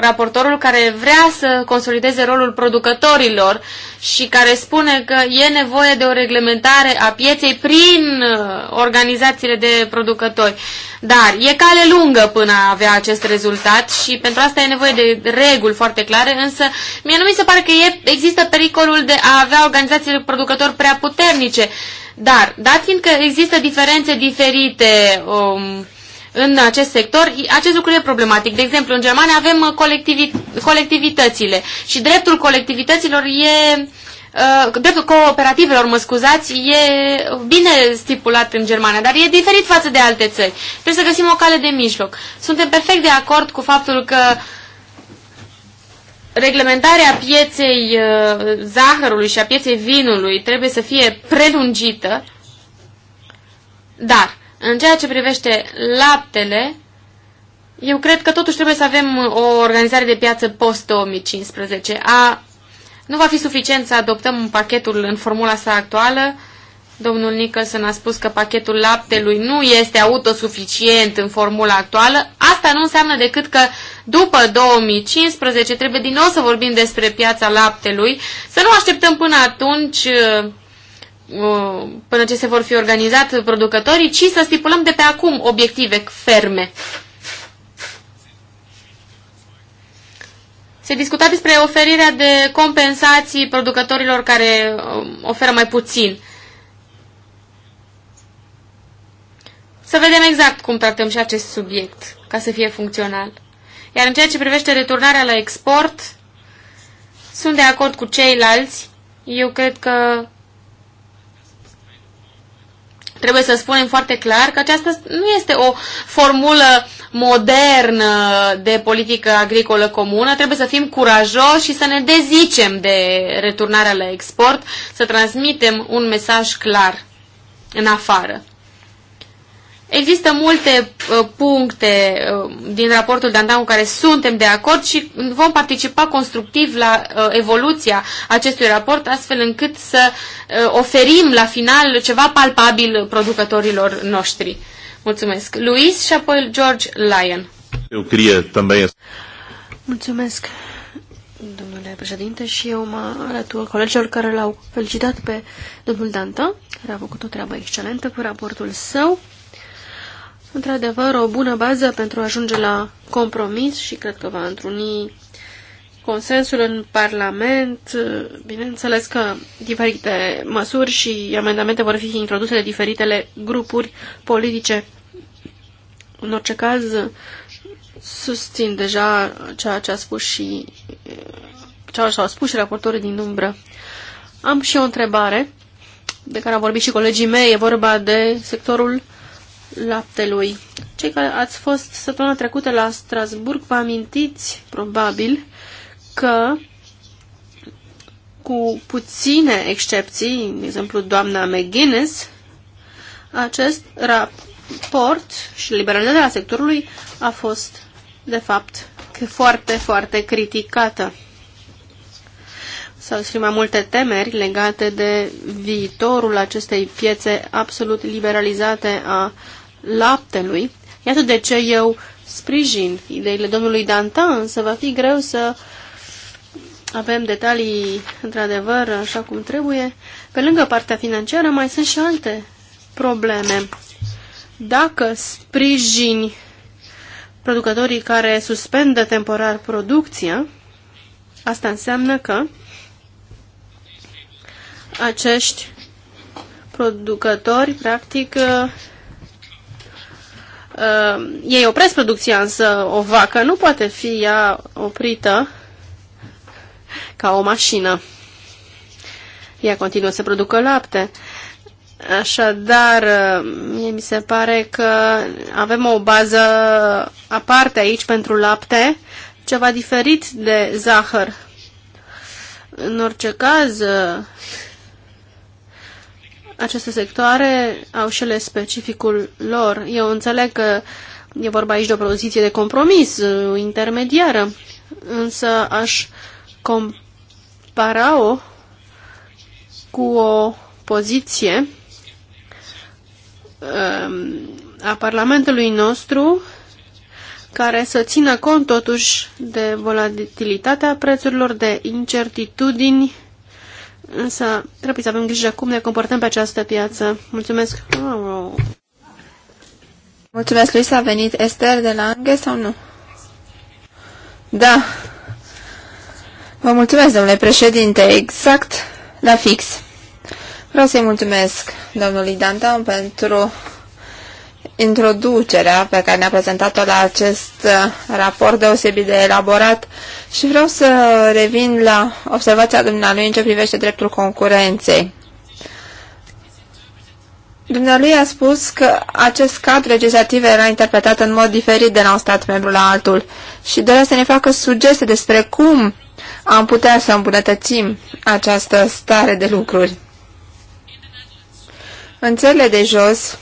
raportorul care vrea să consolideze rolul producătorilor și care spune că e nevoie de o reglementare a pieței prin uh, organizațiile de producători. Dar e cale lungă până a avea acest rezultat și pentru asta e nevoie de reguli foarte clare, însă mie nu mi se pare că e, există pericolul de a avea organizațiile de producători prea puternice. Dar, dat fiindcă există diferențe diferite... Um, în acest sector, acest lucru e problematic. De exemplu, în Germania avem uh, colectivi, colectivitățile și dreptul colectivităților e uh, dreptul cooperativelor, mă scuzați, e bine stipulat în Germania, dar e diferit față de alte țări. Trebuie să găsim o cale de mijloc. Suntem perfect de acord cu faptul că reglementarea pieței uh, zahărului și a pieței vinului trebuie să fie prelungită, dar în ceea ce privește laptele, eu cred că totuși trebuie să avem uh, o organizare de piață post-2015. A, nu va fi suficient să adoptăm pachetul în formula sa actuală. Domnul Nicholson a spus că pachetul laptelui nu este autosuficient în formula actuală. Asta nu înseamnă decât că după 2015 trebuie din nou să vorbim despre piața laptelui, să nu așteptăm până atunci uh, Uh, până ce se vor fi organizat producătorii, ci să stipulăm de pe acum obiective ferme. Se discuta despre oferirea de compensații producătorilor care uh, oferă mai puțin. Să vedem exact cum tratăm și acest subiect, ca să fie funcțional. Iar în ceea ce privește returnarea la export, sunt de acord cu ceilalți. Eu cred că Trebuie să spunem foarte clar că aceasta nu este o formulă modernă de politică agricolă comună. Trebuie să fim curajoși și să ne dezicem de returnarea la export, să transmitem un mesaj clar în afară. Există multe uh, puncte uh, din raportul Dandan cu care suntem de acord și vom participa constructiv la uh, evoluția acestui raport, astfel încât să uh, oferim la final ceva palpabil producătorilor noștri. Mulțumesc. Luis și apoi George Lyon. Eu crie também. Mulțumesc, domnule președinte, și eu mă alătur colegilor care l-au felicitat pe domnul dantă, care a făcut o treabă excelentă cu raportul său într-adevăr, o bună bază pentru a ajunge la compromis și cred că va întruni consensul în Parlament. Bineînțeles că diferite măsuri și amendamente vor fi introduse de diferitele grupuri politice. În orice caz, susțin deja ceea ce a spus și ceea ce au spus și raportorii din umbră. Am și o întrebare de care au vorbit și colegii mei. E vorba de sectorul laptelui. Cei care ați fost săptămâna trecută la Strasburg, vă amintiți probabil că cu puține excepții, de exemplu doamna McGuinness, acest raport și liberalizarea sectorului a fost, de fapt, foarte, foarte criticată sau au mai multe temeri legate de viitorul acestei piețe absolut liberalizate a laptelui. Iată de ce eu sprijin ideile domnului Dantan, Să va fi greu să avem detalii într-adevăr așa cum trebuie. Pe lângă partea financiară mai sunt și alte probleme. Dacă sprijini producătorii care suspendă temporar producția, asta înseamnă că acești producători, practic, uh, uh, ei opresc producția, însă o vacă nu poate fi ea oprită ca o mașină. Ea continuă să producă lapte. Așadar, uh, mie mi se pare că avem o bază aparte aici pentru lapte, ceva diferit de zahăr. În orice caz, uh, aceste sectoare au și ele specificul lor. Eu înțeleg că e vorba aici de o poziție de compromis uh, intermediară, însă aș compara-o cu o poziție um, a Parlamentului nostru care să țină cont totuși de volatilitatea prețurilor, de incertitudini Însă trebuie să avem grijă cum ne comportăm pe această piață. Mulțumesc! Mulțumesc lui, s-a venit Esther de la Anghe sau nu? Da. Vă mulțumesc, domnule președinte, exact la fix. Vreau să-i mulțumesc domnului Dantan pentru introducerea pe care ne-a prezentat-o la acest uh, raport deosebit de elaborat și vreau să revin la observația dumnealui în ce privește dreptul concurenței. Dumnealui a spus că acest cadru legislativ era interpretat în mod diferit de la un stat membru la altul și dorea să ne facă sugestii despre cum am putea să îmbunătățim această stare de lucruri. În țările de jos,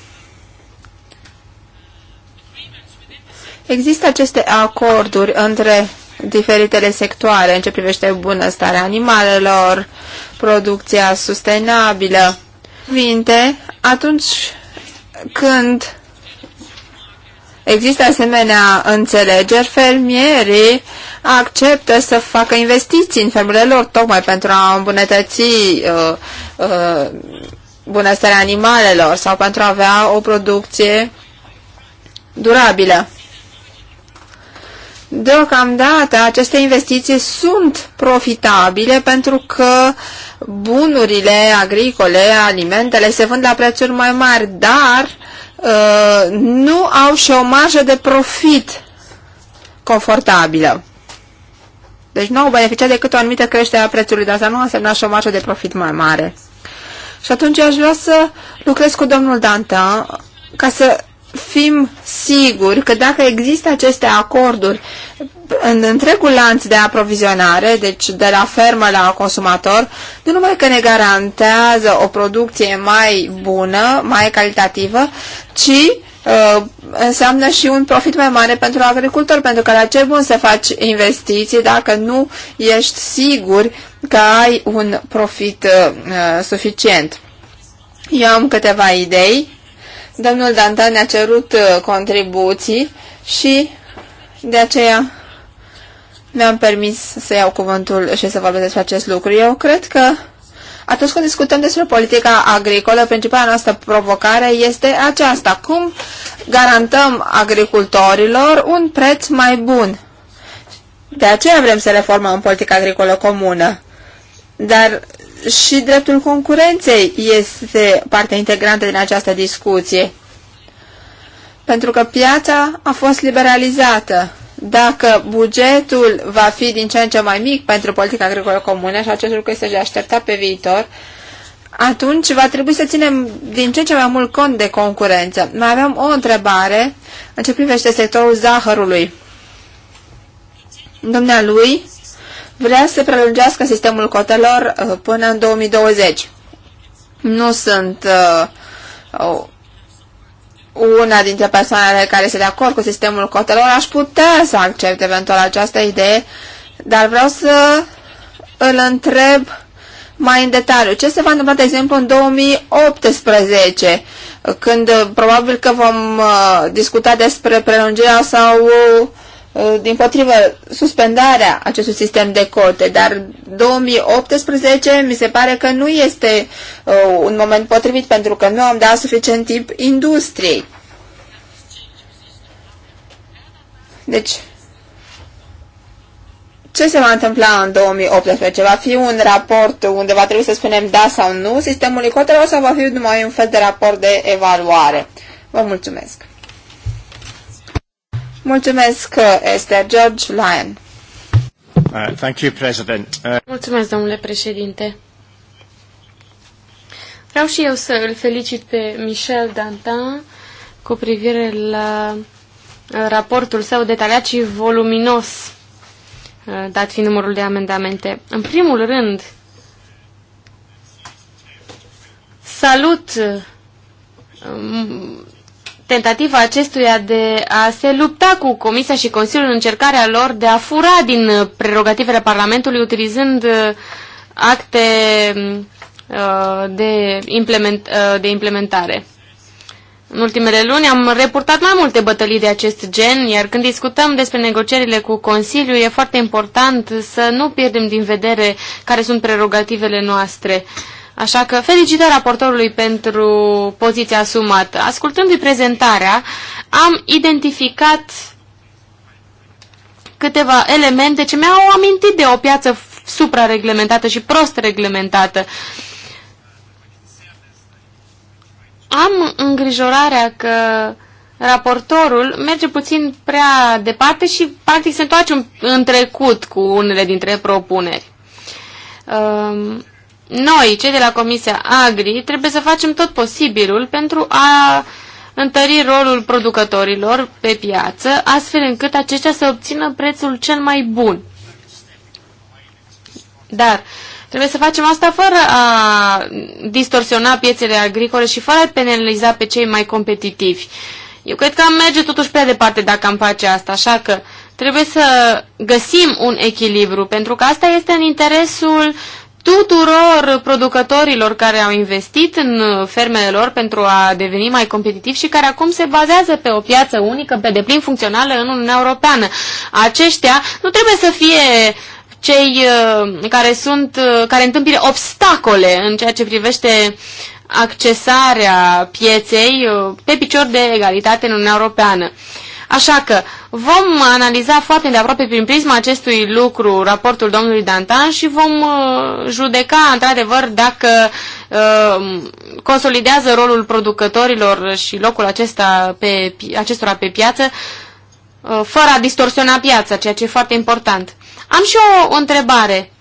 Există aceste acorduri între diferitele sectoare în ce privește bunăstarea animalelor, producția sustenabilă. Vinte, atunci când există asemenea înțelegeri, fermierii acceptă să facă investiții în fermele lor, tocmai pentru a îmbunătăți uh, uh, bunăstarea animalelor sau pentru a avea o producție durabilă. Deocamdată aceste investiții sunt profitabile pentru că bunurile agricole, alimentele se vând la prețuri mai mari, dar uh, nu au și o marjă de profit confortabilă. Deci nu au beneficiat decât o anumită creștere a prețului, dar asta nu a însemnat și o marjă de profit mai mare. Și atunci aș vrea să lucrez cu domnul Danta ca să fim siguri că dacă există aceste acorduri în întregul lanț de aprovizionare, deci de la fermă la consumator, nu numai că ne garantează o producție mai bună, mai calitativă, ci uh, înseamnă și un profit mai mare pentru agricultor, pentru că la ce bun să faci investiții dacă nu ești sigur că ai un profit uh, suficient. Eu am câteva idei Domnul Dantan ne-a cerut uh, contribuții și de aceea mi-am permis să iau cuvântul și să vorbesc despre acest lucru. Eu cred că atunci când discutăm despre politica agricolă, principala noastră provocare este aceasta. Cum garantăm agricultorilor un preț mai bun? De aceea vrem să reformăm politica agricolă comună. Dar și dreptul concurenței este parte integrantă din această discuție. Pentru că piața a fost liberalizată. Dacă bugetul va fi din ce în ce mai mic pentru politica agricolă comună, și acest lucru este de așteptat pe viitor, atunci va trebui să ținem din ce în ce mai mult cont de concurență. Mai avem o întrebare în ce privește sectorul zahărului. lui? vrea să prelungească sistemul cotelor uh, până în 2020. Nu sunt uh, una dintre persoanele care se de acord cu sistemul cotelor, aș putea să accept eventual această idee, dar vreau să îl întreb mai în detaliu. Ce se va întâmpla, de exemplu, în 2018, când probabil că vom uh, discuta despre prelungirea sau uh, Uh, din potrivă, suspendarea acestui sistem de cote, dar 2018 mi se pare că nu este uh, un moment potrivit pentru că nu am dat suficient timp industriei. Deci, ce se va întâmpla în 2018? Va fi un raport unde va trebui să spunem da sau nu sistemului cotelor sau va fi numai un fel de raport de evaluare? Vă mulțumesc! Mulțumesc, uh, Esther. George Lyon. Uh, thank you, President. Uh... Mulțumesc, domnule președinte. Vreau și eu să îl felicit pe Michel Dantin cu privire la uh, raportul său detaliat și voluminos, uh, dat fiind numărul de amendamente. În primul rând, salut tentativa acestuia de a se lupta cu Comisia și Consiliul în încercarea lor de a fura din prerogativele Parlamentului utilizând uh, acte uh, de, implement, uh, de implementare. În ultimele luni am reportat mai multe bătălii de acest gen, iar când discutăm despre negocierile cu Consiliul, e foarte important să nu pierdem din vedere care sunt prerogativele noastre. Uh, Așa că felicitări raportorului pentru poziția asumată. Ascultându-i prezentarea, am identificat câteva elemente ce mi-au amintit de o piață suprareglementată și prost reglementată. Am îngrijorarea că raportorul merge puțin prea departe și practic se întoarce în trecut cu unele dintre propuneri noi, cei de la Comisia Agri, trebuie să facem tot posibilul pentru a întări rolul producătorilor pe piață, astfel încât aceștia să obțină prețul cel mai bun. Dar trebuie să facem asta fără a distorsiona piețele agricole și fără a penaliza pe cei mai competitivi. Eu cred că am merge totuși prea departe dacă am face asta, așa că trebuie să găsim un echilibru, pentru că asta este în interesul tuturor producătorilor care au investit în fermele lor pentru a deveni mai competitivi și care acum se bazează pe o piață unică, pe deplin funcțională în Uniunea Europeană. Aceștia nu trebuie să fie cei uh, care, sunt, uh, care întâmpină obstacole în ceea ce privește accesarea pieței uh, pe picior de egalitate în Uniunea Europeană. Așa că vom analiza foarte de aproape prin prisma acestui lucru raportul domnului Dantan și vom uh, judeca într-adevăr dacă uh, consolidează rolul producătorilor și locul acesta pe, acestora pe piață uh, fără a distorsiona piața, ceea ce e foarte important. Am și o întrebare.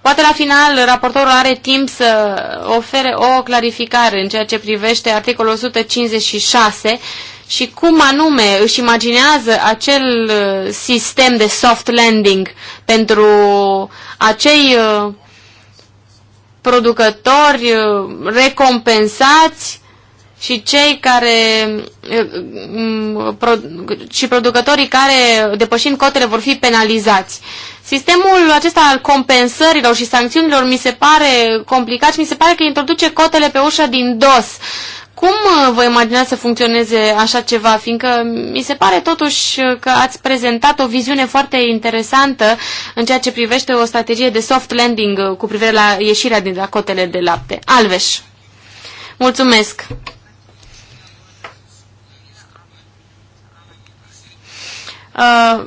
Poate la final raportorul are timp să ofere o clarificare în ceea ce privește articolul 156 și cum anume își imaginează acel uh, sistem de soft landing pentru acei uh, producători uh, recompensați și cei care mm, și producătorii care depășind cotele vor fi penalizați. Sistemul acesta al compensărilor și sancțiunilor mi se pare complicat și mi se pare că introduce cotele pe ușa din dos. Cum uh, vă imaginați să funcționeze așa ceva? Fiindcă mi se pare totuși uh, că ați prezentat o viziune foarte interesantă în ceea ce privește o strategie de soft landing uh, cu privire la ieșirea din racotele de lapte. Alveș, mulțumesc! Uh,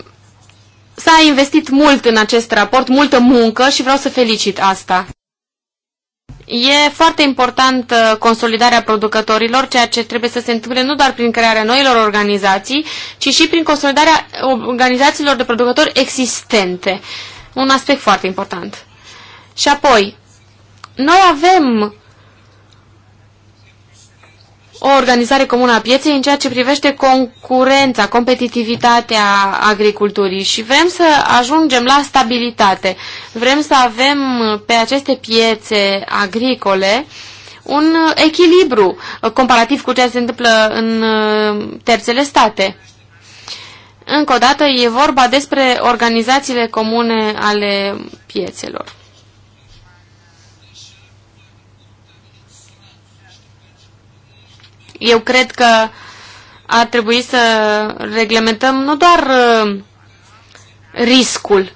S-a investit mult în acest raport, multă muncă și vreau să felicit asta. E foarte important uh, consolidarea producătorilor, ceea ce trebuie să se întâmple nu doar prin crearea noilor organizații, ci și prin consolidarea organizațiilor de producători existente. Un aspect foarte important. Și apoi, noi avem o organizare comună a pieței în ceea ce privește concurența, competitivitatea agriculturii și vrem să ajungem la stabilitate. Vrem să avem pe aceste piețe agricole un echilibru comparativ cu ceea ce se întâmplă în uh, terțele state. Încă o dată e vorba despre organizațiile comune ale piețelor. Eu cred că ar trebui să reglementăm nu doar uh, riscul.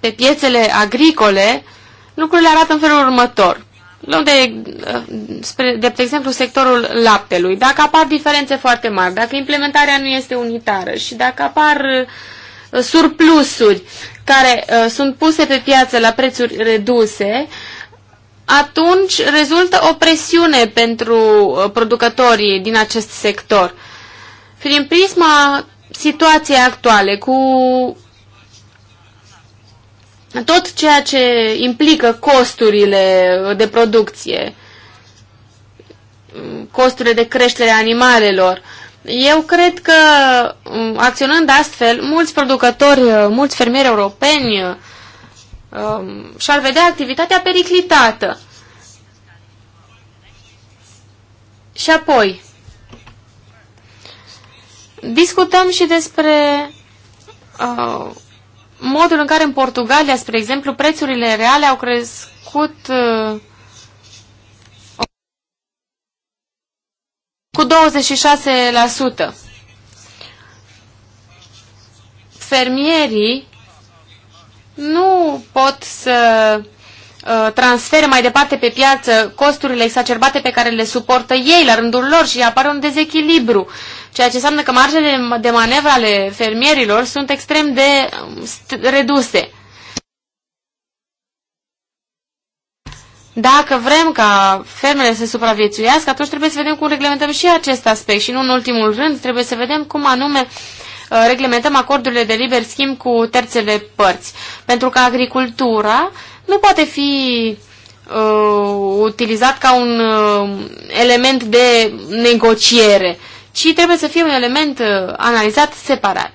Pe piețele agricole, lucrurile arată în felul următor. de, uh, spre, de, de exemplu, sectorul laptelui. Dacă apar diferențe foarte mari, dacă implementarea nu este unitară și dacă apar uh, surplusuri care uh, sunt puse pe piață la prețuri reduse, atunci rezultă o presiune pentru uh, producătorii din acest sector. Prin prisma situației actuale, cu tot ceea ce implică costurile de producție, costurile de creștere a animalelor. Eu cred că, um, acționând astfel, mulți producători, uh, mulți fermieri europeni um, și-ar vedea activitatea periclitată. Și apoi, discutăm și despre uh, modul în care în Portugalia, spre exemplu, prețurile reale au crescut uh, cu 26%. Fermierii nu pot să uh, transfere mai departe pe piață costurile exacerbate pe care le suportă ei la rândul lor și apare un dezechilibru, ceea ce înseamnă că marjele de manevră ale fermierilor sunt extrem de um, reduse. Dacă vrem ca fermele să supraviețuiască, atunci trebuie să vedem cum reglementăm și acest aspect și nu în ultimul rând trebuie să vedem cum anume uh, Uh, reglementăm acordurile de liber schimb cu terțele părți, pentru că agricultura nu poate fi uh, utilizat ca un uh, element de negociere, ci trebuie să fie un element uh, analizat separat.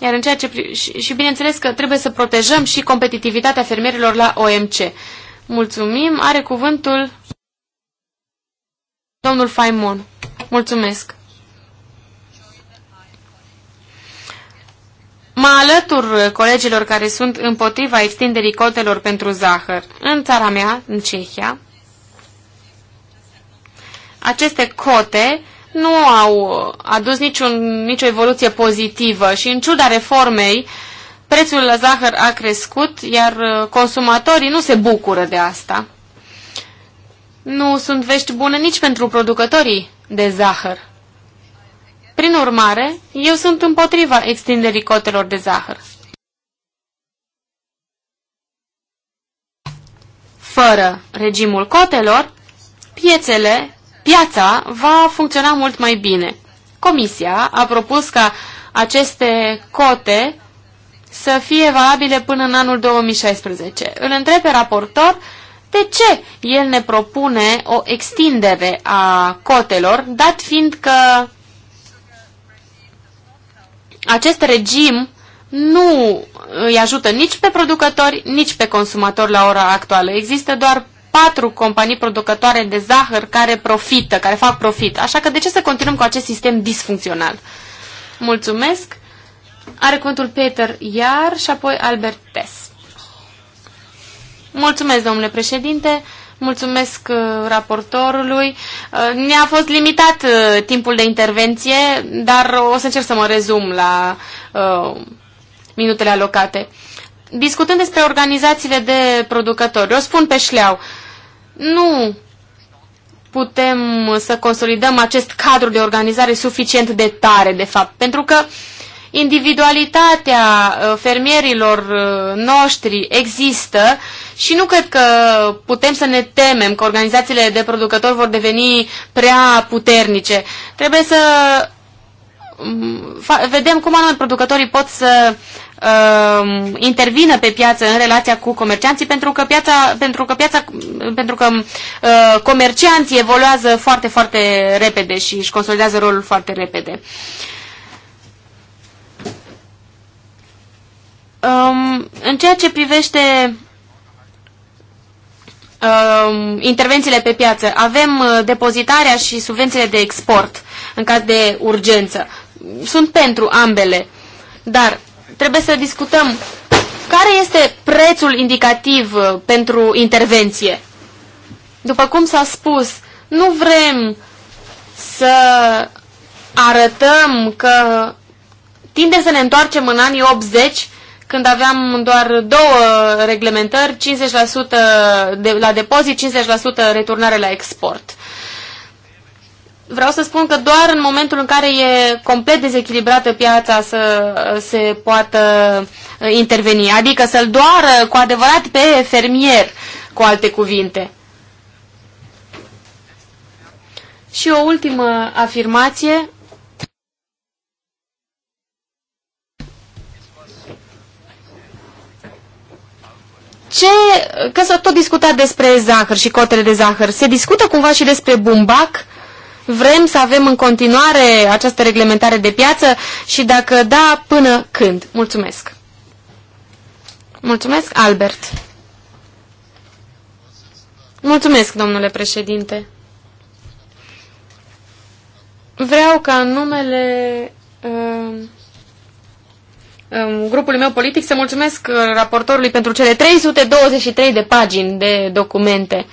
Iar în ceea ce, și, și bineînțeles că trebuie să protejăm și competitivitatea fermierilor la OMC. Mulțumim, are cuvântul domnul Faimon. Mulțumesc. Mă alătur colegilor care sunt împotriva extinderii cotelor pentru zahăr. În țara mea, în Cehia, aceste cote nu au adus niciun, nicio evoluție pozitivă și în ciuda reformei, prețul la zahăr a crescut, iar uh, consumatorii nu se bucură de asta. Nu sunt vești bune nici pentru producătorii de zahăr. Prin urmare, eu sunt împotriva extinderii cotelor de zahăr. Fără regimul cotelor, piețele, piața va funcționa mult mai bine. Comisia a propus ca aceste cote să fie valabile până în anul 2016. Îl întreb pe raportor de ce el ne propune o extindere a cotelor, dat fiind că acest regim nu îi ajută nici pe producători, nici pe consumatori la ora actuală. Există doar patru companii producătoare de zahăr care profită, care fac profit. Așa că de ce să continuăm cu acest sistem disfuncțional? Mulțumesc! Are cuvântul Peter Iar și apoi Albert Tess. Mulțumesc, domnule președinte! Mulțumesc uh, raportorului. Uh, ne-a fost limitat uh, timpul de intervenție, dar o să încerc să mă rezum la minutele alocate. Discutând despre organizațiile de producători, o spun pe șleau, nu putem să consolidăm acest cadru de organizare suficient de tare, de fapt, pentru că uh, individualitatea uh, fermierilor uh, noștri există și nu cred că putem să ne temem că organizațiile de producători vor deveni prea puternice. Trebuie să mm, vedem cum anume producătorii pot să uh, intervină pe piață în relația cu comercianții pentru că piața, pentru că, piața, pentru că uh, comercianții evoluează foarte, foarte repede și își consolidează rolul foarte repede. Uh, Um, în ceea ce privește um, intervențiile pe piață, avem uh, depozitarea și subvențiile de export în caz de urgență. Sunt pentru ambele, dar trebuie să discutăm care este prețul indicativ uh, pentru intervenție. După cum s-a spus, nu vrem să arătăm că tinde să ne întoarcem în anii 80 când aveam doar două reglementări, 50% de, la depozit, 50% returnare la export. Vreau să spun că doar în momentul în care e complet dezechilibrată piața să se poată uh, interveni, adică să-l doară cu adevărat pe fermier, cu alte cuvinte. Și o ultimă afirmație ce, că s-a tot discutat despre zahăr și cotele de zahăr, se discută cumva și despre bumbac? Vrem să avem în continuare această reglementare de piață și dacă da, până când? Mulțumesc! Mulțumesc, Albert! Mulțumesc, domnule președinte! Vreau ca numele... Uh grupului meu politic să mulțumesc uh, raportorului pentru cele 323 de pagini de documente.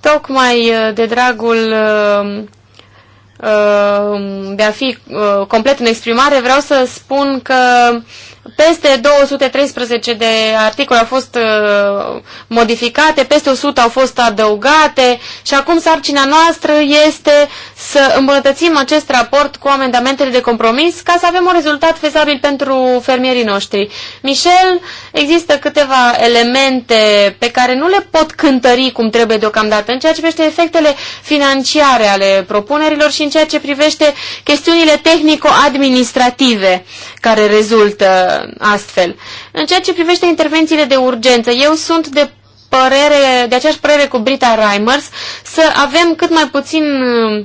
Tocmai uh, de dragul uh, de a fi complet în exprimare, vreau să spun că peste 213 de articole au fost uh, modificate, peste 100 au fost adăugate și acum sarcina noastră este să îmbunătățim acest raport cu amendamentele de compromis ca să avem un rezultat fezabil pentru fermierii noștri. Michel, există câteva elemente pe care nu le pot cântări cum trebuie deocamdată în ceea ce privește efectele financiare ale propunerilor și în ceea ce privește chestiunile tehnico-administrative care rezultă astfel. În ceea ce privește intervențiile de urgență, eu sunt de părere, de aceeași părere cu Brita Reimers, să avem cât mai puțin uh,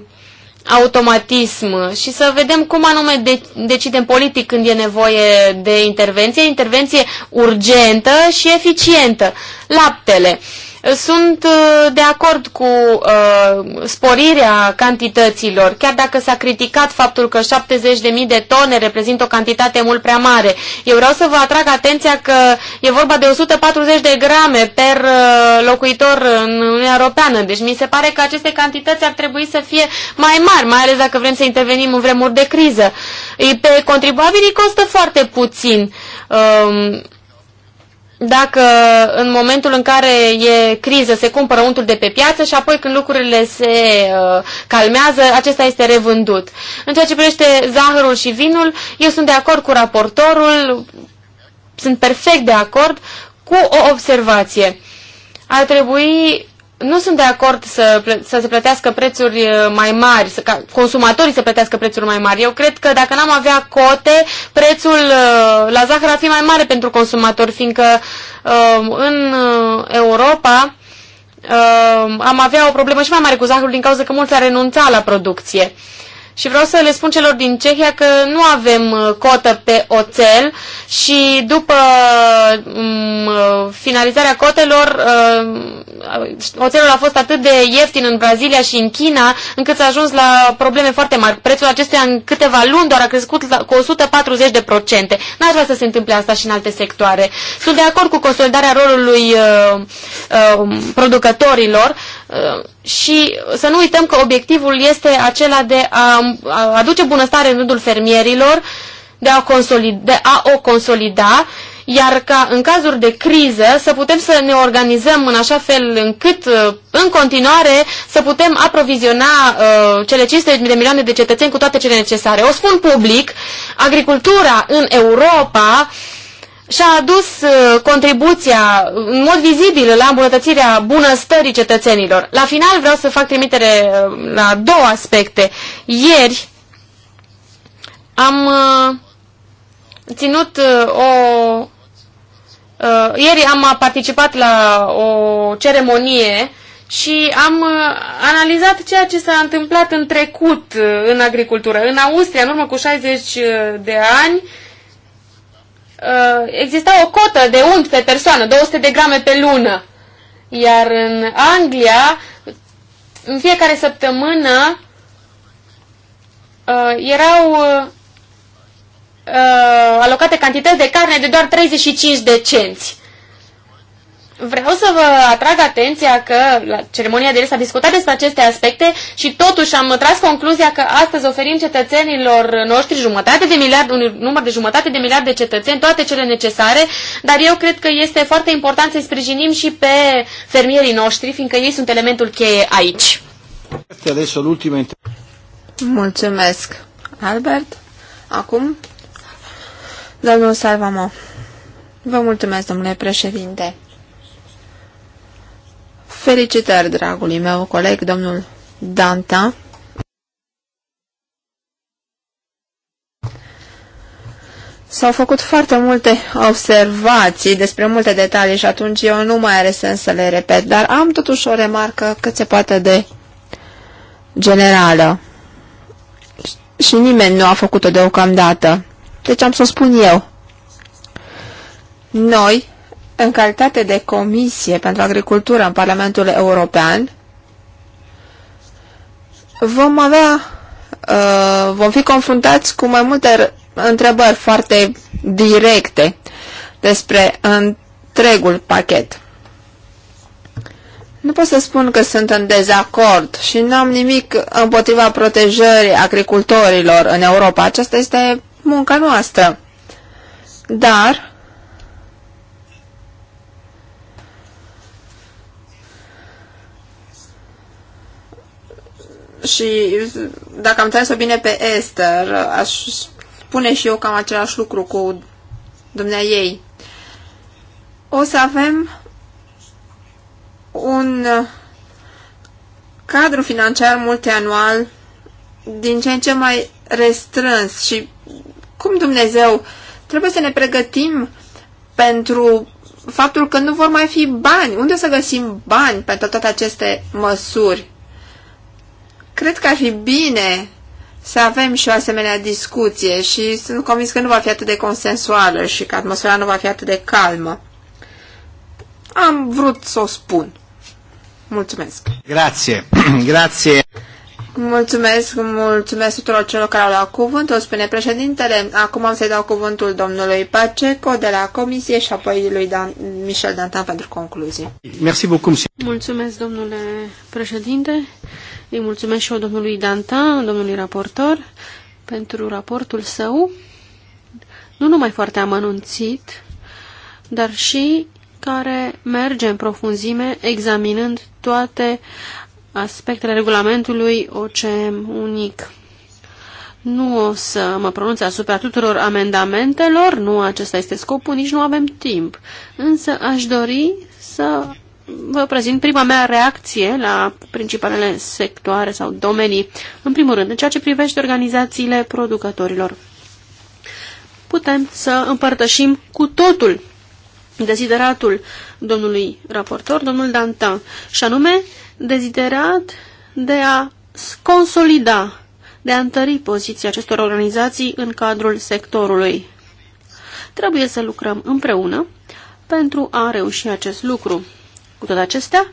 automatism și să vedem cum anume de decidem politic când e nevoie de intervenție, intervenție urgentă și eficientă. Laptele. Uh, sunt uh, de acord cu uh, sporirea cantităților, chiar dacă s-a criticat faptul că 70.000 de tone reprezintă o cantitate mult prea mare. Eu vreau să vă atrag atenția că e vorba de 140 de grame per uh, locuitor în Uniunea Europeană, deci mi se pare că aceste cantități ar trebui să fie mai mari, mai ales dacă vrem să intervenim în vremuri de criză. Pe contribuabilii costă foarte puțin. Uh, dacă în momentul în care e criză se cumpără untul de pe piață și apoi când lucrurile se uh, calmează, acesta este revândut. În ceea ce privește zahărul și vinul, eu sunt de acord cu raportorul, sunt perfect de acord cu o observație. Ar trebui nu sunt de acord să, să se plătească prețuri uh, mai mari, să, ca consumatorii să plătească prețuri mai mari. Eu cred că dacă n-am avea cote, prețul uh, la zahăr ar fi mai mare pentru consumatori, fiindcă uh, în Europa am avea o problemă și mai mare cu zahărul din cauza că mulți ar renunța la producție. Uh, și vreau să le spun celor din Cehia că nu avem uh, cotă pe oțel și după mm, uh, finalizarea cotelor, uh, oțelul a fost atât de ieftin în Brazilia și în China, încât s-a ajuns la probleme foarte mari. Prețul acesteia în câteva luni doar a crescut cu 140 de procente. N-aș vrea să se întâmple asta și în alte sectoare. Sunt de acord cu consolidarea rolului producătorilor, Ehm, și să nu uităm că obiectivul este acela de a aduce bunăstare în rândul fermierilor, de a, consolida, de a o consolida, iar ca în cazuri de criză să putem să ne organizăm în așa fel încât uh, în continuare să putem aproviziona uh, cele 500 de milioane de cetățeni cu toate cele necesare. O spun public, agricultura în Europa uh, și-a adus uh, contribuția în mod vizibil la îmbunătățirea bunăstării cetățenilor. La final vreau să fac trimitere uh, la două aspecte. Ieri am uh, ținut o... Ieri am participat la o ceremonie și am analizat ceea ce s-a întâmplat în trecut în agricultură. În Austria, în urmă cu 60 de ani, uh, exista o cotă de unt pe persoană, 200 de grame pe lună. Iar în Anglia, în fiecare săptămână, uh, erau uh, uh alocate cantități de carne de doar 35 de cenți. Vreau să vă atrag atenția că la ceremonia de ieri s-a discutat despre aceste aspecte și totuși am tras concluzia că astăzi oferim cetățenilor noștri jumătate de miliard, un număr de jumătate de miliard de cetățeni, toate cele necesare, dar eu cred că este foarte important să-i sprijinim și pe fermierii noștri, fiindcă ei sunt elementul cheie aici. Mulțumesc, Albert. Acum, domnul Salvamo. Vă mulțumesc, domnule președinte. Felicitări, dragului meu coleg, domnul Danta. S-au făcut foarte multe observații despre multe detalii și atunci eu nu mai are sens să le repet, dar am totuși o remarcă cât se poate de generală. Și nimeni nu a făcut-o deocamdată. Deci am să o spun eu. Noi în calitate de comisie pentru agricultură în Parlamentul European, vom avea, uh, vom fi confruntați cu mai multe întrebări foarte directe despre întregul pachet. Nu pot să spun că sunt în dezacord și nu am nimic împotriva protejării agricultorilor în Europa. Aceasta este munca noastră. Dar Și dacă am înțeles-o bine pe Esther, aș spune și eu cam același lucru cu dumnea ei. O să avem un cadru financiar multianual din ce în ce mai restrâns și cum Dumnezeu trebuie să ne pregătim pentru faptul că nu vor mai fi bani. Unde o să găsim bani pentru toate aceste măsuri? Cred că ar fi bine să avem și o asemenea discuție și sunt convins că nu va fi atât de consensuală și că atmosfera nu va fi atât de calmă. Am vrut să o spun. Mulțumesc. Grazie. Grazie Mulțumesc, mulțumesc tuturor celor care au luat cuvântul, spune președintele. Acum am să-i dau cuvântul domnului Paceco de la Comisie și apoi lui Dan, Michel Dantan pentru concluzie. Merci beaucoup. Mulțumesc, domnule președinte. Îi mulțumesc și eu domnului Dantan, domnului raportor, pentru raportul său, nu numai foarte amănunțit, dar și care merge în profunzime examinând toate aspectele regulamentului OCM unic. Nu o să mă pronunț asupra tuturor amendamentelor, nu acesta este scopul, nici nu avem timp. Însă aș dori să vă prezint prima mea reacție la principalele sectoare sau domenii. În primul rând, în ceea ce privește organizațiile producătorilor. Putem să împărtășim cu totul desideratul domnului raportor, domnul Dantin, și anume deziderat de a consolida, de a întări poziția acestor organizații în cadrul sectorului. Trebuie să lucrăm împreună pentru a reuși acest lucru. Cu toate acestea,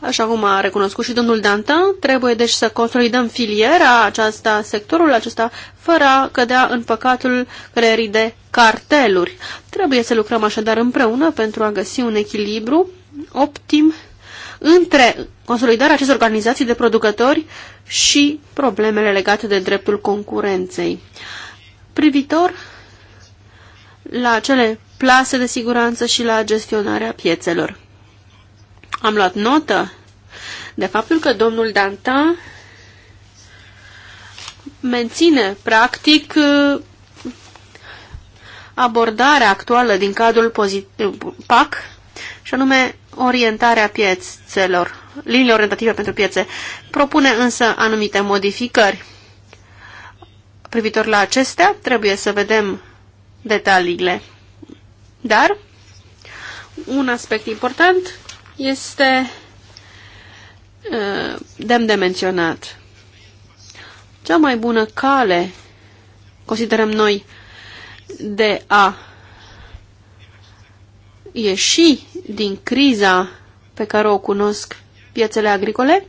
Așa cum a recunoscut și domnul Dantin, trebuie deci să consolidăm filiera aceasta, sectorul acesta, fără a cădea în păcatul creierii de carteluri. Trebuie să lucrăm așadar împreună pentru a găsi un echilibru optim între consolidarea acestor organizații de producători și problemele legate de dreptul concurenței. Privitor la cele plase de siguranță și la gestionarea piețelor. Am luat notă de faptul că domnul Danta menține, practic, abordarea actuală din cadrul PAC, și anume orientarea piețelor, liniile orientative pentru piețe, propune însă anumite modificări. Privitor la acestea, trebuie să vedem detaliile. Dar, un aspect important este uh, demn de menționat. Cea mai bună cale, considerăm noi, de a ieși din criza pe care o cunosc piețele agricole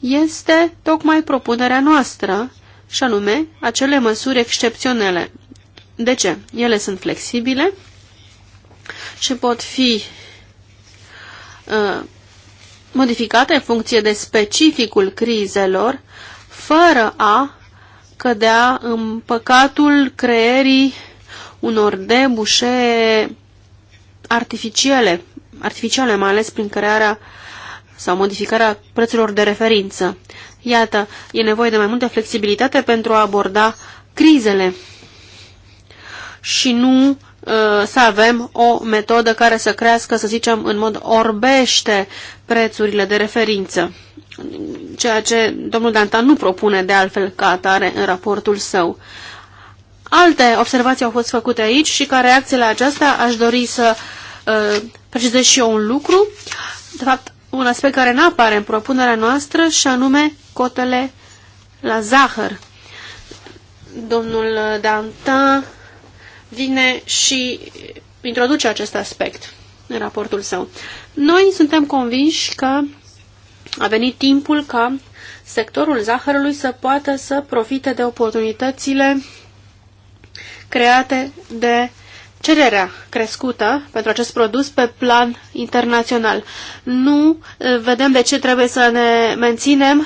este tocmai propunerea noastră, și anume acele măsuri excepționale. De ce? Ele sunt flexibile și pot fi uh, modificate în funcție de specificul crizelor, fără a cădea în păcatul creierii unor debușe artificiale, artificiale mai ales prin crearea sau modificarea prețurilor de referință. Iată, e nevoie de mai multă flexibilitate pentru a aborda crizele și nu uh, să avem o metodă care să crească, să zicem, în mod orbește prețurile de referință, ceea ce domnul Dantan nu propune de altfel ca atare în raportul său. Uh, Alte observații au fost făcute aici și ca reacție la aceasta aș dori să uh, precizez și eu un lucru, de fapt un aspect care nu apare în propunerea noastră și anume cotele la zahăr. Domnul Dantin vine și introduce acest aspect în raportul său. Noi suntem convinși că a venit timpul ca sectorul zahărului să poată să profite de oportunitățile create de cererea crescută pentru acest produs pe plan internațional. Nu eh, vedem de ce trebuie să ne menținem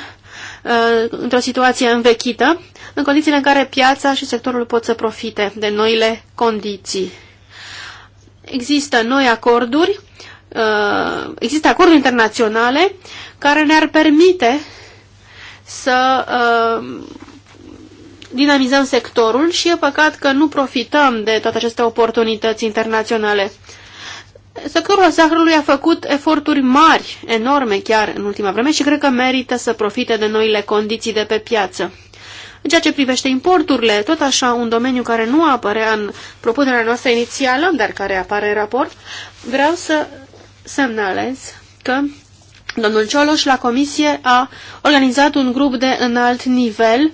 eh, într-o situație învechită, în condițiile în care piața și sectorul pot să profite de noile condiții. Există noi acorduri, eh, există acorduri internaționale care ne-ar permite să dinamizăm sectorul și e păcat că nu profităm de toate aceste oportunități internaționale. Sectorul zahărului a făcut eforturi mari, enorme chiar în ultima vreme și cred că merită să profite de noile condiții de pe piață. În ceea ce privește importurile, tot așa un domeniu care nu apărea în propunerea noastră inițială, dar care apare în raport, vreau să semnalez că Domnul Cioloș la comisie a organizat un grup de înalt nivel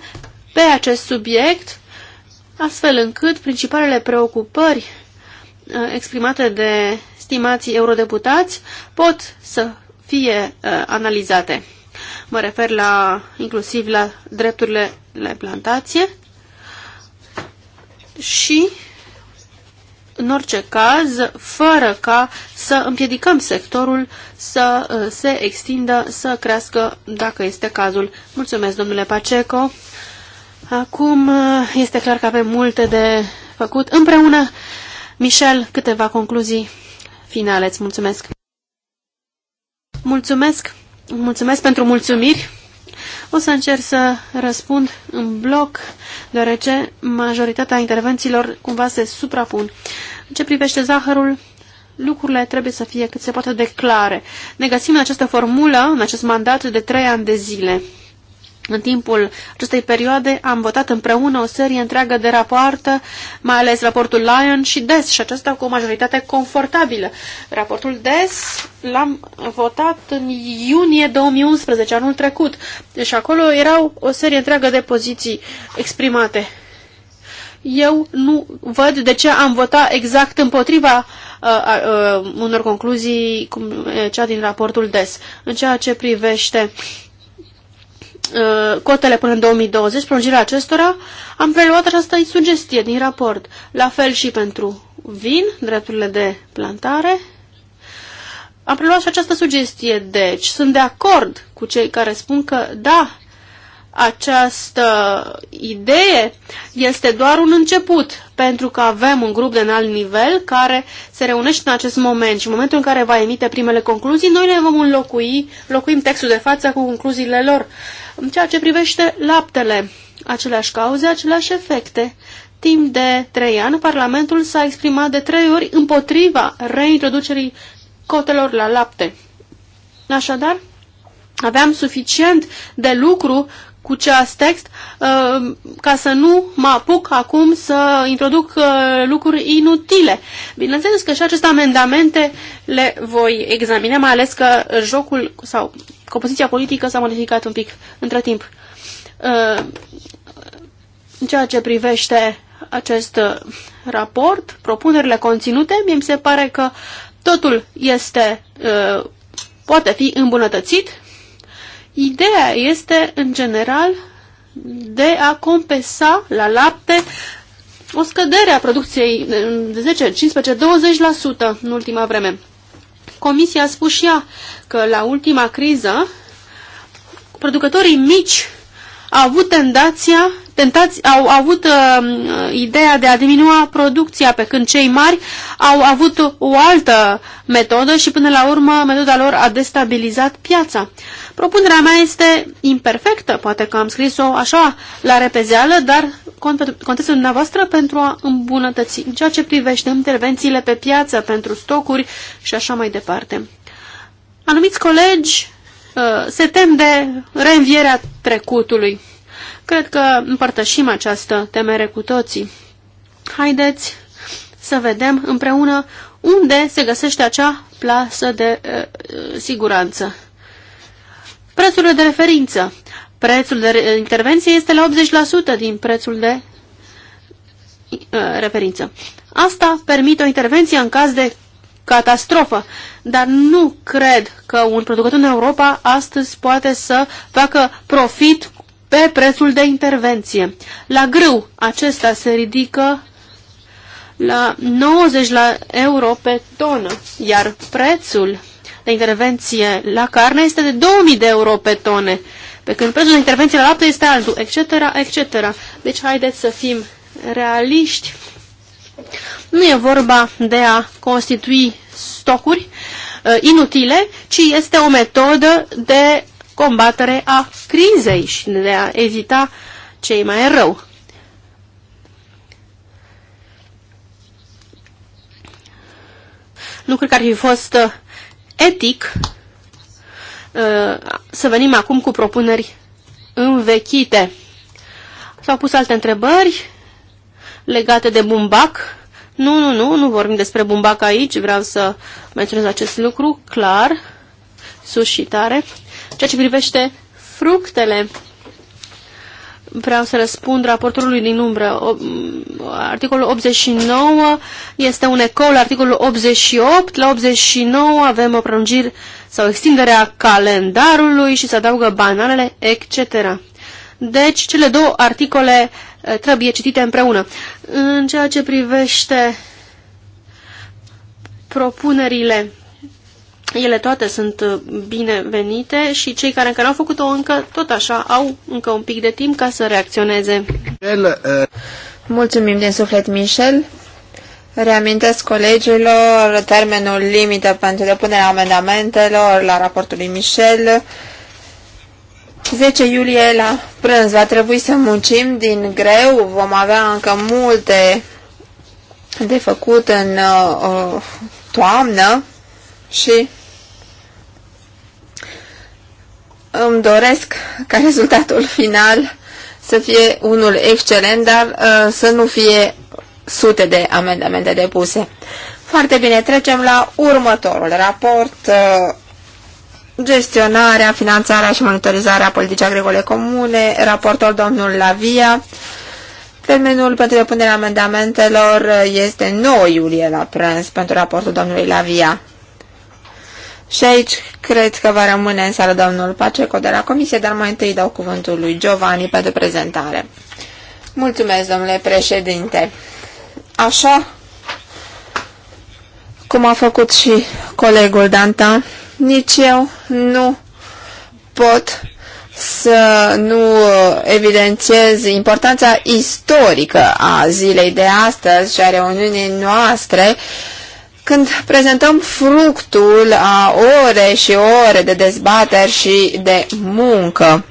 pe acest subiect, astfel încât principalele preocupări uh, exprimate de stimații eurodeputați pot să fie uh, analizate. Mă refer la, inclusiv la drepturile la plantație și, în orice caz, fără ca să împiedicăm sectorul să uh, se extindă, să crească, dacă este cazul. Mulțumesc, domnule Paceco. Acum uh, este clar că avem multe de făcut. Împreună, Michel, câteva concluzii finale. Îți mulțumesc! Mulțumesc! Mulțumesc pentru mulțumiri! O să încerc să răspund în bloc, deoarece majoritatea intervențiilor cumva se suprapun. În ce privește zahărul, lucrurile trebuie să fie cât se poate de clare. Ne găsim în această formulă, în acest mandat de trei ani de zile. În timpul acestei perioade am votat împreună o serie întreagă de rapoarte, mai ales raportul Lyon și DES, și acesta cu o majoritate confortabilă. Raportul DES l-am votat în iunie 2011, anul trecut, și deci acolo erau o serie întreagă de poziții exprimate. Eu nu văd de ce am votat exact împotriva uh, uh, unor concluzii cum cea din raportul DES. În ceea ce privește uh, Uh, cotele până în 2020, prelungirea acestora, am preluat această sugestie din raport. La fel și pentru vin, drepturile de plantare. Am preluat și această sugestie, deci sunt de acord cu cei care spun că, da, această idee este doar un început, pentru că avem un grup de înalt nivel care se reunește în acest moment și în momentul în care va emite primele concluzii, noi le vom înlocui, locuim textul de față cu concluziile lor. Uh, în ceea ce privește laptele, aceleași cauze, aceleași efecte. Timp de trei ani, Parlamentul s-a exprimat de trei ori împotriva reintroducerii cotelor la lapte. Așadar, aveam suficient de lucru cu ceas text uh, ca să nu mă apuc acum să introduc uh, lucruri inutile. Bineînțeles că și aceste amendamente le voi examina, mai ales că jocul sau compoziția politică s-a modificat un pic între timp. Uh, în ceea ce privește acest raport, propunerile conținute, mie mi se pare că totul este, poate fi îmbunătățit Ideea este, în general, de a compensa la lapte o scădere a producției de 10, 15, 20% în ultima vreme. Comisia a spus și ea că la ultima criză producătorii mici au avut tendația, tentați, au avut uh, ideea de a diminua producția, pe când cei mari au avut o altă metodă și până la urmă metoda lor a destabilizat piața. Propunerea mea este imperfectă, poate că am scris-o așa la repezeală, dar contestul dumneavoastră pentru a îmbunătăți în ceea ce privește intervențiile pe piață pentru stocuri și așa mai departe. Anumiți colegi Uh, se tem de reînvierea trecutului. Cred că împărtășim această temere cu toții. Haideți să vedem împreună unde se găsește acea plasă de uh, siguranță. Prețurile de referință. Prețul de intervenție este la 80% din prețul de uh, referință. Asta permite o intervenție în caz de catastrofă. Dar nu cred că un producător în Europa astăzi poate să facă profit pe prețul de intervenție. La grâu acesta se ridică la 90 la euro pe tonă, iar prețul de intervenție la carne este de 2000 de euro pe tone, pe când prețul de intervenție la lapte este altul, etc., etc. Deci haideți să fim realiști nu e vorba de a constitui stocuri uh, inutile, ci este o metodă de combatere a crizei și de a evita cei mai rău. Lucruri care ar fi fost uh, etic uh, să venim acum cu propuneri învechite. S-au pus alte întrebări legate de bumbac. Nu, nu, nu, nu vorbim despre bumbac aici, vreau să menționez acest lucru clar, sus și tare. Ceea ce privește fructele, vreau să răspund raportului din umbră. articolul 89 este un ecou la articolul 88. La 89 avem o prelungire sau extinderea calendarului și se adaugă bananele, etc. Deci, cele două articole eh, trebuie citite împreună. În ceea ce privește propunerile, ele toate sunt eh, binevenite și cei care încă n-au făcut-o încă, tot așa, au încă un pic de timp ca să reacționeze. Eh, Mulțumim din suflet, Michel. Reamintesc colegilor termenul limită pentru depunerea amendamentelor la raportul lui Michel 10 iulie la prânz va trebui să muncim din greu, vom avea încă multe de făcut în uh, uh, toamnă și îmi doresc ca rezultatul final să fie unul excelent, dar uh, să nu fie sute de amendamente depuse. Foarte bine, trecem la următorul raport. Uh, gestionarea, finanțarea și monitorizarea politicii agricole comune, raportul domnul Lavia. Termenul pentru depunerea amendamentelor este 9 iulie la prânz pentru raportul domnului Lavia. Și aici cred că va rămâne în sală domnul Paceco de la comisie, dar mai întâi dau cuvântul lui Giovanni pentru prezentare. Mulțumesc, domnule președinte. Așa cum a făcut și colegul Danta, nici eu nu pot să nu uh, evidențiez importanța istorică a zilei de astăzi și a reuniunii noastre când prezentăm fructul a ore și ore de dezbateri și de muncă.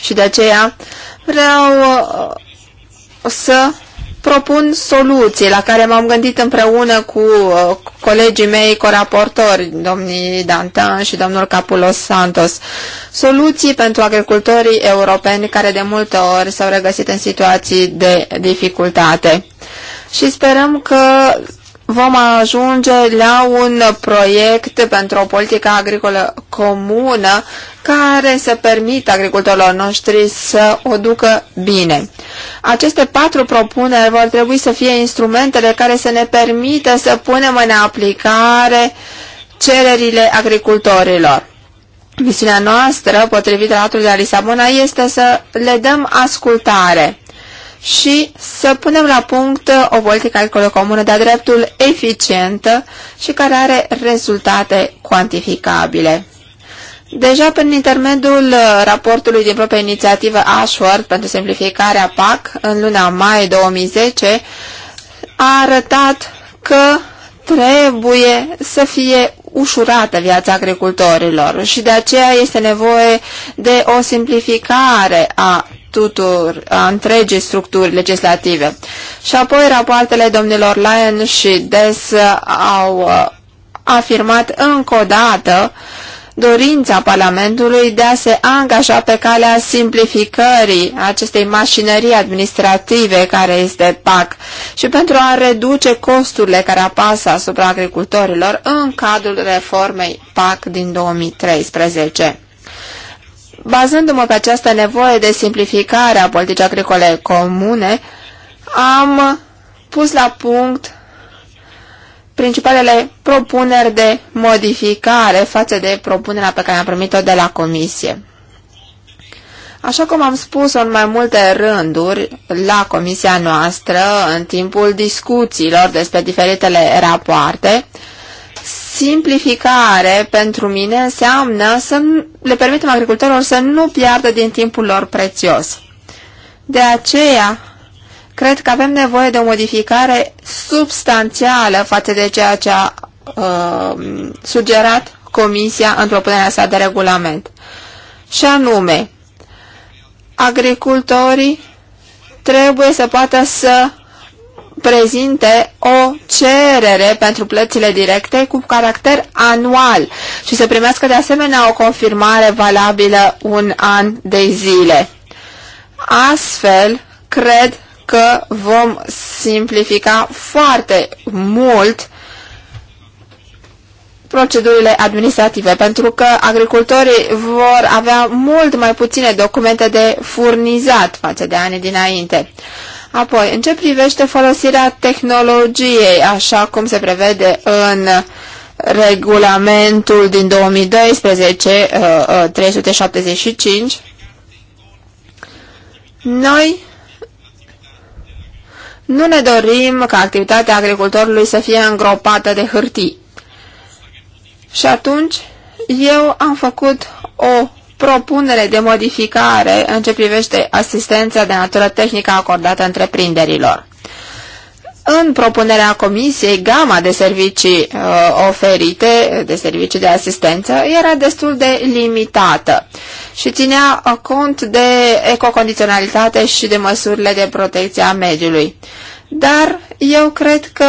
Și de aceea vreau uh, să propun soluții la care m-am gândit împreună cu uh, colegii mei coraportori, domnii Dantan și domnul Capulos Santos. Soluții pentru agricultorii europeni care de multe ori s-au regăsit în situații de dificultate. Și sperăm că vom ajunge la un proiect pentru o politică agricolă comună care să permită agricultorilor noștri să o ducă bine. Aceste patru propuneri vor trebui să fie instrumentele care să ne permită să punem în aplicare cererile agricultorilor. Misiunea noastră, potrivit tratatului de la Lisabona, este să le dăm ascultare și să punem la punct uh, o politică agricolă comună de-a dreptul eficientă și care are rezultate cuantificabile. Deja prin intermediul uh, raportului din propria inițiativă Ashworth pentru simplificarea PAC în luna mai 2010 a arătat că trebuie să fie ușurată viața agricultorilor și de aceea este nevoie de o simplificare a tutur, a întregii structuri legislative. Și apoi rapoartele domnilor Lyon și Des au uh, afirmat încă o dată uh, dorința Parlamentului de a se angaja pe calea simplificării acestei mașinării administrative care este PAC și pentru a reduce costurile care apasă asupra agricultorilor în cadrul reformei PAC din 2013. Bazându-mă pe această nevoie de simplificare a politicii agricole comune, am pus la punct principalele propuneri de modificare față de propunerea pe care am primit-o de la Comisie. Așa cum am spus în mai multe rânduri la comisia noastră, în timpul discuțiilor despre diferitele rapoarte, simplificare pentru mine înseamnă să le permitem agricultorilor să nu piardă din timpul lor prețios. De aceea Cred că avem nevoie de o modificare substanțială față de ceea ce a uh, sugerat Comisia în propunerea sa de regulament. Și anume, agricultorii trebuie să poată să prezinte o cerere pentru plățile directe cu caracter anual și să primească de asemenea o confirmare valabilă un an de zile. Astfel, cred că vom simplifica foarte mult procedurile administrative, pentru că agricultorii vor avea mult mai puține documente de furnizat față de anii dinainte. Apoi, în ce privește folosirea tehnologiei, așa cum se prevede în regulamentul din 2012, 375, uh, uh, noi nu ne dorim ca activitatea agricultorului să fie îngropată de hârtii. Și atunci eu am făcut o propunere de modificare în ce privește asistența de natură tehnică acordată întreprinderilor. În propunerea comisiei, gama de servicii uh, oferite, de servicii de asistență, era destul de limitată și ținea uh, cont de ecocondiționalitate și de măsurile de protecție a mediului. Dar eu cred că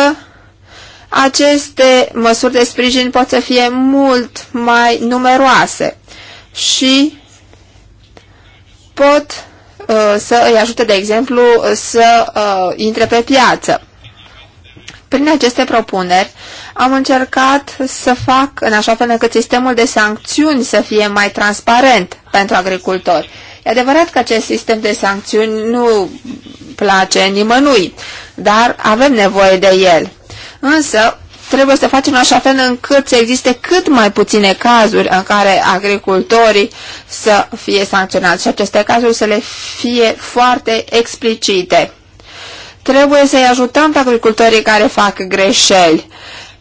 aceste măsuri de sprijin pot să fie mult mai numeroase și pot uh, să îi ajute, de exemplu, să uh, intre pe piață. Prin aceste propuneri am încercat să fac în așa fel încât sistemul de sancțiuni să fie mai transparent pentru agricultori. E adevărat că acest sistem de sancțiuni nu place nimănui, dar avem nevoie de el. Însă, trebuie să facem în așa fel încât să existe cât mai puține cazuri în care agricultorii să fie sancționați și aceste cazuri să le fie foarte explicite. Trebuie să-i ajutăm pe agricultorii care fac greșeli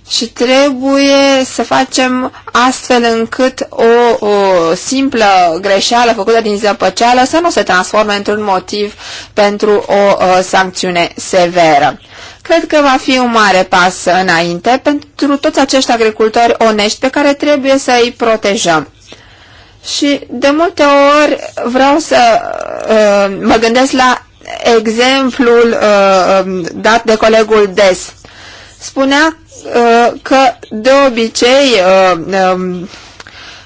și trebuie să facem astfel încât o, o simplă greșeală făcută din zăpăceală să nu se transforme într-un motiv pentru o, o sancțiune severă. Cred că va fi un mare pas înainte pentru toți acești agricultori onești pe care trebuie să îi protejăm. Și de multe ori vreau să uh, mă gândesc la exemplul uh, um, dat de colegul Des. Spunea uh, că de obicei uh, um,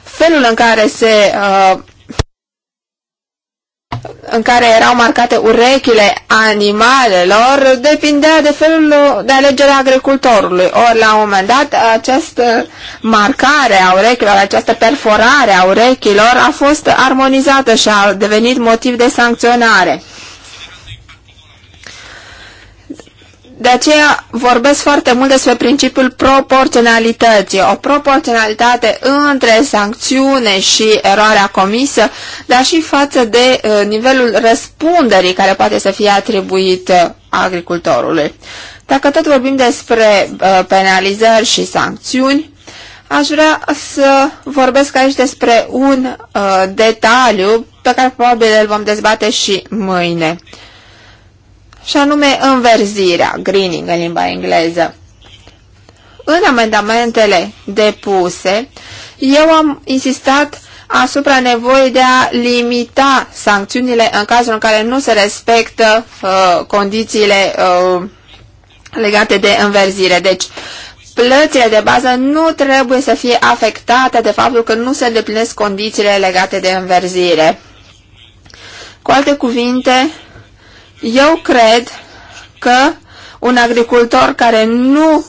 felul în care se uh, în care erau marcate urechile animalelor depindea de felul uh, de alegere agricultorului. Ori la un moment dat această marcare a urechilor, această perforare a urechilor a fost armonizată și a devenit motiv de sancționare. De aceea vorbesc foarte mult despre principiul proporționalității, o proporționalitate între sancțiune și eroarea comisă, dar și față de uh, nivelul răspunderii care poate să fie atribuit uh, agricultorului. Dacă tot vorbim despre uh, penalizări și sancțiuni, aș vrea să vorbesc aici despre un detaliu pe care probabil îl vom dezbate și mâine și anume înverzirea, greening în limba engleză. În amendamentele depuse, eu am insistat asupra nevoii de a limita sancțiunile în cazul în care nu se respectă uh, condițiile uh, legate de înverzire. Deci, plățile de bază nu trebuie să fie afectate de faptul că nu se îndeplinesc condițiile legate de înverzire. Cu alte cuvinte, eu cred că un agricultor care nu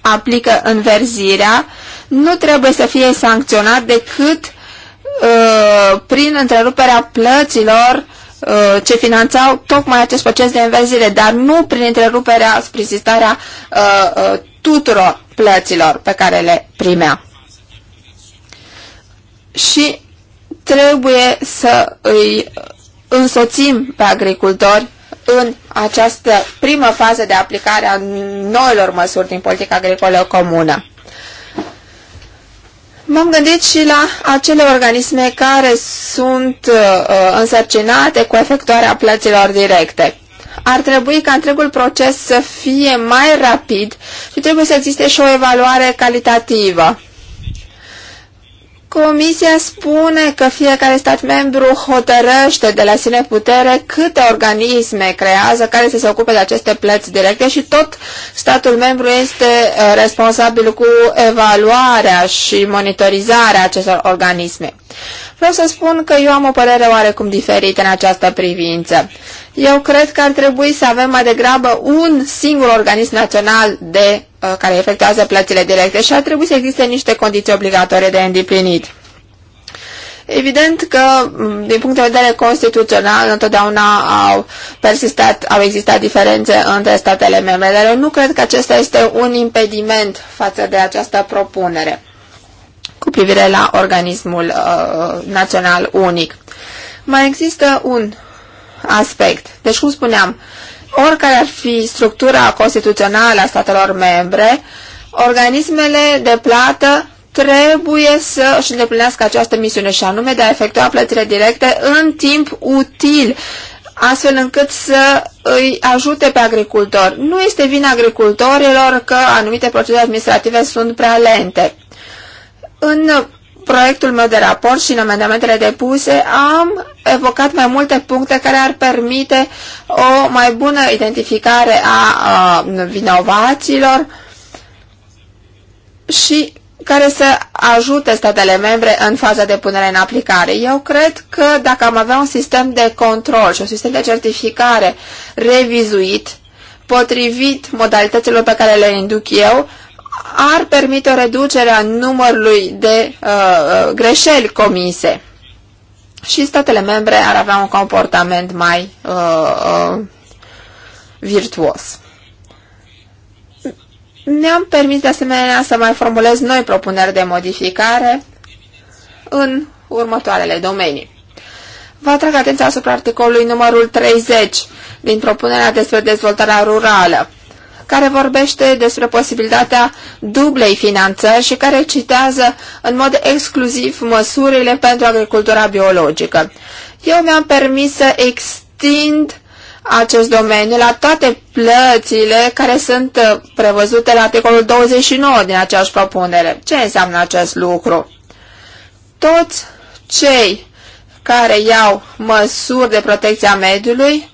aplică înverzirea nu trebuie să fie sancționat decât uh, prin întreruperea plăților uh, ce finanțau tocmai acest proces de înverzire, dar nu prin întreruperea, spre uh, uh, tuturor plăților pe care le primea. Și trebuie să îi însoțim pe agricultori în această primă fază de aplicare a noilor măsuri din politica agricolă comună. M-am gândit și la acele organisme care sunt uh, uh însărcinate cu efectuarea plăților directe. Ar trebui ca întregul proces să fie mai rapid și trebuie să existe și o evaluare calitativă. Comisia spune că fiecare stat membru hotărăște de la sine putere câte organisme creează care să se ocupe de aceste plăți directe și tot statul membru este uh, responsabil cu evaluarea și monitorizarea acestor organisme. Vreau să spun că eu am o părere oarecum diferită în această privință. Eu cred că ar trebui să avem mai degrabă un singur organism național de, uh, care efectuează plățile directe și ar trebui să existe niște condiții obligatorii de îndeplinit. Evident că, mm, din punct de vedere constituțional, întotdeauna au persistat, au existat diferențe între statele membre, dar eu nu cred că acesta este un impediment față de această propunere cu privire la organismul uh, național unic. Mai există un aspect. Deci, cum spuneam, oricare ar fi structura constituțională a statelor membre, organismele de plată trebuie să își îndeplinească această misiune și anume de a efectua plățile directe în timp util, astfel încât să îi ajute pe agricultori. Nu este vina agricultorilor că anumite proceduri administrative sunt prea lente. În proiectul meu de raport și în amendamentele depuse am evocat mai multe puncte care ar permite o mai bună identificare a, a vinovaților și care să ajute statele membre în faza de punere în aplicare. Eu cred că dacă am avea un sistem de control și un sistem de certificare revizuit, potrivit modalităților pe care le induc eu, ar permite o reducere a numărului de uh, uh, greșeli comise și statele membre ar avea un comportament mai uh, uh, virtuos. Ne-am permis de asemenea să mai formulez noi propuneri de modificare în următoarele domenii. Vă atrag atenția asupra articolului numărul 30 din propunerea despre dezvoltarea rurală care vorbește despre posibilitatea dublei finanțări și care citează în mod exclusiv măsurile pentru agricultura biologică. Eu mi-am permis să extind acest domeniu la toate plățile care sunt uh, prevăzute la articolul 29 din aceeași propunere. Ce înseamnă acest lucru? Toți cei care iau măsuri de protecție a mediului,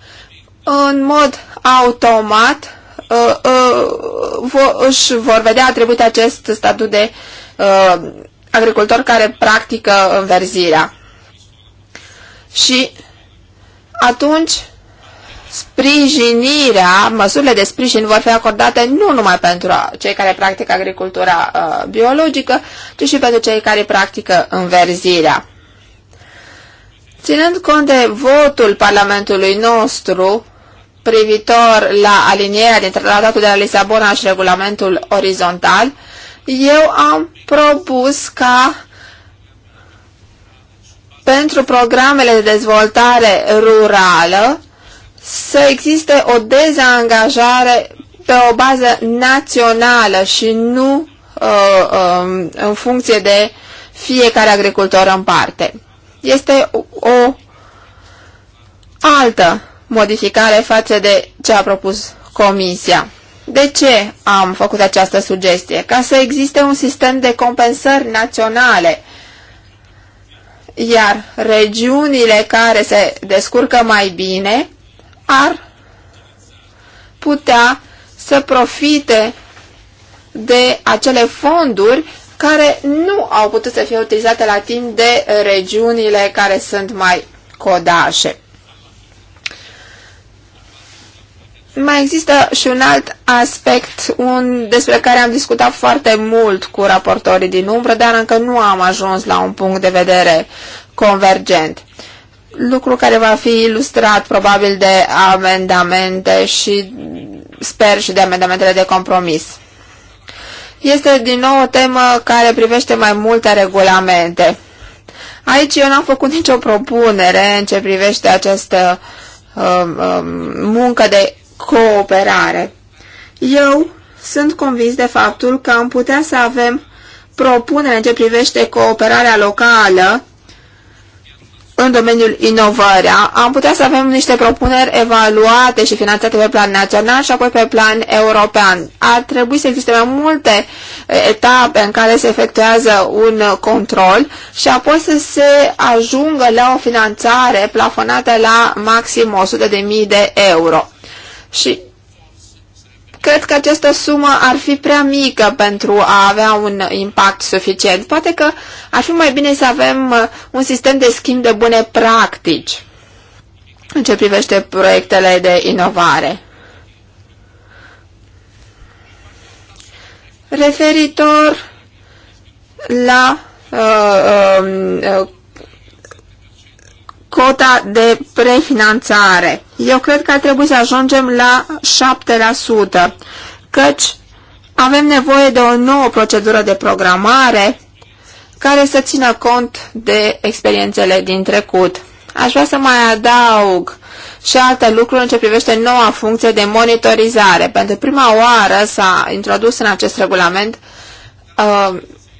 în mod automat uh, uh, vo, își vor vedea atribuit acest statut de uh, agricultor care practică înverzirea. Și atunci sprijinirea, măsurile de sprijin vor fi acordate nu numai pentru cei care practică agricultura uh, biologică, ci și pentru cei care practică înverzirea. Ținând cont de votul Parlamentului nostru privitor la alinierea dintre tratatul de la Lisabona și regulamentul orizontal, eu am propus ca pentru programele de dezvoltare rurală să existe o dezangajare pe o bază națională și nu uh, uh, în funcție de fiecare agricultor în parte. Este o altă modificare față de ce a propus Comisia. De ce am făcut această sugestie? Ca să existe un sistem de compensări naționale, iar regiunile care se descurcă mai bine ar putea să profite de acele fonduri care nu au putut să fie utilizate la timp de regiunile care sunt mai codașe. Mai există și un alt aspect un, despre care am discutat foarte mult cu raportorii din umbră, dar încă nu am ajuns la un punct de vedere convergent. Lucru care va fi ilustrat probabil de amendamente și sper și de amendamentele de compromis. Este din nou o temă care privește mai multe regulamente. Aici eu n-am făcut nicio propunere în ce privește această uh, muncă de cooperare. Eu sunt convins de faptul că am putea să avem propunere în ce privește cooperarea locală în domeniul inovării. Am putea să avem niște propuneri evaluate și finanțate pe plan național și apoi pe plan european. Ar trebui să existe mai multe eh, etape în care se efectuează un control și apoi să se ajungă la o finanțare plafonată la maxim 100.000 de euro. Și cred că această sumă ar fi prea mică pentru a avea un impact suficient. Poate că ar fi mai bine să avem uh, un sistem de schimb de bune practici în ce privește proiectele de inovare. Referitor la uh, uh, cota de prefinanțare. Eu cred că ar trebui să ajungem la 7%, căci avem nevoie de o nouă procedură de programare care să țină cont de experiențele din trecut. Aș vrea să mai adaug și alte lucruri în ce privește noua funcție de monitorizare. Pentru prima oară s-a introdus în acest regulament uh,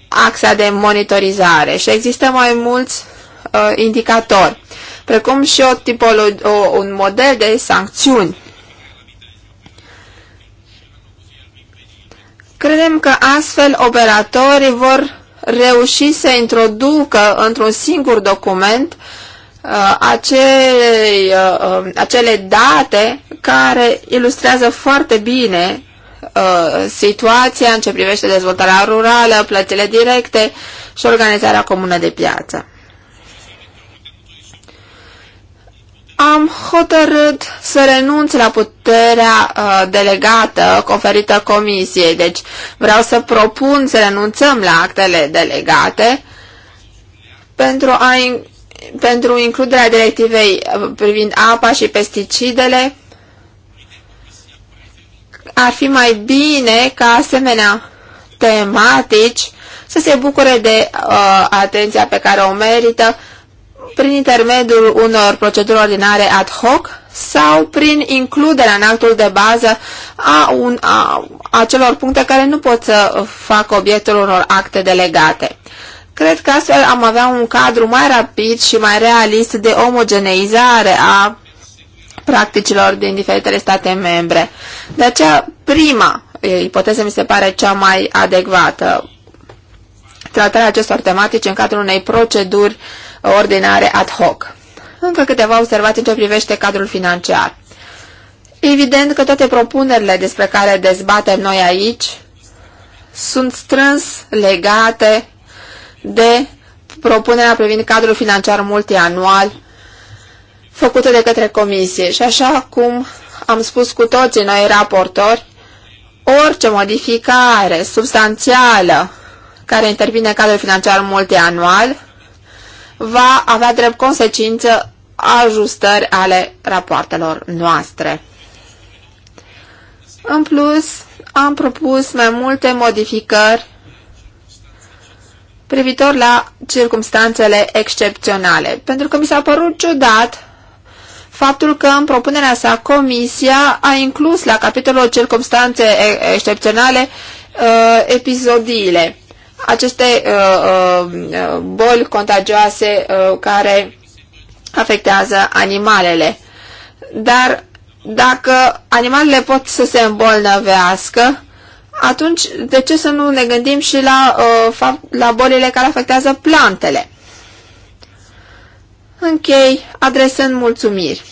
axa de monitorizare și există mai mulți uh, indicatori precum și o tipologi, o, un model de sancțiuni. Credem că astfel operatorii vor reuși să introducă într-un singur document uh, acele, uh, um, acele date care ilustrează foarte bine uh, situația în ce privește dezvoltarea rurală, plățile directe și organizarea comună de piață. am hotărât să renunț la puterea uh, delegată conferită comisiei, deci vreau să propun să renunțăm la actele delegate pentru, a, pentru includerea directivei uh, privind apa și pesticidele. Ar fi mai bine ca asemenea tematici să se bucure de uh, atenția pe care o merită uh, prin intermediul unor proceduri ordinare ad hoc sau prin includerea în actul de bază a, un, a, a celor puncte care nu pot să facă obiectul unor acte delegate. Cred că astfel am avea un cadru mai rapid și mai realist de omogeneizare a practicilor din diferitele state membre. De aceea, prima ipoteză mi se pare cea mai adecvată. Tratarea acestor tematici în cadrul unei proceduri ordinare ad hoc. Încă câteva observații în ce privește cadrul financiar. Evident că toate propunerile despre care dezbatem noi aici sunt strâns legate de propunerea privind cadrul financiar multianual făcută de către comisie. Și așa cum am spus cu toții noi raportori, orice modificare substanțială care intervine cadrul financiar multianual va avea drept consecință ajustări ale rapoartelor noastre. În plus, am propus mai multe modificări privitor la circumstanțele excepționale, pentru că mi s-a părut ciudat faptul că în propunerea sa comisia a inclus la capitolul circumstanțe excepționale uh, episodiile aceste uh, uh, boli contagioase uh, care afectează animalele. Dar dacă animalele pot să se îmbolnăvească, atunci de ce să nu ne gândim și la, uh, la bolile care afectează plantele? Închei adresând mulțumiri.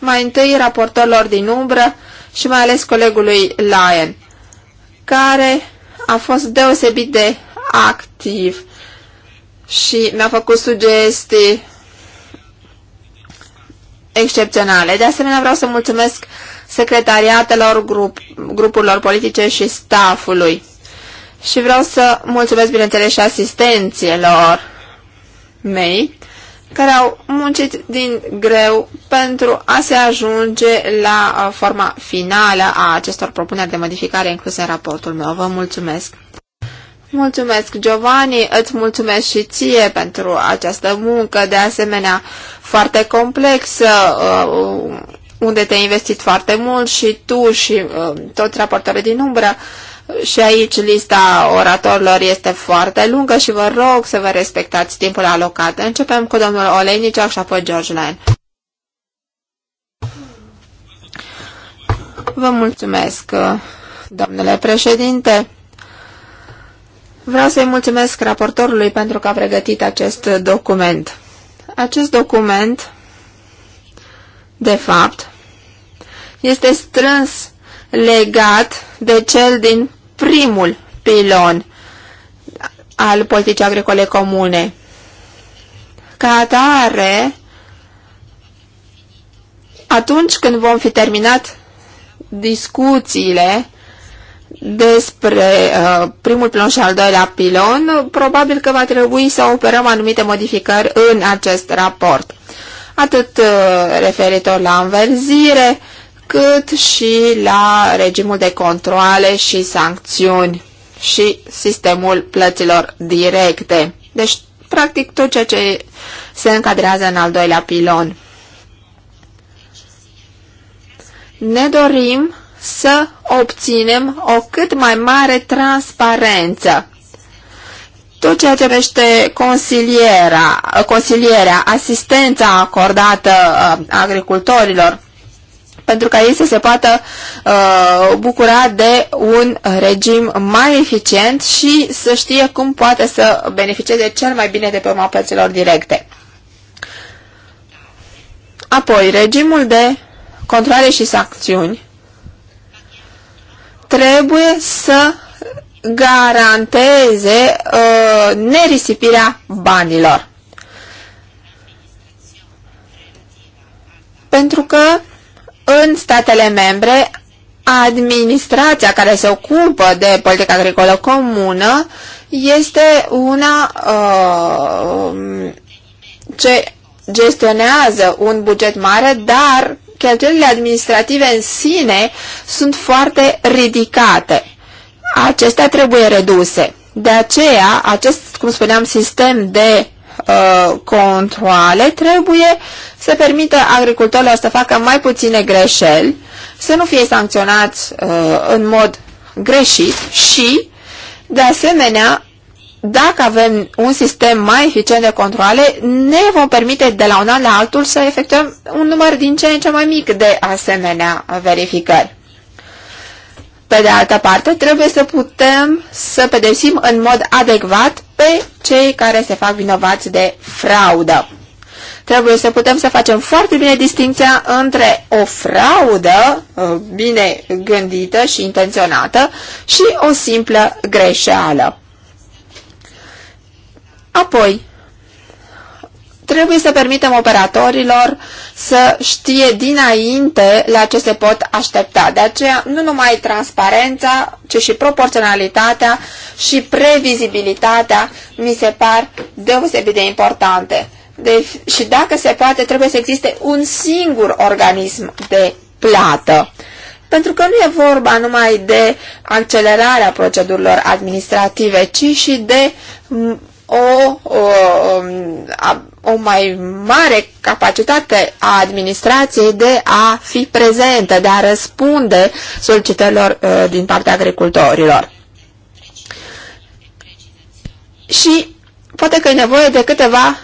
Mai întâi raportorilor din umbră și mai ales colegului Lyon, care a fost deosebit de activ și mi-a făcut sugestii excepționale. De asemenea, vreau să mulțumesc secretariatelor grup, grupurilor politice și staffului. Și vreau să mulțumesc, bineînțeles, și asistențiilor mei, care au muncit din greu pentru a se ajunge la uh, forma finală a acestor propuneri de modificare incluse în raportul meu. Vă mulțumesc! Mulțumesc, Giovanni, îți mulțumesc și ție pentru această muncă, de asemenea foarte complexă, uh, unde te-ai investit foarte mult și tu și uh, toți raportorii din umbră. Și aici lista oratorilor este foarte lungă și vă rog să vă respectați timpul alocat. Începem cu domnul Olenicioc și apoi George Lane. Vă mulțumesc, domnule președinte. Vreau să-i mulțumesc raportorului pentru că a pregătit acest document. Acest document, de fapt, este strâns legat de cel din primul pilon al politicii agricole comune. Ca atare, atunci când vom fi terminat discuțiile despre uh, primul pilon și al doilea pilon, probabil că va trebui să operăm anumite modificări în acest raport. Atât uh, referitor la înverzire, cât și la regimul de controle și sancțiuni și sistemul plăților directe. Deci, practic, tot ceea ce se încadrează în al doilea pilon. Ne dorim să obținem o cât mai mare transparență. Tot ceea ce vește consilierea, asistența acordată uh, agricultorilor, pentru ca ei să se poată uh, bucura de un regim mai eficient și să știe cum poate să beneficieze cel mai bine de pe urma plăților directe. Apoi, regimul de controle și sancțiuni trebuie să garanteze uh, nerisipirea banilor. Pentru că în statele membre administrația care se ocupă de politica agricolă comună este una uh, ce gestionează un buget mare, dar cheltuielile administrative în sine sunt foarte ridicate. Acestea trebuie reduse. De aceea, acest, cum spuneam, sistem de uh, controle trebuie să permită agricultorilor să facă mai puține greșeli, să nu fie sancționați uh, în mod greșit și, de asemenea, dacă avem un sistem mai eficient de controle, ne vom permite de la un an la altul să efectuăm un număr din ce în ce mai mic de asemenea verificări. Pe de altă parte, trebuie să putem să pedepsim în mod adecvat pe cei care se fac vinovați de fraudă. Trebuie să putem să facem foarte bine distinția între o fraudă ă, bine gândită și intenționată și o simplă greșeală. Apoi, trebuie să permitem operatorilor să știe dinainte la ce se pot aștepta. De aceea, nu numai transparența, ci și proporționalitatea și previzibilitatea mi se par deosebit de importante. De, și dacă se poate, trebuie să existe un singur organism de plată. Pentru că nu e vorba numai de accelerarea procedurilor administrative, ci și de o, o, um, o mai mare capacitate a administrației de a fi prezentă, de a răspunde solicitărilor uh, din partea agricultorilor. Și poate că e nevoie de câteva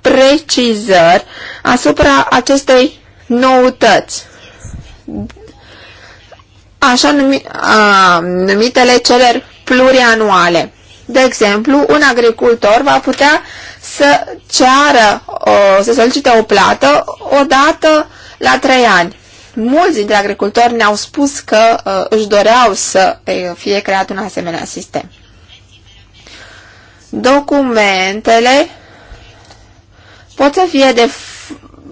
precizări asupra acestei noutăți. Așa numi, a, numitele cereri plurianuale. De exemplu, un agricultor va putea să ceară, o, să solicite o plată o dată la trei ani. Mulți dintre agricultori ne-au spus că uh, își doreau să fie creat un asemenea sistem. Documentele pot să fie de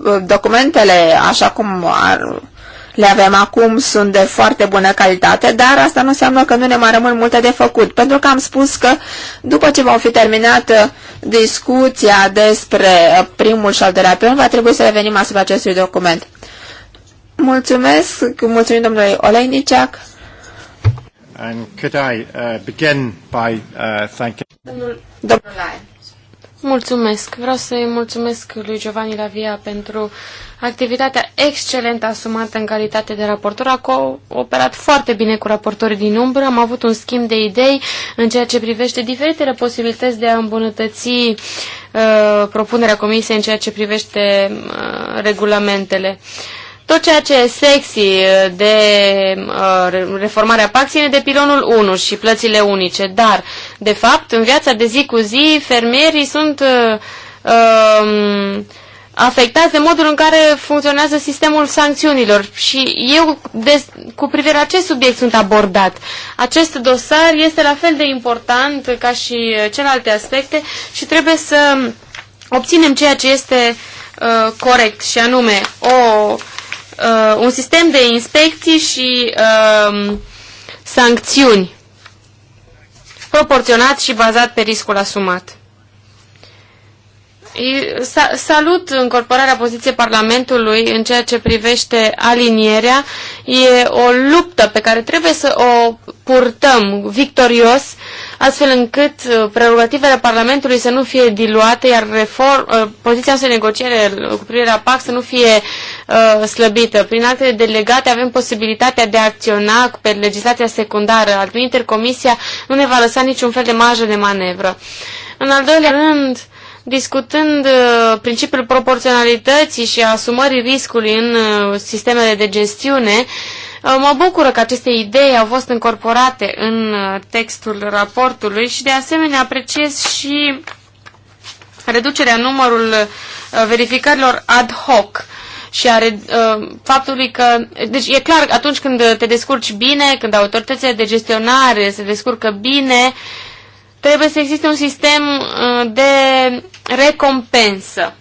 uh, documentele așa cum ar, le avem acum sunt de foarte bună calitate, dar asta nu înseamnă că nu ne mai rămân multe de făcut, pentru că am spus că după ce vom fi terminat uh, discuția despre uh, primul și al doilea pion, va trebui să revenim asupra acestui document. Mulțumesc, mulțumim domnului Olejniciac. And could I uh, begin by uh, thanking... Domnul, domnul Mulțumesc. Vreau să-i mulțumesc lui Giovanni Lavia pentru activitatea excelentă asumată în calitate de raportor. A cooperat foarte bine cu raportorii din umbră, am avut un schimb de idei în ceea ce privește diferitele posibilități de a îmbunătăți uh, propunerea comisiei în ceea ce privește uh, regulamentele. Tot ceea ce e sexy uh, de uh, reformarea PAC ține de pilonul 1 și plățile unice, dar, de fapt, în viața de zi cu zi, fermierii sunt... Uh, uh, afectați de modul în care funcționează sistemul sancțiunilor. Și eu, de, cu privire la acest subiect, sunt abordat. Acest dosar este la fel de important ca și celelalte aspecte și trebuie să obținem ceea ce este uh, corect, și anume o, uh, un sistem de inspecții și uh, sancțiuni proporționat și bazat pe riscul asumat. Salut încorporarea poziției Parlamentului în ceea ce privește alinierea. E o luptă pe care trebuie să o purtăm victorios, astfel încât uh, prerogativele Parlamentului să nu fie diluate, iar reform, uh, poziția noastră de negociere uh, cu privire la PAC să nu fie uh, slăbită. Prin alte delegate avem posibilitatea de a acționa pe legislația secundară. Altminter, Comisia nu ne va lăsa niciun fel de marjă de manevră. În al doilea rând, uh, discutând uh, principiul proporționalității și asumării riscului în uh, sistemele de gestiune, uh, Mă bucură că aceste idei au fost incorporate în textul raportului și de asemenea apreciez și reducerea numărul verificărilor ad hoc și are uh, faptului că... Deci e clar, atunci când te descurci bine, când autoritățile de gestionare se descurcă bine, uh, Trebuie să existe un sistem uh, de recompensă.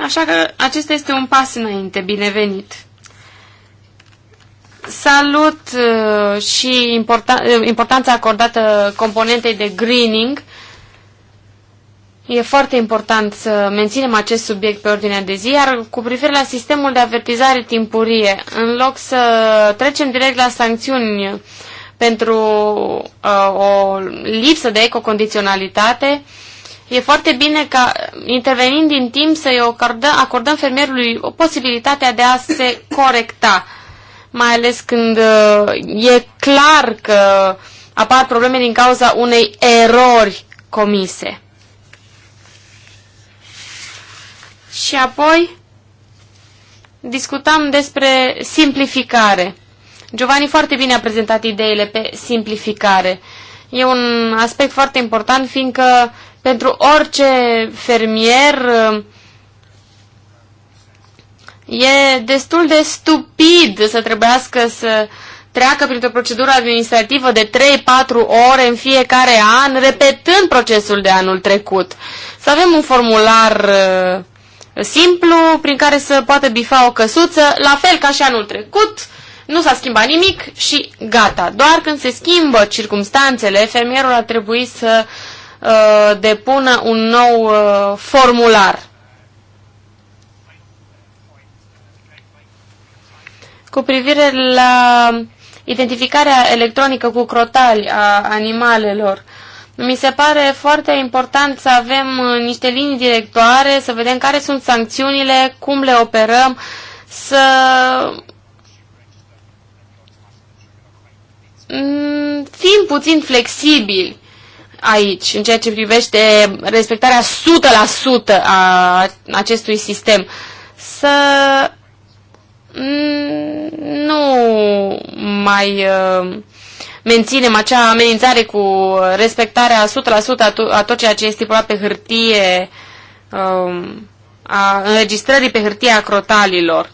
Așa că acesta este un pas înainte, binevenit. Salut uh, și uh, importanța acordată componentei de greening, E foarte important să menținem acest subiect pe ordinea de zi, iar cu privire la sistemul de avertizare timpurie, în loc să trecem direct la sancțiuni pentru uh, o lipsă de ecocondiționalitate, e foarte bine ca, intervenind din timp, să-i acordăm, acordăm fermierului o posibilitatea de a se corecta, mai ales când uh, e clar că apar probleme din cauza unei erori comise. Și apoi discutam despre simplificare. Giovanni foarte bine a prezentat ideile pe simplificare. E un aspect foarte important, fiindcă pentru orice fermier uh, e destul de stupid să trebuiască să treacă printr-o procedură administrativă de 3-4 ore în fiecare an, repetând procesul de anul trecut. Să avem un formular uh, simplu prin care să poată bifa o căsuță, la fel ca și anul trecut, nu s-a schimbat nimic și gata. Doar când se schimbă circumstanțele, fermierul a trebuit să uh, depună un nou uh, formular. Cu privire la identificarea electronică cu crotali a animalelor, uh, mi se pare foarte important să avem uh, niște linii directoare, să vedem care sunt sancțiunile, cum le operăm, să mm, fim puțin flexibili aici, în ceea ce privește respectarea 100% a acestui sistem. Să mm, nu mai uh, menținem acea amenințare cu respectarea 100% a tot ceea ce este stipulat pe hârtie, um, a înregistrării pe hârtie a crotalilor.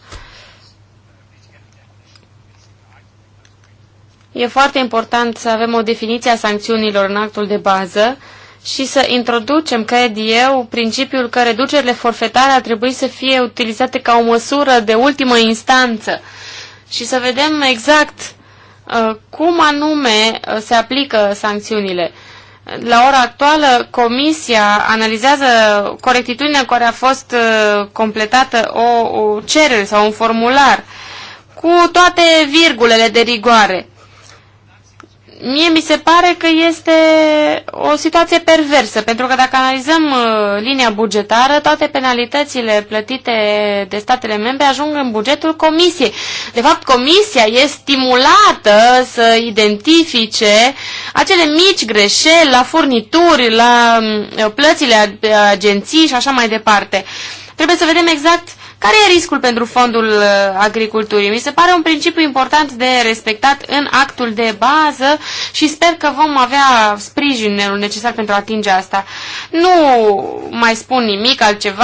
E foarte important să avem o definiție a sancțiunilor în actul de bază și să introducem, cred eu, principiul că reducerile forfetare ar trebui să fie utilizate ca o măsură de ultimă instanță și să vedem exact Uh, cum anume uh, se aplică sancțiunile. La ora actuală, Comisia analizează corectitudinea care a fost uh, completată o, o cerere sau un formular cu toate virgulele de rigoare. Mie mi se pare că este o situație perversă, pentru că dacă analizăm uh, linia bugetară, toate penalitățile plătite de statele membre ajung în bugetul comisiei. De fapt, comisia e stimulată să identifice acele mici greșeli la furnituri, la mm, plățile agenții și așa mai departe. Trebuie să vedem exact uh, care e riscul pentru fondul uh, agriculturii? Mi se pare un principiu important de respectat în actul de bază și sper că vom avea sprijinul necesar pentru a atinge asta. Nu mai spun nimic altceva.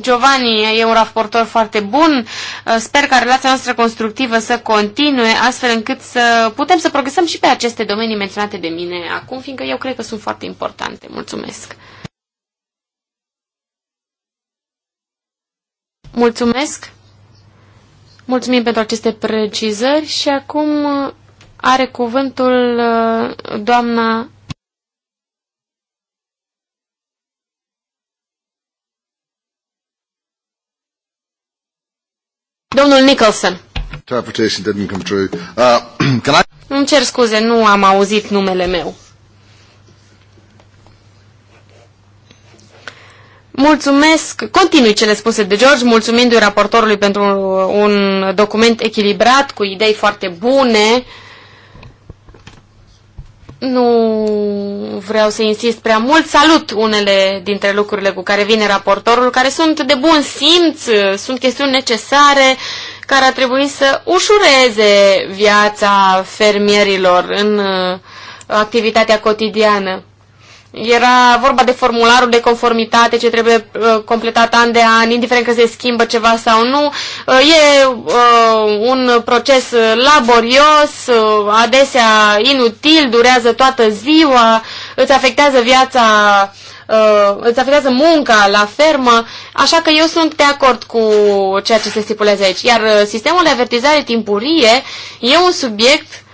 Giovanni e un raportor foarte bun. Uh, sper ca relația noastră constructivă să continue astfel încât să putem să progresăm și pe aceste domenii menționate de mine acum, fiindcă eu cred că sunt foarte importante. Mulțumesc! Mulțumesc! Mulțumim pentru aceste precizări și acum uh, are cuvântul uh, doamna Domnul Nicholson. didn't come true. Uh, can I... Îmi cer scuze, nu am auzit numele meu. Mulțumesc, continui cele spuse de George, mulțumindu-i raportorului pentru un document echilibrat, cu idei foarte bune. Nu vreau să insist prea mult. Salut unele dintre lucrurile cu care vine raportorul, care sunt de bun simț, sunt chestiuni necesare, care ar trebui să ușureze viața fermierilor în uh, activitatea cotidiană. Era vorba de formularul de conformitate ce trebuie uh, completat an de an, indiferent că se schimbă ceva sau nu. Uh, e uh, un proces laborios, uh, adesea inutil, durează toată ziua, îți afectează viața, uh, îți afectează munca la fermă, așa că eu sunt de acord cu ceea ce se stipulează aici. Iar uh, sistemul de avertizare timpurie e un subiect uh,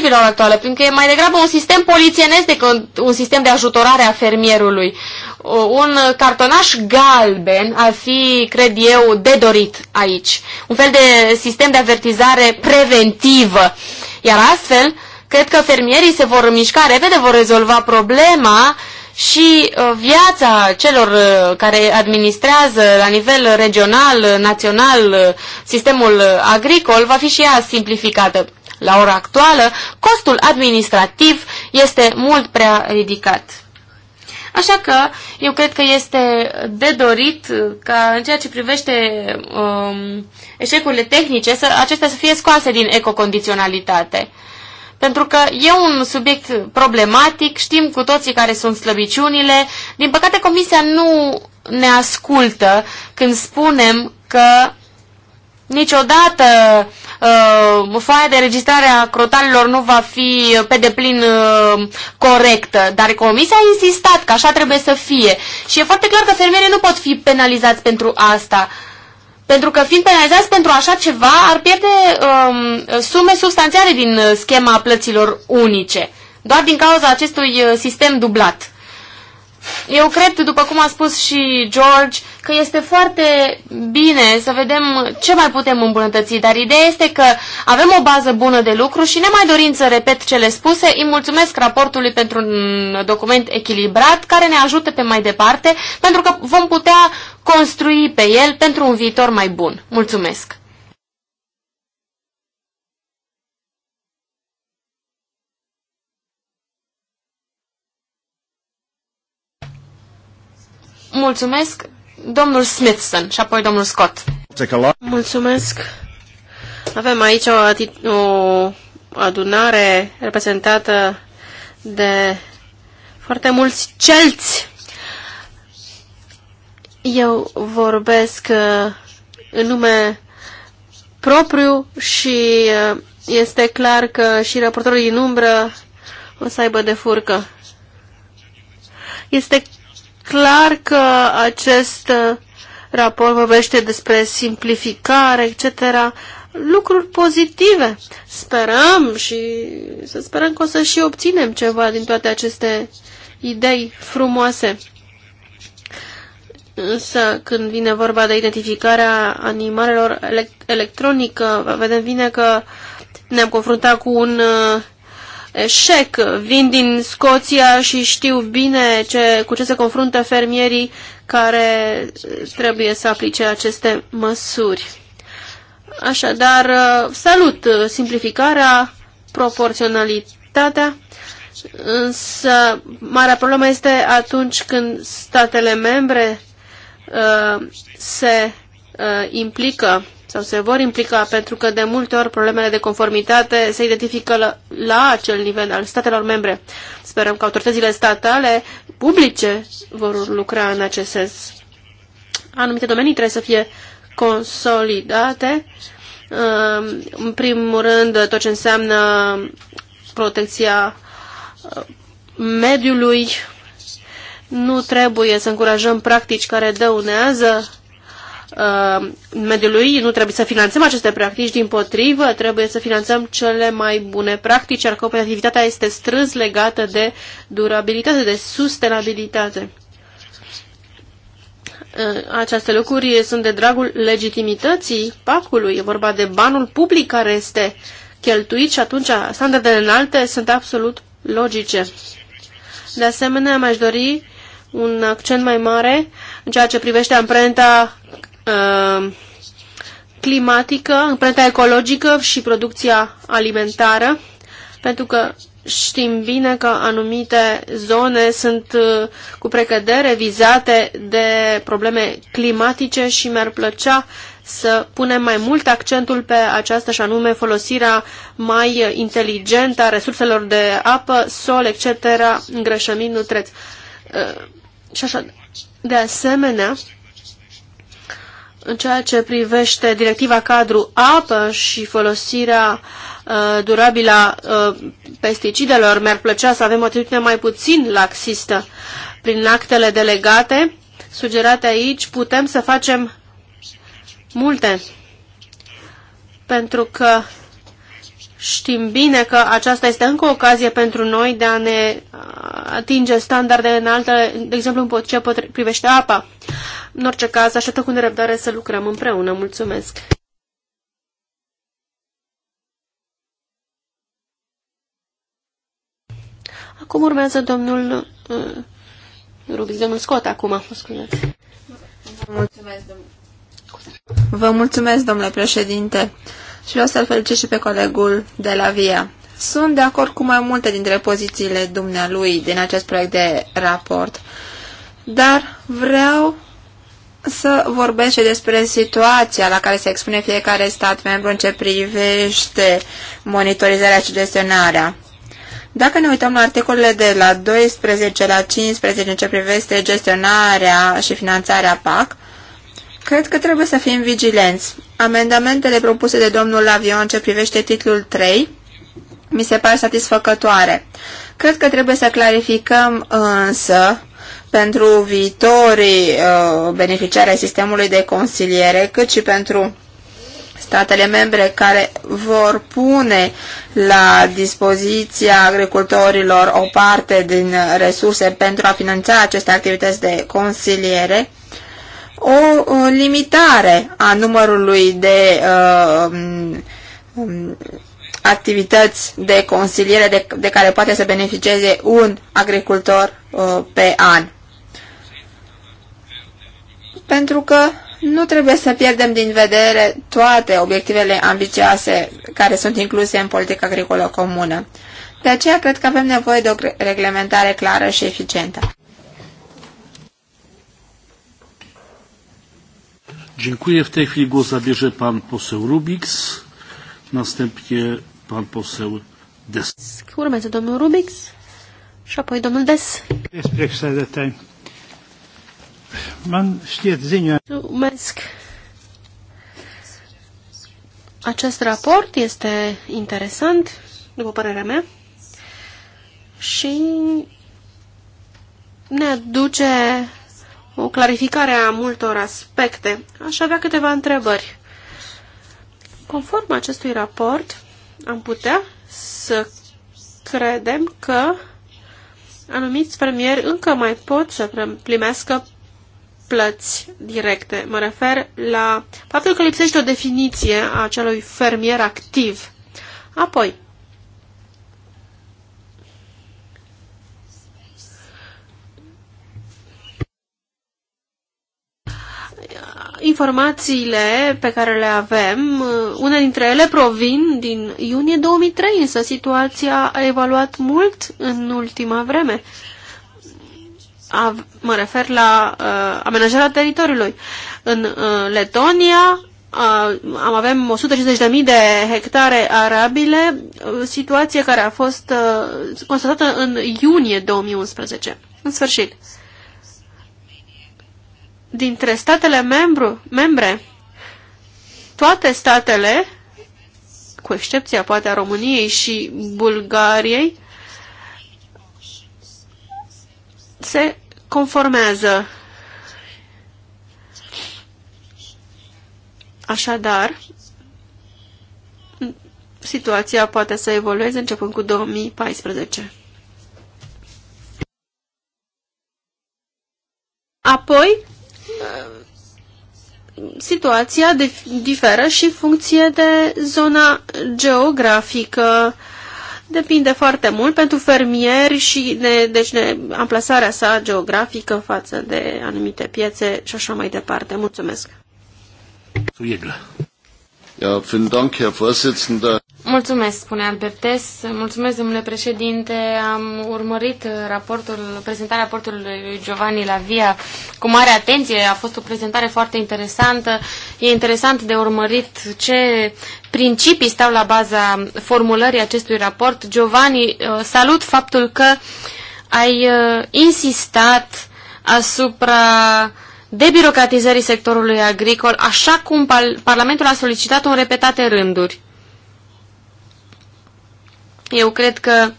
um, la actuală, pentru că e mai degrabă un sistem polițienesc decât un sistem de ajutorare a fermierului. Uh, un cartonaș galben ar fi, cred eu, de dorit aici. Un fel de sistem de avertizare preventivă. Iar astfel, cred că fermierii se vor mișca repede, vor rezolva problema și uh, viața celor uh, care administrează la nivel regional, național, uh, sistemul agricol va fi și ea simplificată. La ora actuală, costul administrativ este mult prea ridicat. Așa că eu cred că este de dorit ca în ceea ce privește um, eșecurile tehnice, să, acestea să fie scoase din ecocondiționalitate. Uh, pentru că e un subiect problematic, știm cu toții care sunt slăbiciunile. Din păcate, Comisia nu ne ascultă când spunem că niciodată uh, foaia de registrare a crotalilor nu va fi pe deplin uh, corectă, dar comisia a insistat că așa trebuie să fie și e foarte clar că fermierii nu pot fi penalizați pentru asta. Uh, pentru că fiind penalizați pentru așa ceva, ar pierde um, sume substanțiale din uh, schema plăților unice, doar din cauza acestui uh, sistem dublat. Eu cred, după cum a spus și George, că este foarte bine să vedem ce mai putem îmbunătăți, dar ideea este că avem o bază bună de lucru și ne mai dorim să repet cele spuse, îi mulțumesc raportului pentru un document echilibrat care ne ajută pe mai departe, pentru că vom putea construi pe el pentru un viitor mai bun. Mulțumesc! Mulțumesc! Domnul Smithson și apoi domnul Scott. Mulțumesc. Avem aici o, o adunare reprezentată de foarte mulți celți. Eu vorbesc uh, în nume propriu și uh, este clar că și raportorul din umbră o să aibă de furcă. Este clar că acest uh, raport vorbește despre simplificare, etc., lucruri pozitive. Sperăm și să sperăm că o să și obținem ceva din toate aceste idei frumoase. Însă, când vine vorba de identificarea animalelor elect electronică, vedem bine că ne-am confruntat cu un uh, eșec. Vin din Scoția și știu bine ce, cu ce se confruntă fermierii care trebuie să aplice aceste măsuri. Așadar, salut simplificarea, proporționalitatea, însă marea problemă este atunci când statele membre uh, se uh, implică sau se vor implica, pentru că de multe ori problemele de conformitate se identifică la, la acel nivel al statelor membre. Sperăm că autoritățile statale publice vor lucra în acest sens. Anumite domenii trebuie să fie consolidate, um, în primul rând tot ce înseamnă protecția uh, mediului, nu trebuie să încurajăm practici care dăunează Uh, mediului, nu trebuie să finanțăm aceste practici, din potrivă, trebuie să finanțăm cele mai bune practici, iar cooperativitatea este strâns legată de durabilitate, de sustenabilitate. Uh, aceste lucruri sunt de dragul legitimității pacului, e vorba de banul public care este cheltuit și atunci standardele înalte sunt absolut logice. De asemenea, mi-aș dori un accent mai mare în ceea ce privește amprenta Uh, climatică, amprenta ecologică și producția alimentară, pentru că știm bine că anumite zone sunt uh, cu precădere vizate de probleme climatice și mi-ar plăcea să punem mai mult accentul pe aceasta și anume folosirea mai inteligentă a resurselor de apă, sol, etc., îngrășămini, nutreți. Uh, și așa, de asemenea, în ceea ce privește directiva cadru apă și folosirea uh, durabilă a uh, pesticidelor, mi-ar plăcea să avem o atitudine mai puțin laxistă. Prin actele delegate sugerate aici putem să facem multe, pentru că Știm bine că aceasta este încă o ocazie pentru noi de a ne atinge standarde înalte, de exemplu în ce privește apa. În orice caz, așteptă cu nerăbdare să lucrăm împreună. Mulțumesc! Acum urmează domnul uh, Rubic, domnul Scott acum, scuzați. Mulțumesc, domnule. Vă mulțumesc, domnule președinte și vreau să-l felicit și pe colegul de la VIA. Sunt de acord cu mai multe dintre pozițiile dumnealui din acest proiect de raport, dar vreau să vorbesc și despre situația la care se expune fiecare stat membru în ce privește monitorizarea și gestionarea. Dacă ne uităm la articolele de la 12 la 15 în ce privește gestionarea și finanțarea PAC, Cred că trebuie să fim vigilenți. Amendamentele propuse de domnul Lavion ce privește titlul 3 mi se par satisfăcătoare. Cred că trebuie să clarificăm însă pentru viitorii uh, beneficiari ai sistemului de consiliere, cât și pentru statele membre care vor pune la dispoziția agricultorilor o parte din resurse pentru a finanța aceste activități de consiliere, o limitare a numărului de uh, um, activități de consiliere de, de care poate să beneficieze un agricultor uh, pe an. Pentru că nu trebuie să pierdem din vedere toate obiectivele ambicioase care sunt incluse în politica agricolă comună. De aceea cred că avem nevoie de o reglementare clară și eficientă. Dziękuję. W tej chwili głos zabierze pan poseł Rubiks, następnie pan poseł Des. Urmează domnul Rubix și apoi domnul Des. Mulțumesc. Acest raport este interesant, după părerea mea, și ne aduce o clarificare a multor aspecte. Aș avea câteva întrebări. Conform acestui raport, am putea să credem că anumiți fermieri încă mai pot să primească plăți directe. Mă refer la faptul că lipsește o definiție a acelui fermier activ. Apoi, informațiile pe care le avem, uh, una dintre ele provin din iunie 2003, însă situația a evaluat mult în ultima vreme. A, mă refer la uh, amenajarea teritoriului. În uh, Letonia uh, am avem 150.000 de hectare arabile, uh, situație care a fost uh, constatată în iunie 2011. În sfârșit dintre statele membru, membre, toate statele, cu excepția poate a României și Bulgariei, se conformează. Așadar, situația poate să evolueze începând cu 2014. Apoi, Ehm, situația diferă și în funcție de zona geografică. Depinde foarte mult pentru fermieri și de, deci de amplasarea sa geografică față de anumite piețe și așa mai departe. Mulțumesc. Ja, vielen Dank, Herr Vorsitzender. Mulțumesc, spune Albertes. Mulțumesc, domnule președinte. Am urmărit raportul, prezentarea raportului lui Giovanni Lavia cu mare atenție. A fost o prezentare foarte interesantă. E interesant de urmărit ce principii stau la baza formulării acestui raport. Giovanni, uh, salut faptul că ai uh, insistat asupra debirocratizării sectorului agricol, așa cum Parlamentul a solicitat-o în repetate rânduri. Eu cred că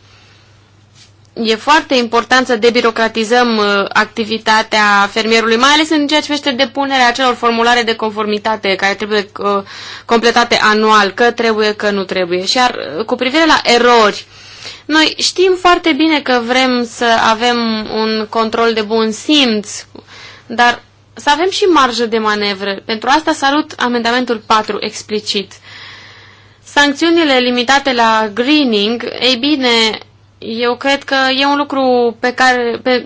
e foarte important să debirocratizăm uh, activitatea fermierului, mai ales în ceea ce privește depunerea acelor formulare de conformitate care trebuie uh, completate anual, că trebuie, că nu trebuie. Și ar, uh, cu privire la erori, noi știm foarte bine că vrem să avem un control de bun simț, dar să avem și marjă de manevră. Pentru asta salut amendamentul 4 explicit. Sancțiunile limitate la greening, ei bine, eu cred că e un lucru pe, care, pe,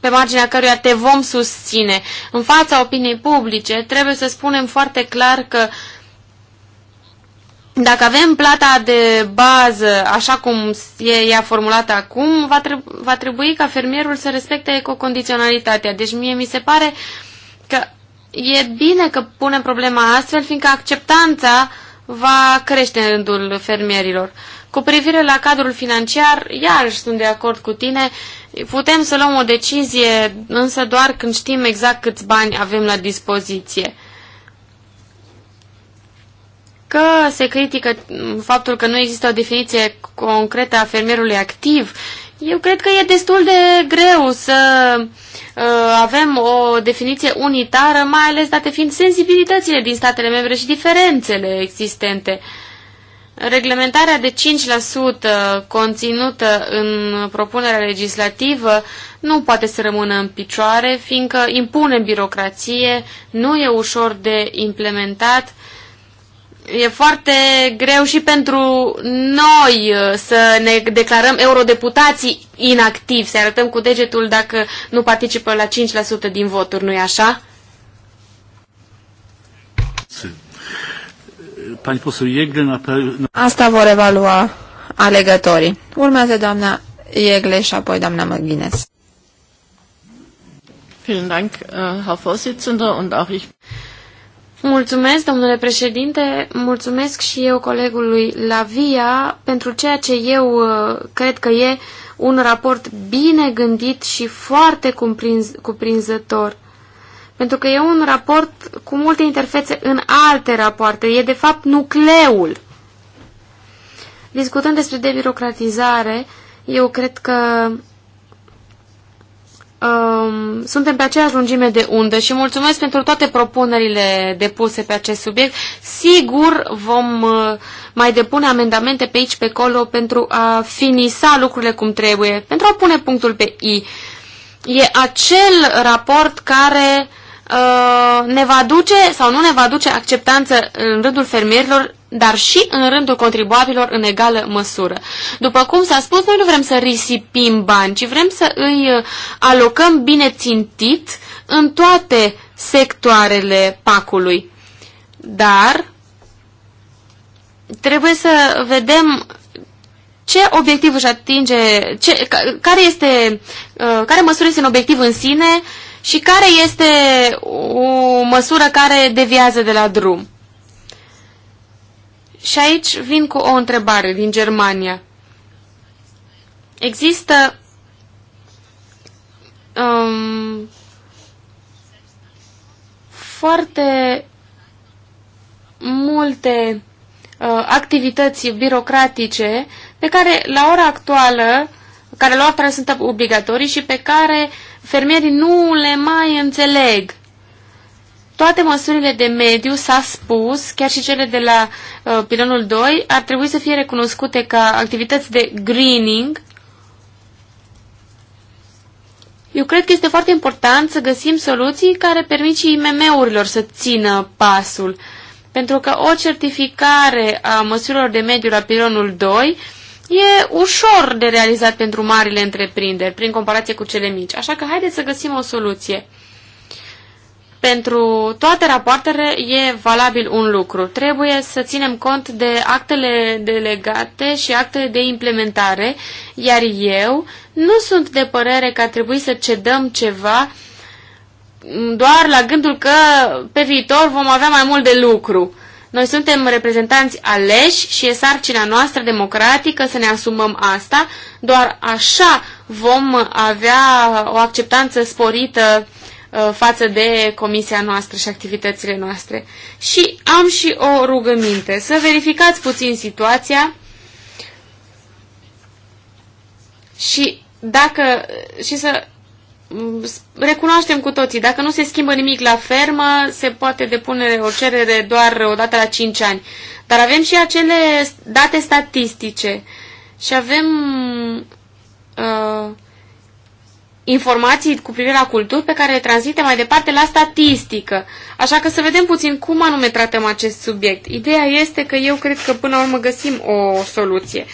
pe marginea căruia te vom susține. În fața opiniei publice trebuie să spunem foarte clar că dacă avem plata de bază așa cum e ea formulată acum, va, treb va trebui ca fermierul să respecte ecocondiționalitatea. Deci mie mi se pare că e bine că punem problema astfel, fiindcă acceptanța uh, va crește în rândul fermierilor. Cu privire la cadrul financiar, iarăși sunt de acord cu tine, putem să luăm o decizie, însă doar când știm exact câți bani avem la dispoziție. Că se critică faptul că nu există o definiție concretă a fermierului activ, eu cred că e destul de greu să uh, avem o definiție unitară, mai ales date fiind sensibilitățile din statele membre și diferențele existente. Reglementarea de 5% conținută în propunerea legislativă nu poate să rămână în picioare, fiindcă impune birocrație, nu e ușor de implementat e foarte greu și pentru noi uh, să ne declarăm eurodeputații inactivi, să arătăm cu degetul dacă nu participă la 5% din voturi, nu-i așa? Asta vor evalua alegătorii. Urmează doamna Iegle și apoi doamna Măghines. Vielen Dank, äh, Herr Vorsitzender, und auch ich Mulțumesc, domnule președinte, mulțumesc și eu colegului Lavia pentru ceea ce eu uh, cred că e un raport bine gândit și foarte cuprinz, cuprinzător. Pentru că e un raport cu multe interfețe în alte rapoarte, e de fapt nucleul. Discutând despre debirocratizare, eu cred că um, suntem pe aceeași lungime de undă și mulțumesc pentru toate propunerile depuse pe acest subiect. Sigur vom uh, mai depune amendamente pe aici, pe acolo, pentru a finisa lucrurile cum trebuie, pentru a pune punctul pe I. E acel raport care Uh, ne va duce sau nu ne va duce acceptanță în rândul fermierilor, dar și în rândul contribuabilor în egală măsură. După cum s-a spus, noi nu vrem să risipim bani, ci vrem să îi uh, alocăm bine țintit în toate sectoarele pacului. Dar trebuie să vedem ce obiectiv își atinge, ce, care, este, uh, care măsură este un obiectiv în sine și care este o măsură care deviază de la drum. Și aici vin cu o întrebare din Germania. Există um, foarte multe uh, activități birocratice pe care la ora actuală care la care sunt obligatorii și pe care fermierii nu le mai înțeleg. Toate măsurile de mediu, s-a spus, chiar și cele de la uh, pilonul 2, ar trebui să fie recunoscute ca activități de greening. Eu cred că este foarte important să găsim soluții care permit și IMM-urilor să țină pasul. Pentru că o certificare a măsurilor de mediu la pilonul 2 e ușor de realizat pentru marile întreprinderi, prin comparație cu cele mici. Așa că haideți să găsim o soluție. Pentru toate rapoartele e valabil un lucru. Trebuie să ținem cont de actele delegate și actele de implementare, iar eu nu sunt de părere că ar trebui să cedăm ceva doar la gândul că pe viitor vom avea mai mult de lucru. Noi suntem reprezentanți aleși și e sarcina noastră democratică să ne asumăm asta. Doar așa vom avea o acceptanță sporită uh, față de comisia noastră și activitățile noastre. Și am și o rugăminte, să verificați puțin situația și dacă și să recunoaștem cu toții, dacă nu se schimbă nimic la fermă, se poate depune o cerere doar o dată la 5 ani. Dar avem și acele date statistice și avem uh, informații cu privire la culturi pe care le transmite mai departe la statistică. Așa că să vedem puțin cum anume tratăm acest subiect. Ideea este că eu cred că până la urmă găsim o soluție. Uh,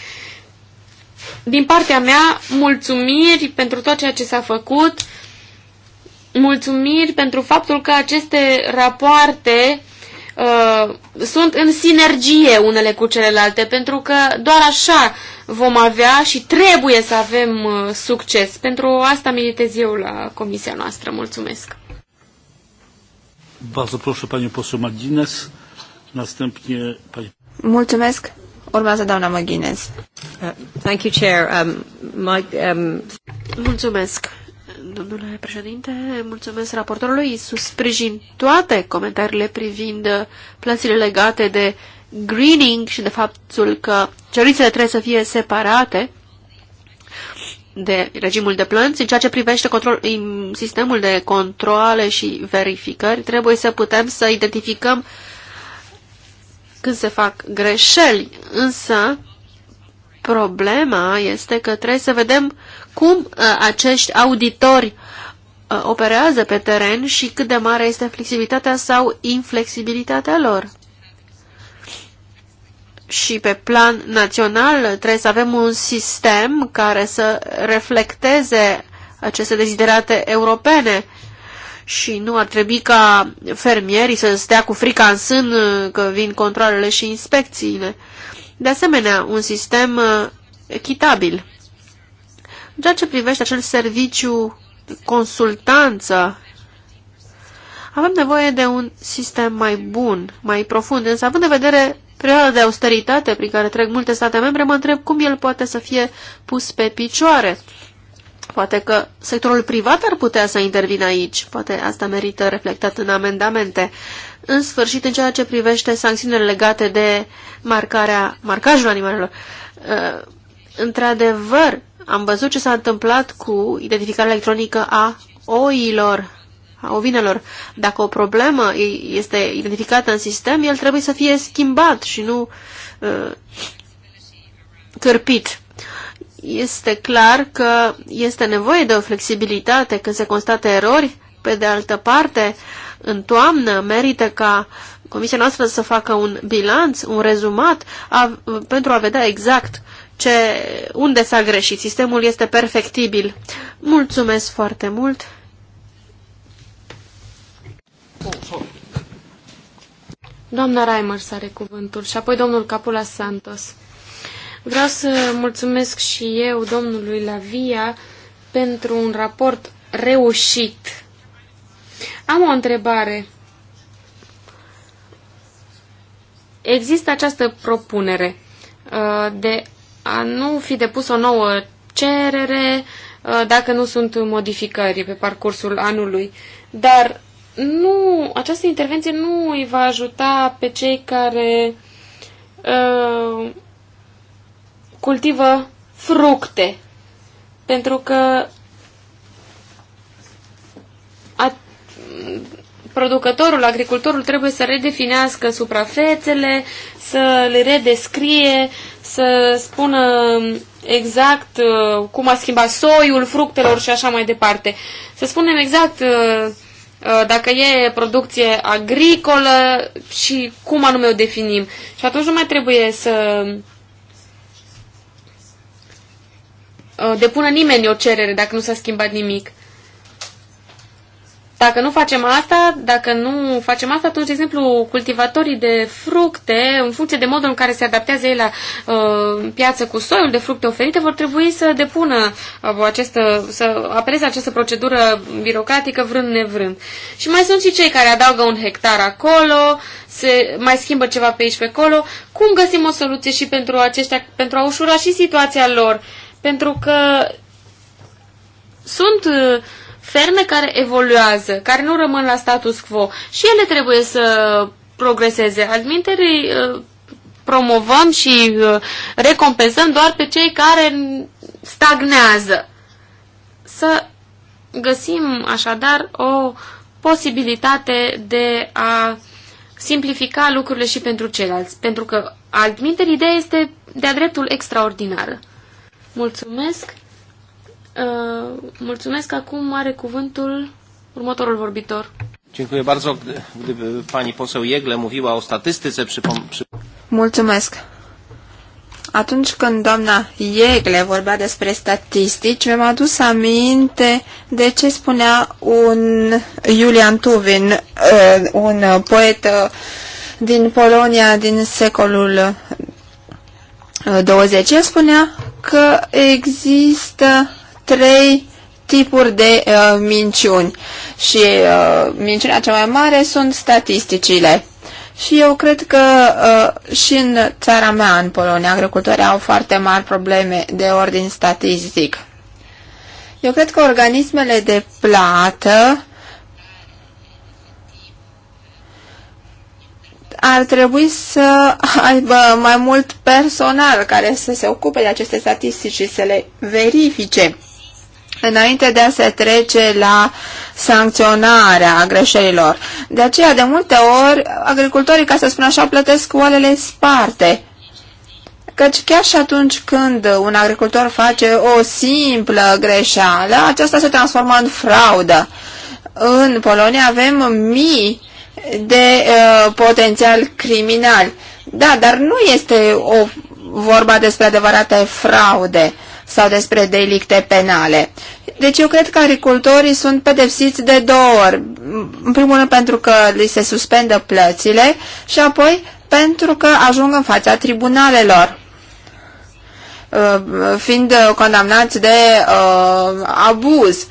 din partea mea, mulțumiri pentru tot ceea ce s-a făcut, mulțumiri pentru faptul că aceste rapoarte uh, sunt în sinergie unele cu celelalte, pentru că doar așa vom avea și trebuie să avem uh, succes. Pentru asta militez eu la comisia noastră. Mulțumesc! Magines, Mulțumesc! Urmează doamna Magines. Uh, thank you, Chair. Um, Mike, um... Mulțumesc, domnule președinte. Mulțumesc raportorului. Sprijin toate comentariile privind plățile legate de greening și de faptul că cerințele trebuie să fie separate de regimul de plăți, în ceea ce privește control, sistemul de controle și verificări, trebuie să putem să identificăm când se fac greșeli, însă Problema este că trebuie să vedem cum uh, acești auditori uh, operează pe teren și cât de mare este flexibilitatea sau inflexibilitatea lor. Și pe plan național trebuie să avem un sistem care să reflecteze aceste deziderate europene și nu ar trebui ca fermierii să stea cu frica în sân uh, că vin controlele și inspecțiile. De asemenea, un sistem uh, echitabil. În ceea ce privește acel serviciu consultanță, avem nevoie de un sistem mai bun, mai profund, însă având în vedere perioada de austeritate prin care trec multe state membre, mă întreb cum el poate să fie pus pe picioare. Poate că sectorul privat ar putea să intervină aici. Poate asta merită reflectat în amendamente. În sfârșit, în ceea ce privește sancțiunile legate de marcarea, marcajul animalelor, uh, într-adevăr, am văzut ce s-a întâmplat cu identificarea electronică a oilor, a ovinelor. Dacă o problemă este identificată în sistem, el trebuie să fie schimbat și nu uh, cărpit este clar că este nevoie de o flexibilitate când se constată erori. Pe de altă parte, în toamnă merită ca comisia noastră să facă un bilanț, un rezumat, a, pentru a vedea exact ce, unde s-a greșit. Sistemul este perfectibil. Mulțumesc foarte mult! Doamna Reimer are cuvântul și apoi domnul Capula Santos. Vreau să mulțumesc și eu domnului Lavia pentru un raport reușit. Am o întrebare. Există această propunere uh, de a nu fi depus o nouă cerere uh, dacă nu sunt modificări pe parcursul anului. Dar nu, această intervenție nu îi va ajuta pe cei care uh, cultivă fructe, pentru că a, producătorul, agricultorul trebuie să redefinească suprafețele, să le redescrie, să spună exact uh, cum a schimbat soiul fructelor și așa mai departe. Să spunem exact uh, uh, dacă e producție agricolă și cum anume o definim. Și atunci nu mai trebuie să Uh, depună nimeni o cerere dacă nu s-a schimbat nimic. Dacă nu facem asta, dacă nu facem asta, atunci, de exemplu, cultivatorii de fructe, în funcție de modul în care se adaptează ei la uh, piață cu soiul de fructe oferite, vor trebui să depună uh, această, să apeleze această procedură birocratică vrând nevrând. Și mai sunt și cei care adaugă un hectar acolo, se mai schimbă ceva pe aici pe acolo. Cum găsim o soluție și pentru aceștia, pentru a ușura și situația lor? Uh, pentru că sunt uh, ferme care evoluează, care nu rămân la status quo și ele trebuie să progreseze. Adminterii uh, promovăm și uh, recompensăm doar pe cei care stagnează. Să găsim așadar o posibilitate de a simplifica lucrurile și pentru ceilalți, pentru că altminteri ideea este de-a dreptul extraordinară. Mulțumesc. Uh, mulțumesc. Acum are cuvântul următorul vorbitor. Dziękuję bardzo. Gdyby pani poseł Jegle mówiła o statystyce, przypom... Mulțumesc. Atunci când doamna Iegle vorbea despre statistici, mi-am adus aminte de ce spunea un Julian Tuvin, uh, un poet uh, din Polonia din secolul 20, spunea că există trei tipuri de uh, minciuni și uh, minciunea cea mai mare sunt statisticile. Și eu cred că uh, și în țara mea, în Polonia, agricultorii au foarte mari probleme de ordin statistic. Eu cred că organismele de plată uh, ar trebui să aibă mai mult personal care să se ocupe de aceste statistici și să le verifice înainte de a se trece la sancționarea greșelilor. De aceea, de multe ori, agricultorii, ca să spun așa, plătesc oalele sparte. Căci chiar și atunci când un agricultor face o simplă greșeală, aceasta se transformă în fraudă. În Polonia avem mii de uh, potențial criminal. Da, dar nu este o vorba despre adevărate fraude sau despre delicte penale. Deci eu cred că agricultorii sunt pedepsiți de două ori. În primul rând pentru că li se suspendă plățile și apoi pentru că ajung în fața tribunalelor uh, fiind condamnați de uh, abuz.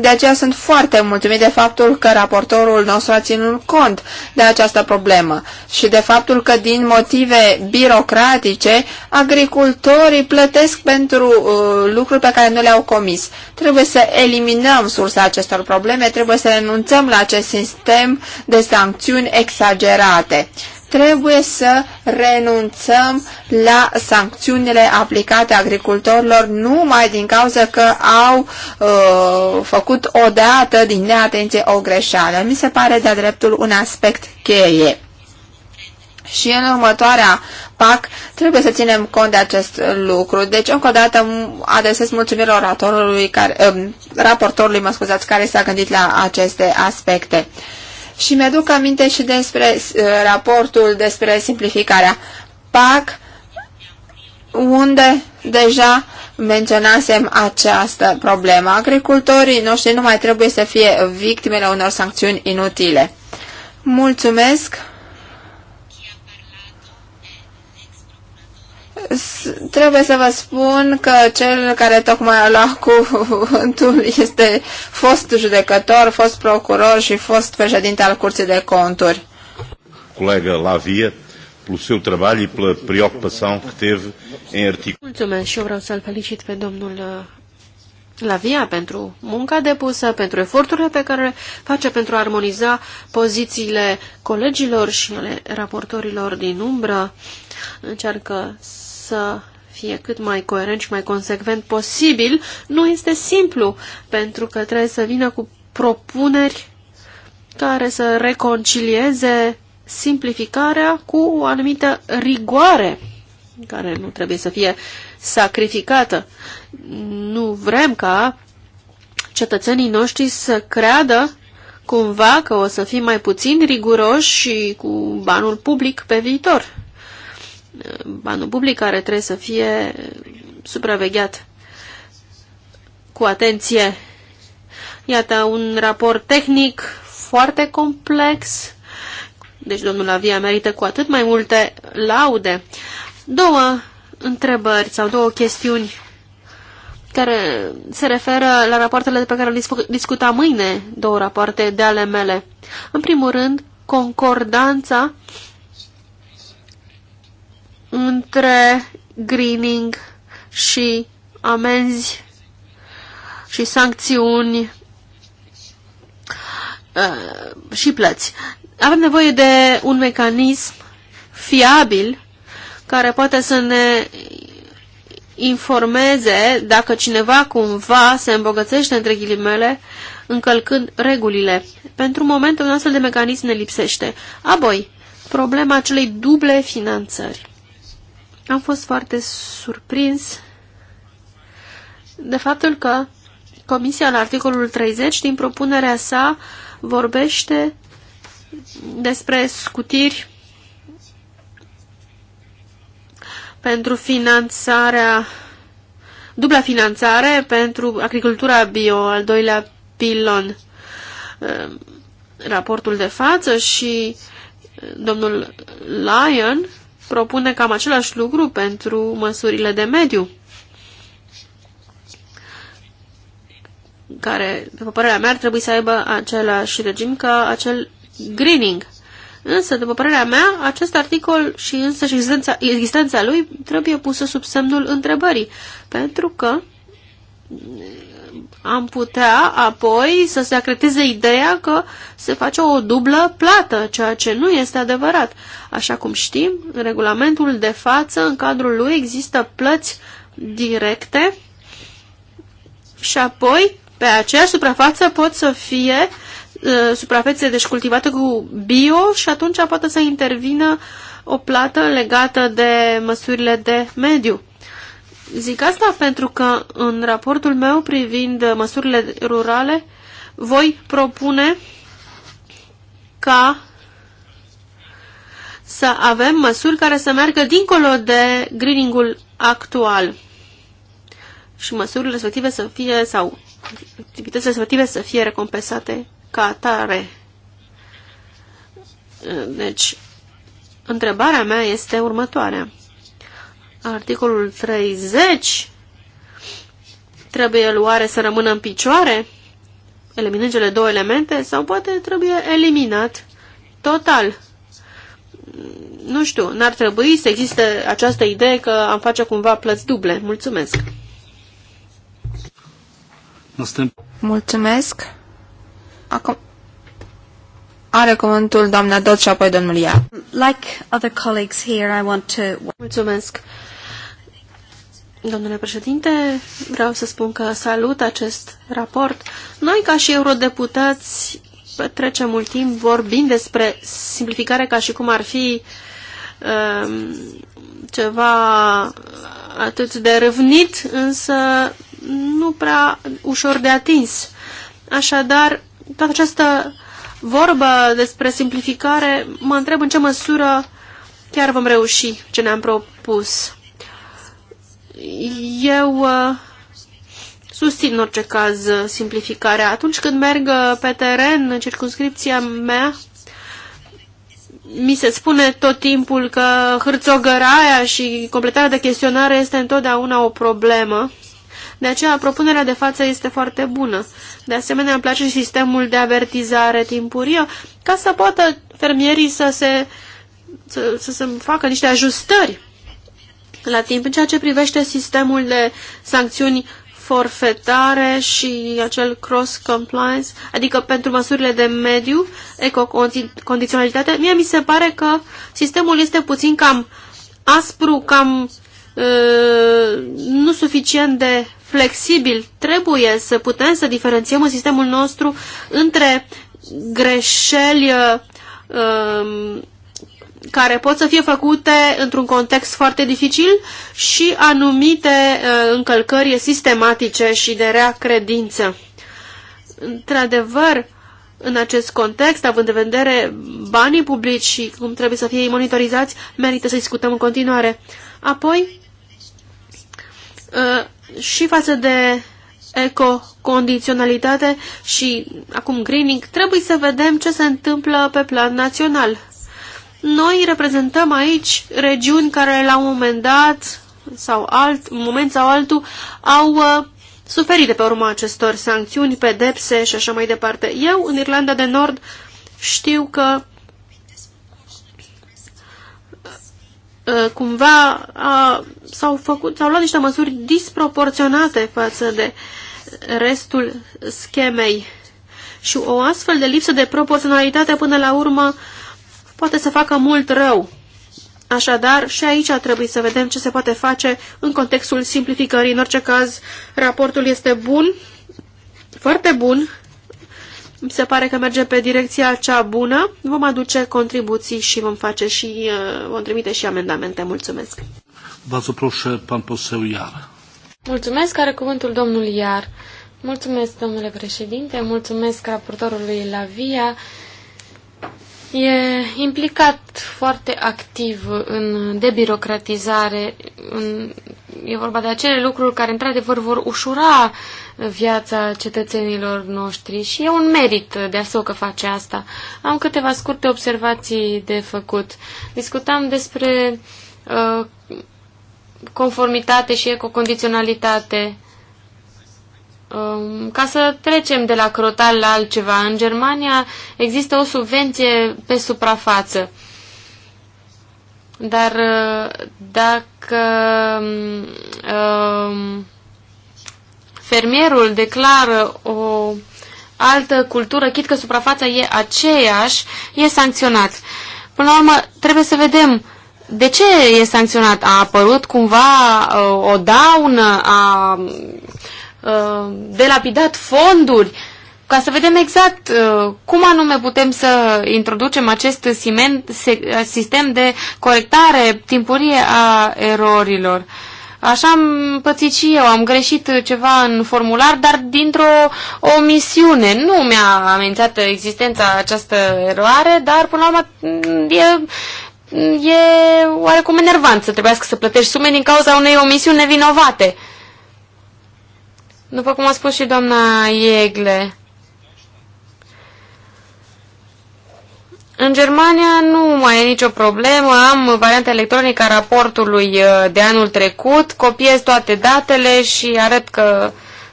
De aceea sunt foarte mulțumit de faptul că raportorul nostru a ținut cont de această problemă și de faptul că din motive birocratice agricultorii plătesc pentru uh, lucruri pe care nu le-au comis. Trebuie să eliminăm sursa acestor probleme, trebuie să renunțăm la acest sistem de sancțiuni exagerate trebuie să renunțăm la sancțiunile aplicate agricultorilor numai din cauza că au uh, făcut odată din neatenție o greșeală. Mi se pare de-a dreptul un aspect cheie. Și în următoarea PAC trebuie să ținem cont de acest lucru. Deci, încă o dată, adresez mulțumiri oratorului, care, äh, raportorului, mă scuzați, care s-a gândit la aceste aspecte. Și mi-aduc aminte și despre uh, raportul despre simplificarea PAC, unde deja menționasem această problemă. Agricultorii noștri nu mai trebuie să fie victimele unor sancțiuni inutile. Mulțumesc! Trebuie să vă spun că cel care tocmai a luat cuvântul este fost judecător, fost procuror și fost președinte al Curții de Conturi. Colegă Lavia, pelo seu trabalho e pela preocupação que teve em artigo. Mulțumesc și eu vreau să-l felicit pe domnul uh, Lavia pentru munca depusă, pentru eforturile pe care face pentru a armoniza pozițiile colegilor și ale raportorilor din umbră. Încearcă să fie cât mai coerent și mai consecvent posibil, nu este simplu, pentru că trebuie să vină cu propuneri care să reconcilieze simplificarea cu o anumită rigoare, care nu trebuie să fie sacrificată. Nu vrem ca cetățenii noștri să creadă cumva că o să fim mai puțin riguroși și cu banul public pe viitor banul public care trebuie să fie supravegheat cu atenție. Iată un raport tehnic foarte complex, deci domnul Avia merită cu atât mai multe laude. Două întrebări sau două chestiuni care se referă la rapoartele de pe care le discuta mâine, două rapoarte de ale mele. În primul rând, concordanța uh, între greening și amenzi și sancțiuni uh, și plăți. Avem nevoie de un mecanism fiabil care poate să ne informeze dacă cineva cumva se îmbogățește, între ghilimele, încălcând regulile. Pentru moment, un astfel de mecanism ne lipsește. Apoi, problema acelei duble finanțări am fost foarte surprins de faptul că Comisia în articolul 30 din propunerea sa vorbește despre scutiri pentru finanțarea, dubla finanțare pentru agricultura bio, al doilea pilon. Raportul de față și domnul Lyon propune cam același lucru pentru măsurile de mediu, care, după părerea mea, ar trebui să aibă același regim ca acel greening. Însă, după părerea mea, acest articol și însă și existența, existența lui trebuie pusă sub semnul întrebării, pentru că am putea apoi să se acreteze ideea că se face o dublă plată, ceea ce nu este adevărat. Așa cum știm, regulamentul de față, în cadrul lui, există plăți directe și apoi, pe aceeași suprafață, pot să fie uh, suprafețe deci cultivate cu bio și atunci poate să intervină o plată legată de măsurile de mediu. Zic asta pentru că în raportul meu privind măsurile rurale voi propune ca să avem măsuri care să meargă dincolo de greening-ul actual și măsurile respective să fie sau activitățile respective să fie recompensate ca atare. Deci, întrebarea mea este următoarea articolul 30 trebuie luare să rămână în picioare, eliminând cele două elemente, sau poate trebuie eliminat total. Nu știu, n-ar trebui să existe această idee că am face cumva plăți duble. Mulțumesc! Mulțumesc! Acum are cuvântul doamna Dot și apoi domnul Ia. Like other colleagues here, I want to... Mulțumesc! Domnule președinte, vreau să spun că salut acest raport. Noi, ca și eurodeputați, petrecem mult timp vorbind despre simplificare ca și cum ar fi um, ceva atât de răvnit, însă nu prea ușor de atins. Așadar, toată această vorbă despre simplificare, mă întreb în ce măsură chiar vom reuși ce ne-am propus. Eu uh, susțin în orice caz uh, simplificarea. Atunci când merg uh, pe teren, în circunscripția mea, mi se spune tot timpul că hârțogăraia și completarea de chestionare este întotdeauna o problemă. De aceea, propunerea de față este foarte bună. De asemenea, îmi place sistemul de avertizare timpurie, ca să poată fermierii să se, să, să se facă niște ajustări la timp. În ceea ce privește sistemul de sancțiuni forfetare și acel cross-compliance, adică pentru măsurile de mediu, ecocondiționalitate, mie mi se pare că sistemul este puțin cam aspru, cam uh, nu suficient de flexibil. Trebuie să putem să diferențiem în sistemul nostru între greșeli uh, care pot să fie făcute într-un context foarte dificil și anumite uh, încălcări sistematice și de rea credință. Într-adevăr, în acest context, având în vedere banii publici și cum trebuie să fie monitorizați, merită să discutăm în continuare. Apoi, uh, și față de ecocondiționalitate și acum greening, trebuie să vedem ce se întâmplă pe plan național. Noi reprezentăm aici regiuni care la un moment dat sau alt, un moment sau altul au uh, suferit de pe urma acestor sancțiuni, pedepse și așa mai departe. Eu, în Irlanda de Nord, știu că uh, cumva uh, s-au făcut, s-au luat niște măsuri disproporționate față de restul schemei. Și o astfel de lipsă de proporționalitate până la urmă poate să facă mult rău. Așadar, și aici trebuie să vedem ce se poate face în contextul simplificării. În orice caz, raportul este bun, foarte bun. Mi se pare că merge pe direcția cea bună. Vom aduce contribuții și vom face și uh, vom trimite și amendamente. Mulțumesc. Vă proszę, pan Iar. Mulțumesc, are cuvântul domnul Iar. Mulțumesc, domnule președinte, mulțumesc raportorului Lavia e implicat foarte activ în debirocratizare. În, e vorba de acele lucruri care, într-adevăr, vor ușura viața cetățenilor noștri și e un merit de a că face asta. Am câteva scurte observații de făcut. Discutam despre uh, conformitate și ecocondiționalitate. Uh, Um, ca să trecem de la crotal la altceva. În Germania există o subvenție pe suprafață. Dar uh, dacă um, fermierul declară o altă cultură, chit că suprafața e aceeași, e sancționat. Până la urmă, trebuie să vedem de ce e sancționat. A apărut cumva uh, o daună a Uh, delapidat fonduri, ca să vedem exact uh, cum anume putem să introducem acest se, sistem de corectare timpurie a erorilor. Așa am pățit și eu, am greșit ceva în formular, dar dintr-o omisiune. Nu mi-a amenințat existența această eroare, dar până la urmă mm, e e oarecum enervant să trebuiască să plătești sume din cauza unei omisiuni nevinovate. După cum a spus și doamna Iegle, În Germania nu mai e nicio problemă, am varianta electronică a raportului uh, de anul trecut, copiez toate datele și arăt că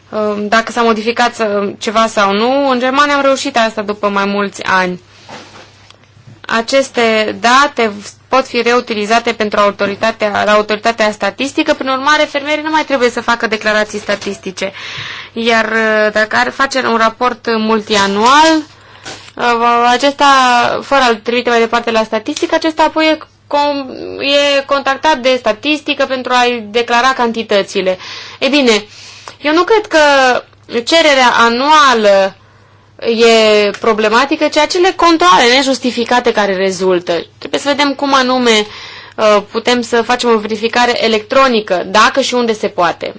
um, dacă s-a modificat uh, ceva sau nu. În Germania am reușit asta după mai mulți ani. Aceste date pot fi reutilizate pentru autoritatea, la autoritatea statistică, prin urmare fermierii nu mai trebuie să facă declarații statistice. Iar uh, dacă ar face un raport multianual, uh, acesta, fără a-l trimite mai departe la statistică, acesta apoi e, com, e contactat de statistică pentru a-i declara cantitățile. E bine, eu nu cred că cererea anuală e problematică, ci acele controle nejustificate care rezultă. Trebuie să vedem cum anume uh, putem să facem o verificare electronică, dacă și unde se poate.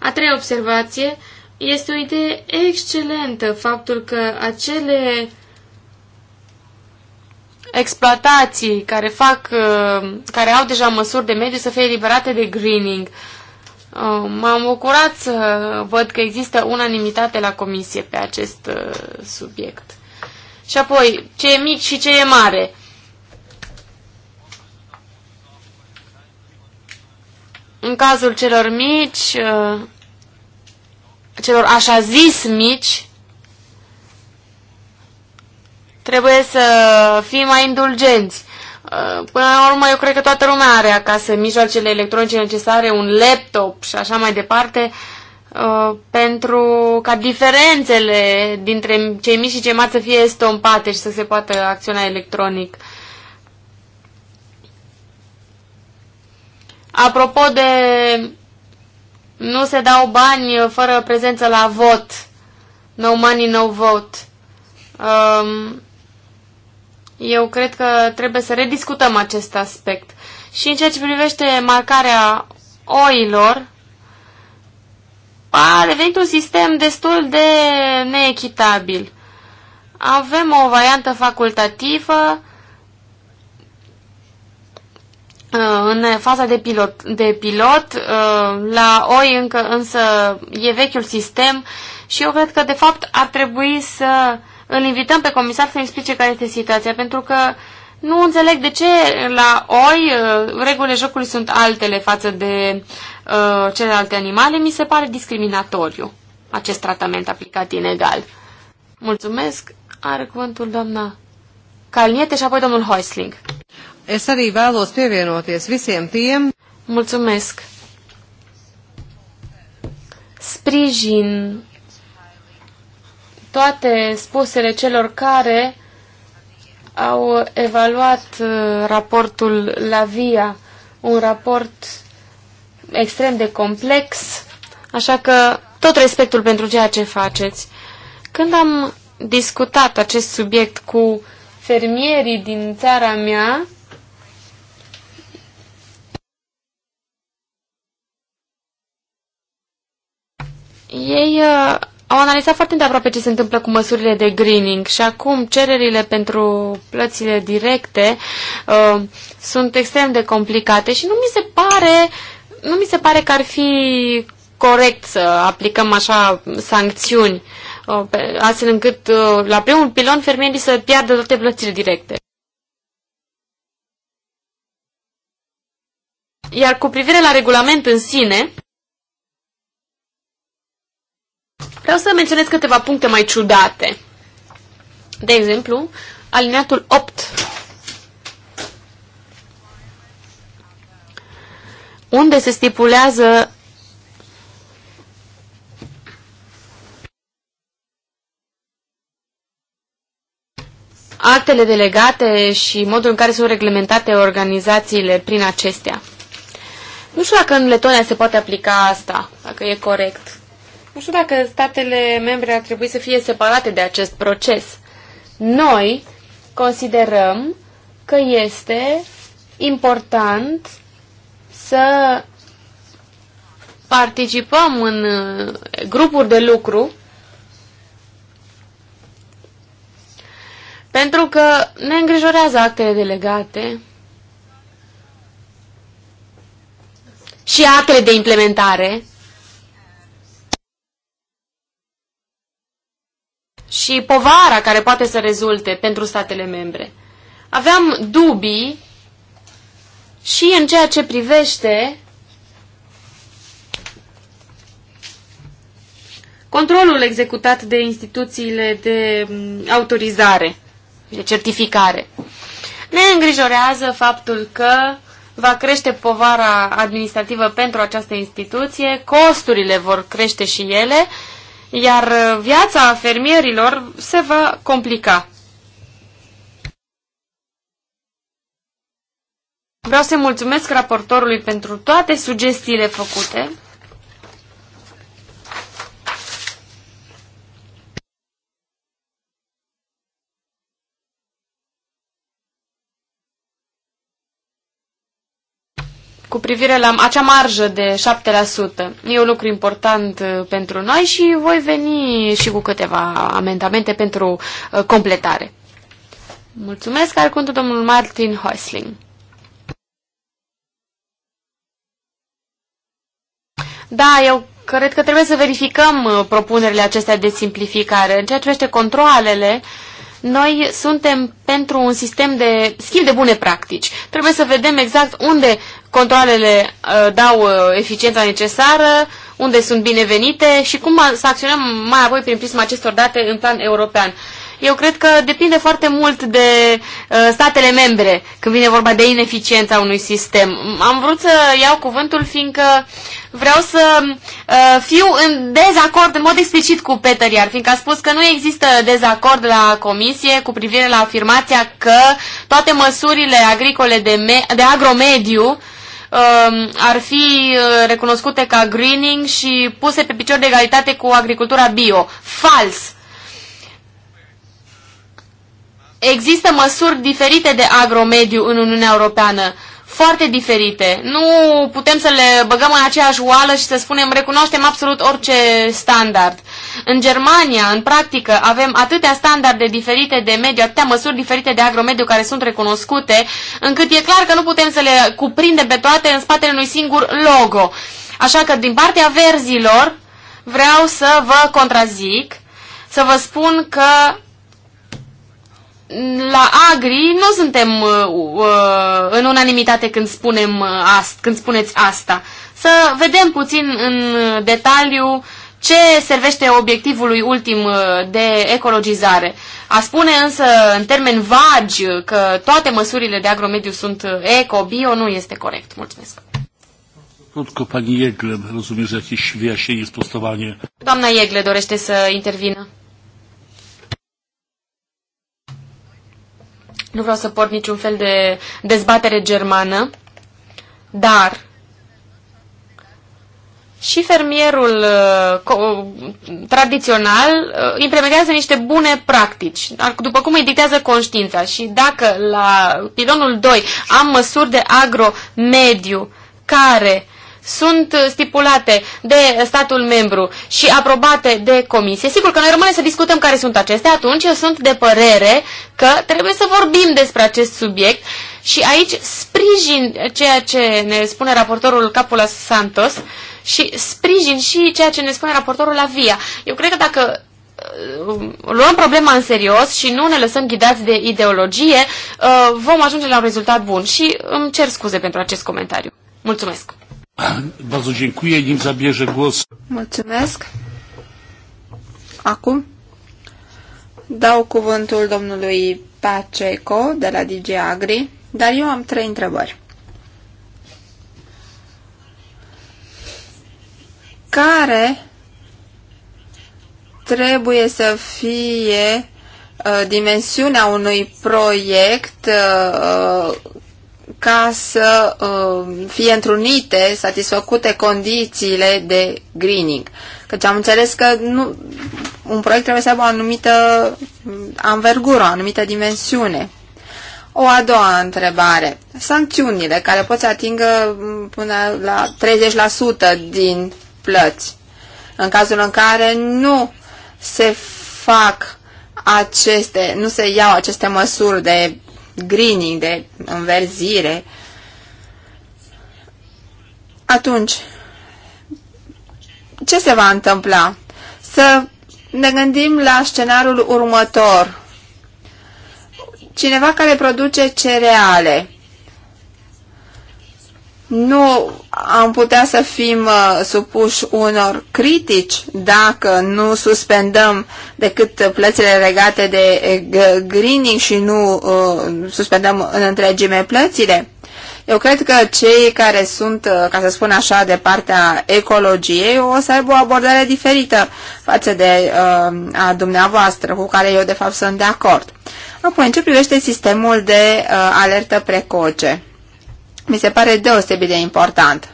A treia observație este o idee excelentă, faptul că acele exploatații care fac, uh, care au deja măsuri de mediu să fie eliberate de greening. Uh, Oh, m-am bucurat să văd că există unanimitate la comisie pe acest uh, subiect. Și apoi, ce e mic și ce e mare. În cazul celor mici, uh, celor așa zis mici, trebuie să fim mai indulgenți. Uh, până la urmă, eu cred că toată lumea are acasă mijloacele electronice necesare, un laptop și așa mai departe, uh, pentru ca diferențele dintre cei mici și cei mari să fie estompate și să se poată acționa electronic. Apropo de nu se dau bani fără prezență la vot, no money, no vote. Um, eu cred că trebuie să rediscutăm acest aspect. Și în ceea ce privește marcarea oilor, a devenit un sistem destul de neechitabil. Avem o variantă facultativă uh, în faza de pilot, de pilot uh, la oi încă însă e vechiul sistem și eu cred că de fapt ar trebui să uh, îl invităm pe comisar să explice care este situația, pentru că nu înțeleg de ce la oi uh, regulile jocului sunt altele față de uh, celelalte animale. Mi se pare discriminatoriu acest tratament aplicat inegal. Mulțumesc. Are cuvântul doamna Calniete și apoi domnul Hoisling. Mulțumesc. Sprijin toate spusele celor care au evaluat uh, raportul La Via, un raport extrem de complex, așa că tot respectul pentru ceea ce faceți. Când am discutat acest subiect cu fermierii din țara mea, ei uh, au analizat foarte aproape ce se întâmplă cu măsurile de greening și acum cererile pentru plățile directe uh, sunt extrem de complicate și nu mi se pare, nu mi se pare că ar fi corect să aplicăm așa sancțiuni, uh, astfel încât uh, la primul pilon fermierii să piardă toate plățile directe. Iar cu privire la regulament în sine, Vreau să menționez câteva puncte mai ciudate. De exemplu, alineatul 8, unde se stipulează actele delegate și modul în care sunt reglementate organizațiile prin acestea. Nu știu dacă în Letonia se poate aplica asta, dacă e corect. Nu știu dacă statele membre ar trebui să fie separate de acest proces. Noi considerăm că este important să participăm în uh, grupuri de lucru pentru că ne îngrijorează actele delegate și actele de implementare și povara care poate să rezulte pentru statele membre. Aveam dubii și în ceea ce privește controlul executat de instituțiile de mm, autorizare, de certificare. Ne îngrijorează faptul că va crește povara administrativă pentru această instituție, costurile vor crește și ele iar uh, viața fermierilor se va complica. Vreau să mulțumesc raportorului pentru toate sugestiile făcute. cu privire la acea marjă de 7%. E un lucru important uh, pentru noi și voi veni și cu câteva amendamente pentru uh, completare. Mulțumesc, are cuvântul domnul Martin Heusling. Da, eu cred că trebuie să verificăm uh, propunerile acestea de simplificare. În ceea ce privește controlele, noi suntem pentru un sistem de schimb de bune practici. Trebuie să vedem exact unde controlele uh, dau uh, eficiența necesară, unde sunt binevenite și cum să acționăm mai apoi prin prisma acestor date în plan european. Eu cred că depinde foarte mult de uh, statele membre când vine vorba de ineficiența unui sistem. Am vrut să iau cuvântul fiindcă vreau să uh, fiu în dezacord în mod explicit cu Peter Iar, fiindcă a spus că nu există dezacord la comisie cu privire la afirmația că toate măsurile agricole de, de agromediu uh, Um, ar fi uh, recunoscute ca greening și puse pe picior de egalitate cu agricultura bio. Fals! Există măsuri diferite de agromediu în Uniunea Europeană foarte diferite. Nu putem să le băgăm în aceeași oală și să spunem recunoaștem absolut orice standard. În Germania, în practică, avem atâtea standarde diferite de mediu, atâtea măsuri diferite de agromediu care sunt recunoscute, încât e clar că nu putem să le cuprindem pe toate în spatele unui singur logo. Așa că, din partea verzilor, vreau să vă contrazic, să vă spun că la Agri nu suntem uh, uh în unanimitate când, spunem uh, ast, când spuneți asta. Să vedem puțin în detaliu ce servește obiectivului ultim uh, de ecologizare. A spune însă în termen vagi că toate măsurile de agromediu sunt eco-bio nu este corect. Mulțumesc. Krótko pani Jegle, rozumiem, że jakieś wyjaśnienie, sprostowanie. Doamna Jegle dorește să intervină. Nu vreau să port niciun fel de dezbatere germană, dar și fermierul uh, tradițional uh, implementează niște bune practici, după cum îi dictează conștiința. Și dacă la pilonul 2 am măsuri de agro-mediu care uh, sunt uh, stipulate de statul membru și aprobate de comisie. Sigur că noi rămâne să discutăm care sunt acestea, atunci eu sunt de părere că trebuie să vorbim despre acest subiect și aici sprijin ceea ce ne spune raportorul Capula Santos și sprijin și ceea ce ne spune raportorul Lavia. Eu cred că dacă uh, luăm problema în serios și nu ne lăsăm ghidați de ideologie, uh, vom ajunge la un rezultat bun și îmi cer scuze pentru acest comentariu. Mulțumesc! Bardzo dziękuję. Nim zabierze głos. Mulțumesc. Acum dau cuvântul domnului Paceco de la DJ Agri, dar eu am trei întrebări. Care trebuie să fie uh, dimensiunea unui proiect uh, ca să uh, fie întrunite, satisfăcute condițiile de greening. Căci am înțeles că nu, un proiect trebuie să aibă o anumită anvergură, o anumită dimensiune. O a doua întrebare. Sancțiunile care pot să atingă mm, până la 30% din plăți. În cazul în care nu se fac aceste, nu se iau aceste măsuri de greening, de înverzire, atunci ce se va întâmpla? Să ne gândim la scenariul următor. Cineva care produce cereale nu am putea să fim uh, supuși unor critici dacă nu suspendăm decât plățile legate de eh, greening și nu uh, suspendăm în întregime plățile? Eu cred că cei care sunt, uh, ca să spun așa, de partea ecologiei o să aibă o abordare diferită față de uh, a dumneavoastră, cu care eu de fapt sunt de acord. Apoi, în ce privește sistemul de uh, alertă precoce? mi se pare deosebit de important.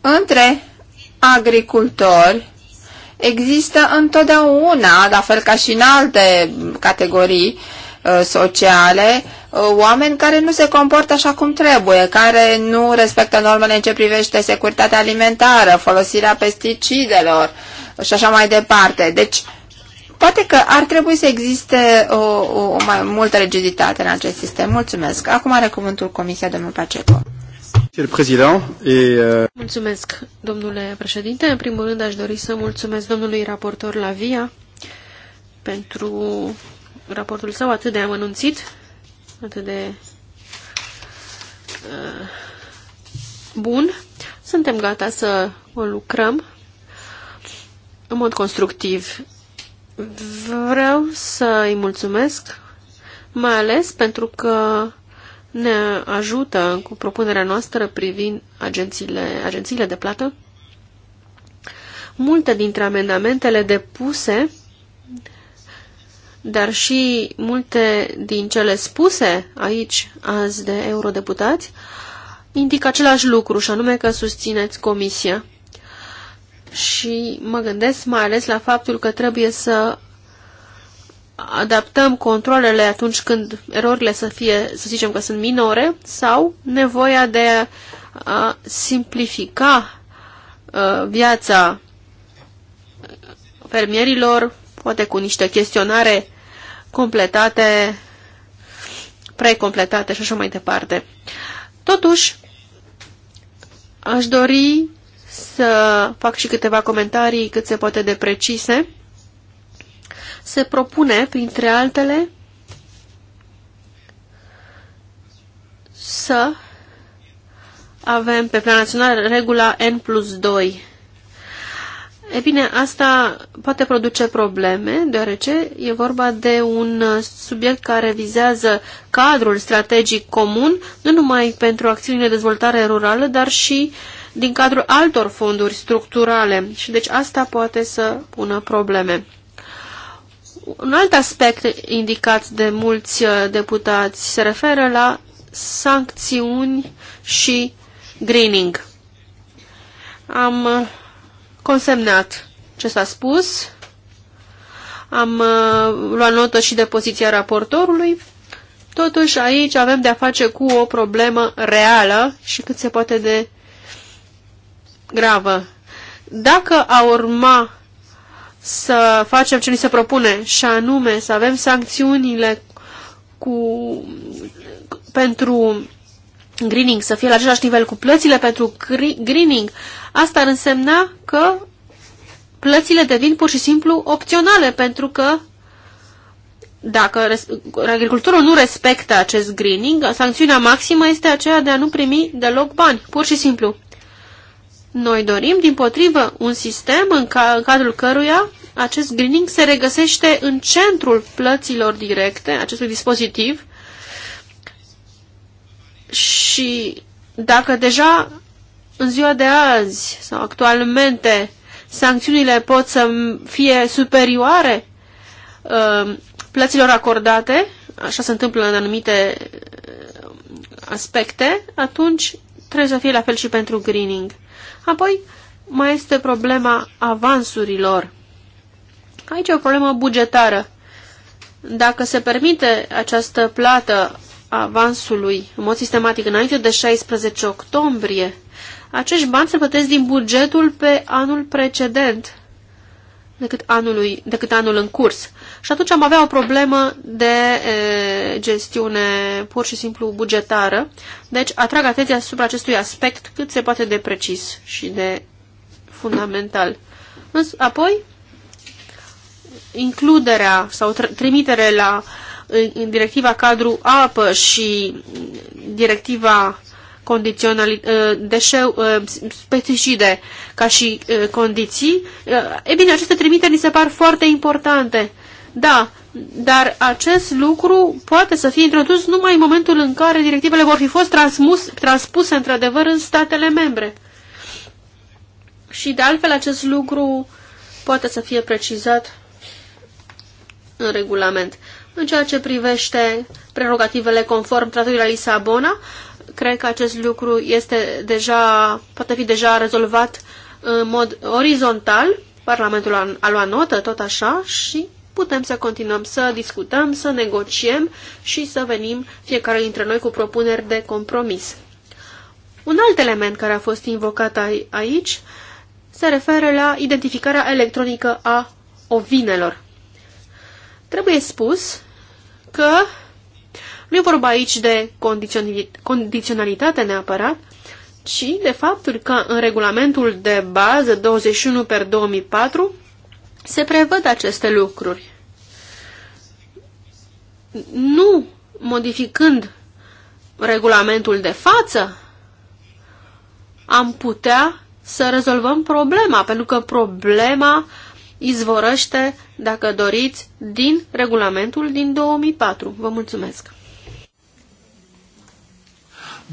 Între agricultori există întotdeauna, la fel ca și în alte categorii uh, sociale, uh, oameni care nu se comportă așa cum trebuie, care nu respectă normele în ce privește securitatea alimentară, folosirea pesticidelor și așa mai departe. Deci, Poate că ar trebui să existe o, o, o mai multă rigiditate în acest sistem. Mulțumesc. Acum are cuvântul Comisia, domnul Paceco. Euh, mulțumesc, domnule președinte. În primul rând aș dori să mulțumesc domnului raportor Lavia pentru raportul său atât de amănunțit, atât de uh, bun. Suntem gata să o lucrăm în mod constructiv. Vreau să îi mulțumesc, mai ales pentru că ne ajută cu propunerea noastră privind agențiile, agențiile de plată. Multe dintre amendamentele depuse, dar și multe din cele spuse aici azi de eurodeputați, indică același lucru, și anume că susțineți comisia și mă gândesc mai ales la faptul că trebuie să adaptăm controlele atunci când erorile să fie, să zicem că sunt minore, sau nevoia de a simplifica viața fermierilor, poate cu niște chestionare completate, precompletate și așa mai departe. Totuși, aș dori să fac și câteva comentarii cât se poate de precise. Se propune, printre altele, să avem pe plan național regula N plus 2. E bine, asta poate produce probleme, deoarece e vorba de un subiect care vizează cadrul strategic comun, nu numai pentru acțiunile de dezvoltare rurală, dar și uh, din cadrul altor fonduri structurale și deci asta poate să pună probleme. Un alt aspect indicat de mulți uh, deputați se referă la sancțiuni și greening. Am uh, consemnat ce s-a spus, am uh, luat notă și de poziția raportorului, totuși aici avem de-a face cu o problemă reală și cât se poate de gravă. Dacă a urma să facem ce ni se propune, și anume să avem sancțiunile cu, pentru greening să fie la același nivel cu plățile pentru greening, asta ar însemna că plățile devin pur și simplu opționale, pentru că dacă agricultorul nu respectă acest greening, sancțiunea maximă este aceea de a nu primi deloc bani, pur și simplu. Noi dorim, din potrivă, un sistem în, ca în cadrul căruia acest greening se regăsește în centrul plăților directe, acestui dispozitiv, și dacă deja în ziua de azi sau actualmente sancțiunile pot să fie superioare uh, plăților acordate, așa se întâmplă în anumite uh, aspecte, atunci trebuie să fie la fel și pentru greening. Apoi mai este problema avansurilor. Aici e o problemă bugetară. Dacă se permite această plată avansului în mod sistematic înainte de 16 octombrie, acești bani se plătesc din bugetul pe anul precedent decât, anului, decât anul în curs. Și atunci am avea o problemă de e, gestiune pur și simplu bugetară. Deci atrag atenția asupra acestui aspect cât se poate de precis și de fundamental. Apoi, includerea sau trimitere la în, în directiva cadru apă și directiva condiționali, uh, deșeu, uh, pesticide ca și uh, condiții, e bine, aceste trimiteri ni se par foarte importante. Da, dar acest lucru poate să fie introdus numai în momentul în care directivele vor fi fost transmus, transpuse într-adevăr în statele membre. Și de altfel acest lucru poate să fie precizat în regulament. În ceea ce privește prerogativele conform Tratatului la Lisabona, Cred că acest lucru este deja, poate fi deja rezolvat în mod orizontal. Parlamentul a, luat notă, tot așa, și putem să continuăm să discutăm, să negociem și să venim fiecare dintre noi cu propuneri de compromis. Un alt element care a fost invocat aici se referă la identificarea electronică a ovinelor. Trebuie spus că nu e vorba aici de condiționalitate neapărat, ci de faptul că în regulamentul de bază 21 per 2004 se prevăd aceste lucruri. Nu modificând regulamentul de față, am putea să rezolvăm problema, pentru că problema izvorăște, dacă doriți, din regulamentul din 2004. Vă mulțumesc!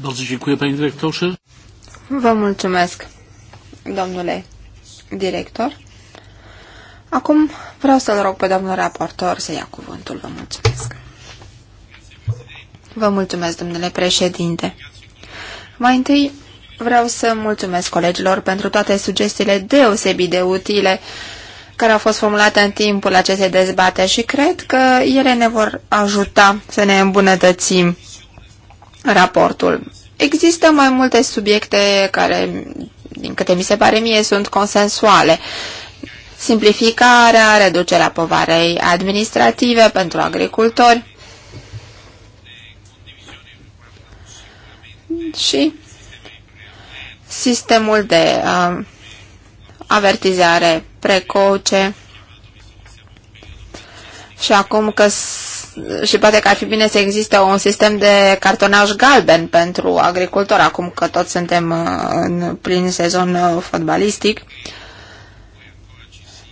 Bardzo dziękuję, panie dyrektorze. Vă mulțumesc, domnule director. Acum vreau să-l rog pe domnul raportor să ia cuvântul. Vă mulțumesc. Vă mulțumesc, domnule președinte. Mai întâi vreau să mulțumesc colegilor pentru toate sugestiile deosebit de utile care au fost formulate în timpul acestei dezbateri și cred că ele ne vor ajuta să ne îmbunătățim raportul. Există mai multe subiecte care, din câte mi se pare mie, sunt consensuale. Simplificarea, reducerea povarei administrative pentru agricultori și sistemul de uh, avertizare precoce și acum că și poate că ar fi bine să existe un sistem de cartonaj galben pentru agricultori, acum că toți suntem uh, în plin sezon uh, fotbalistic.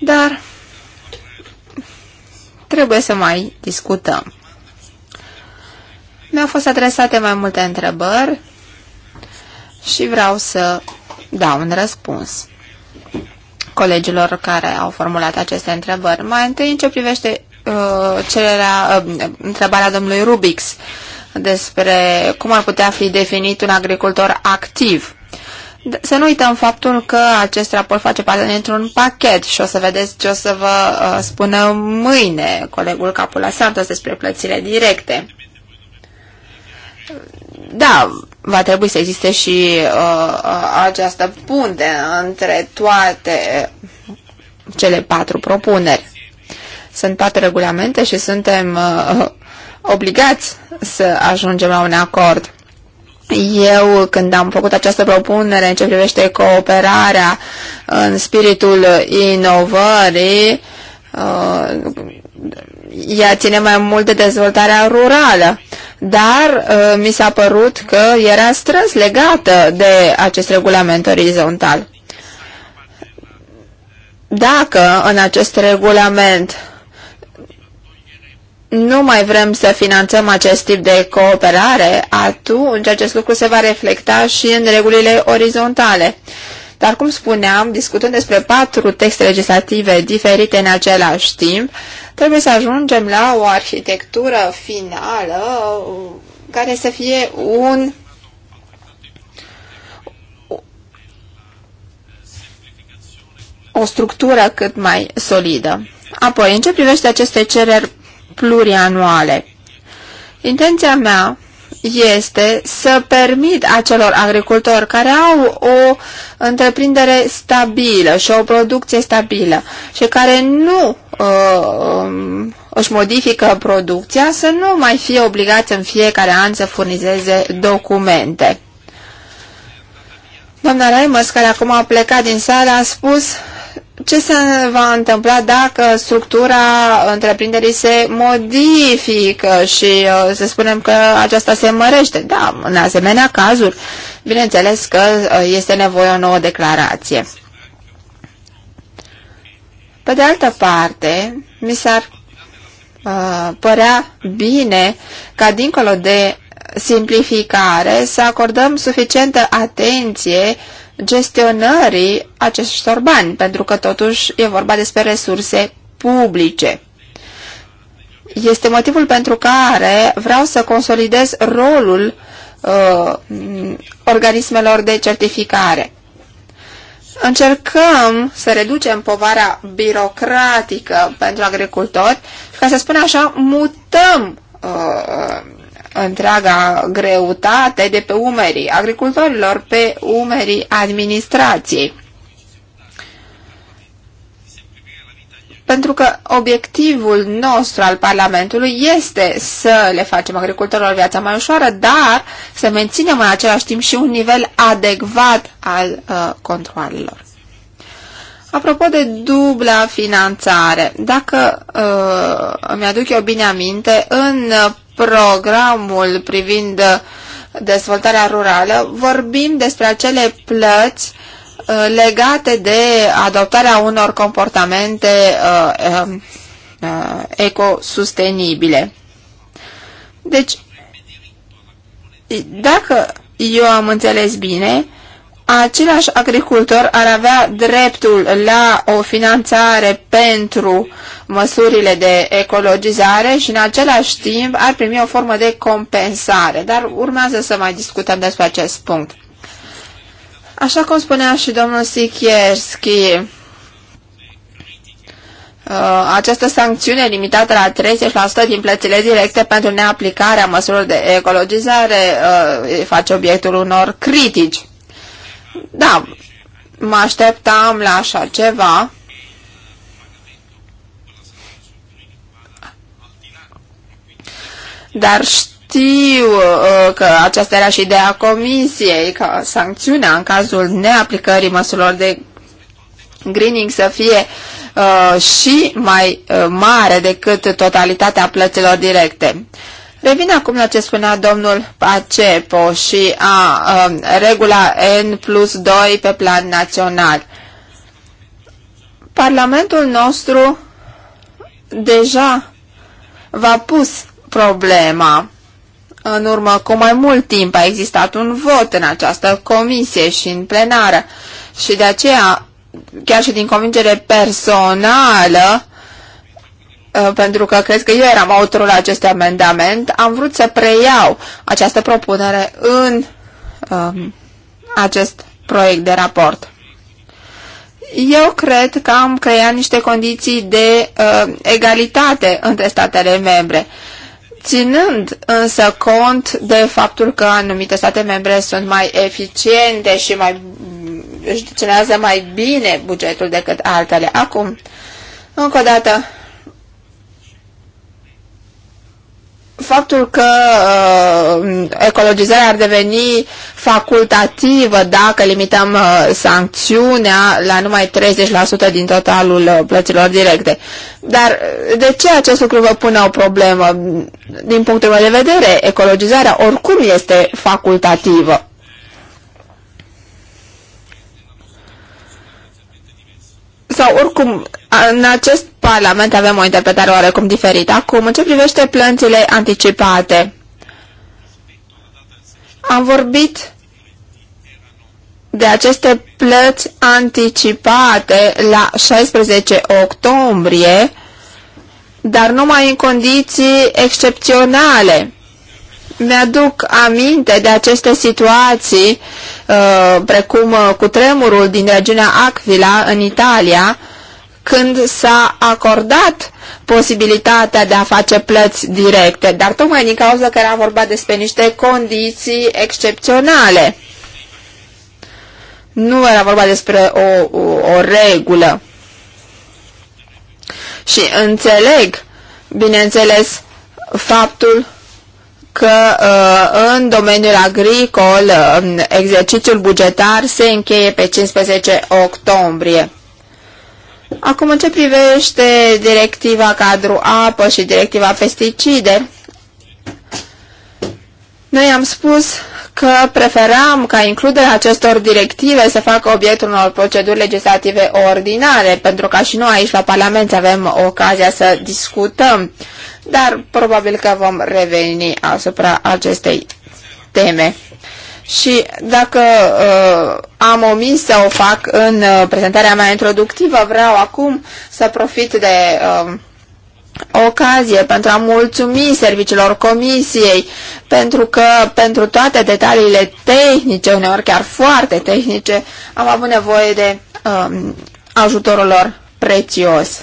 Dar trebuie să mai discutăm. Mi-au fost adresate mai multe întrebări și vreau să dau un răspuns colegilor care au formulat aceste întrebări. Mai întâi, în ce privește Uh, cererea, uh, întrebarea domnului Rubix despre cum ar putea fi definit un agricultor activ. Să nu uităm faptul că acest raport face parte dintr-un pachet și o să vedeți ce o să vă uh, spună mâine colegul Capula Santos despre plățile directe. Da, va trebui să existe și uh, această punte între toate cele patru propuneri sunt toate regulamente și suntem uh, obligați să ajungem la un acord. Eu, când am făcut această propunere în ce privește cooperarea în spiritul inovării, uh, ea ține mai mult de dezvoltarea rurală, dar uh, mi s-a părut că era strâns legată de acest regulament orizontal. Dacă în acest regulament nu mai vrem să finanțăm acest tip de cooperare, atunci acest lucru se va reflecta și în regulile orizontale. Dar, cum spuneam, discutând despre patru texte legislative diferite în același timp, trebuie să ajungem la o arhitectură finală care să fie un o structură cât mai solidă. Apoi, în ce privește aceste cereri plurianuale. Intenția mea este să permit acelor agricultori care au o întreprindere stabilă și o producție stabilă și care nu uh, um, își modifică producția să nu mai fie obligați în fiecare an să furnizeze documente. Doamna Raimăs, care acum a plecat din sală, a spus ce se va întâmpla dacă structura întreprinderii se modifică și uh, să spunem că aceasta se mărește. Da, în asemenea cazuri, bineînțeles că uh, este nevoie o nouă declarație. Pe de altă parte, mi s-ar uh, părea bine ca dincolo de simplificare să acordăm suficientă atenție uh, gestionării acestor bani, pentru că totuși e vorba despre resurse publice. Este motivul pentru care vreau să consolidez rolul uh, organismelor de certificare. Încercăm să reducem povara birocratică pentru agricultori, ca să spun așa, mutăm uh, întreaga greutate de pe umerii agricultorilor, pe umerii administrației. Pentru că obiectivul nostru al Parlamentului este să le facem agricultorilor viața mai ușoară, dar să menținem în același timp și un nivel adecvat al uh, controlelor. Apropo de dubla finanțare, dacă uh, îmi aduc eu bine aminte, în programul privind uh, dezvoltarea rurală, vorbim despre acele plăți uh, legate de adoptarea unor comportamente uh, um, ecosustenibile. Deci, dacă eu am înțeles bine, același agricultor ar avea dreptul la o finanțare pentru măsurile de ecologizare și în același timp ar primi o formă de compensare. Dar urmează să mai discutăm despre acest punct. Așa cum spunea și domnul Sikierski, uh, această sancțiune limitată la 30% din plățile directe pentru neaplicarea măsurilor de ecologizare uh, face obiectul unor critici. Da, mă așteptam la așa ceva. Dar știu uh, că aceasta era și ideea comisiei, că sancțiunea în cazul neaplicării măsurilor de greening să fie uh, și mai uh, mare decât totalitatea plăților directe. Revin acum la ce spunea domnul Pacepo și a, a um, regula N plus 2 pe plan național. Parlamentul nostru deja v-a pus problema. În urmă cu mai mult timp a existat un vot în această comisie și în plenară și de aceea, chiar și din convingere personală, Uh, pentru că cred că eu eram autorul acestui amendament, am vrut să preiau această propunere în um, acest proiect de raport. Eu cred că am creat niște condiții de uh, egalitate între statele membre, ținând însă cont de faptul că anumite state membre sunt mai eficiente și mai își mai bine bugetul decât altele. Acum, încă o dată, faptul că uh, ecologizarea ar deveni facultativă dacă limităm uh, sancțiunea la numai 30% din totalul uh, plăților directe. Dar uh, de ce acest lucru vă pune o problemă? Din punctul meu de vedere, ecologizarea oricum este facultativă. sau oricum în acest parlament avem o interpretare oarecum diferită. Acum, în ce privește plănțile anticipate, am vorbit de aceste plăți anticipate la 16 octombrie, dar numai în condiții excepționale mi-aduc aminte de aceste situații, uh, precum uh, cu tremurul din regiunea Aquila în Italia, când s-a acordat posibilitatea de a face plăți directe, dar tocmai din cauza că era vorba despre niște condiții excepționale. Nu era vorba despre o, o, o regulă. Și înțeleg, bineînțeles, faptul că uh, în domeniul agricol um, exercițiul bugetar se încheie pe 15 octombrie. Acum, în ce privește directiva cadru apă și directiva pesticide, noi am spus că preferam ca includerea acestor directive să facă obiectul unor proceduri legislative ordinare, pentru ca și noi aici la Parlament avem ocazia să discutăm, dar probabil că vom reveni asupra acestei teme. Și dacă uh, am omis să o fac în uh, prezentarea mea introductivă, vreau acum să profit de uh, ocazie pentru a mulțumi serviciilor comisiei, pentru că pentru toate detaliile tehnice, uneori chiar foarte tehnice, am avut nevoie de um, ajutorul lor prețios.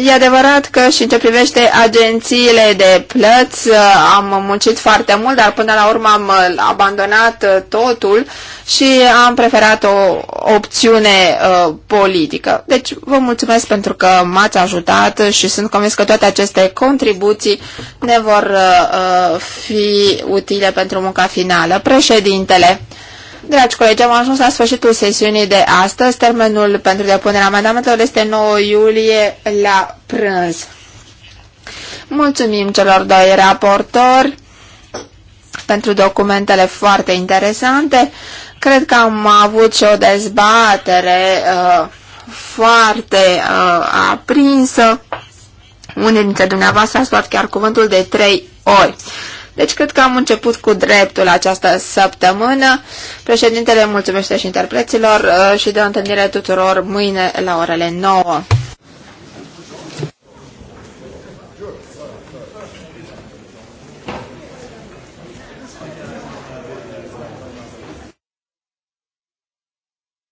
E adevărat că și în ce privește agențiile de plăți uh, am muncit foarte mult, dar până la urmă am uh, abandonat uh, totul și am preferat o opțiune uh, politică. Deci vă mulțumesc pentru că m-ați ajutat și sunt convins că toate aceste contribuții ne vor uh, fi utile pentru munca finală. Președintele, Dragi colegi, am ajuns la sfârșitul sesiunii de astăzi. Termenul pentru depunerea amendamentelor este 9 iulie la prânz. Mulțumim celor doi raportori pentru documentele foarte interesante. Cred că am avut și o dezbatere uh, foarte uh, aprinsă. Unii dintre dumneavoastră ați luat chiar cuvântul de trei ori. Deci cred că am început cu dreptul această săptămână. Președintele mulțumește și interpreților uh, și de o întâlnire tuturor mâine la orele 9.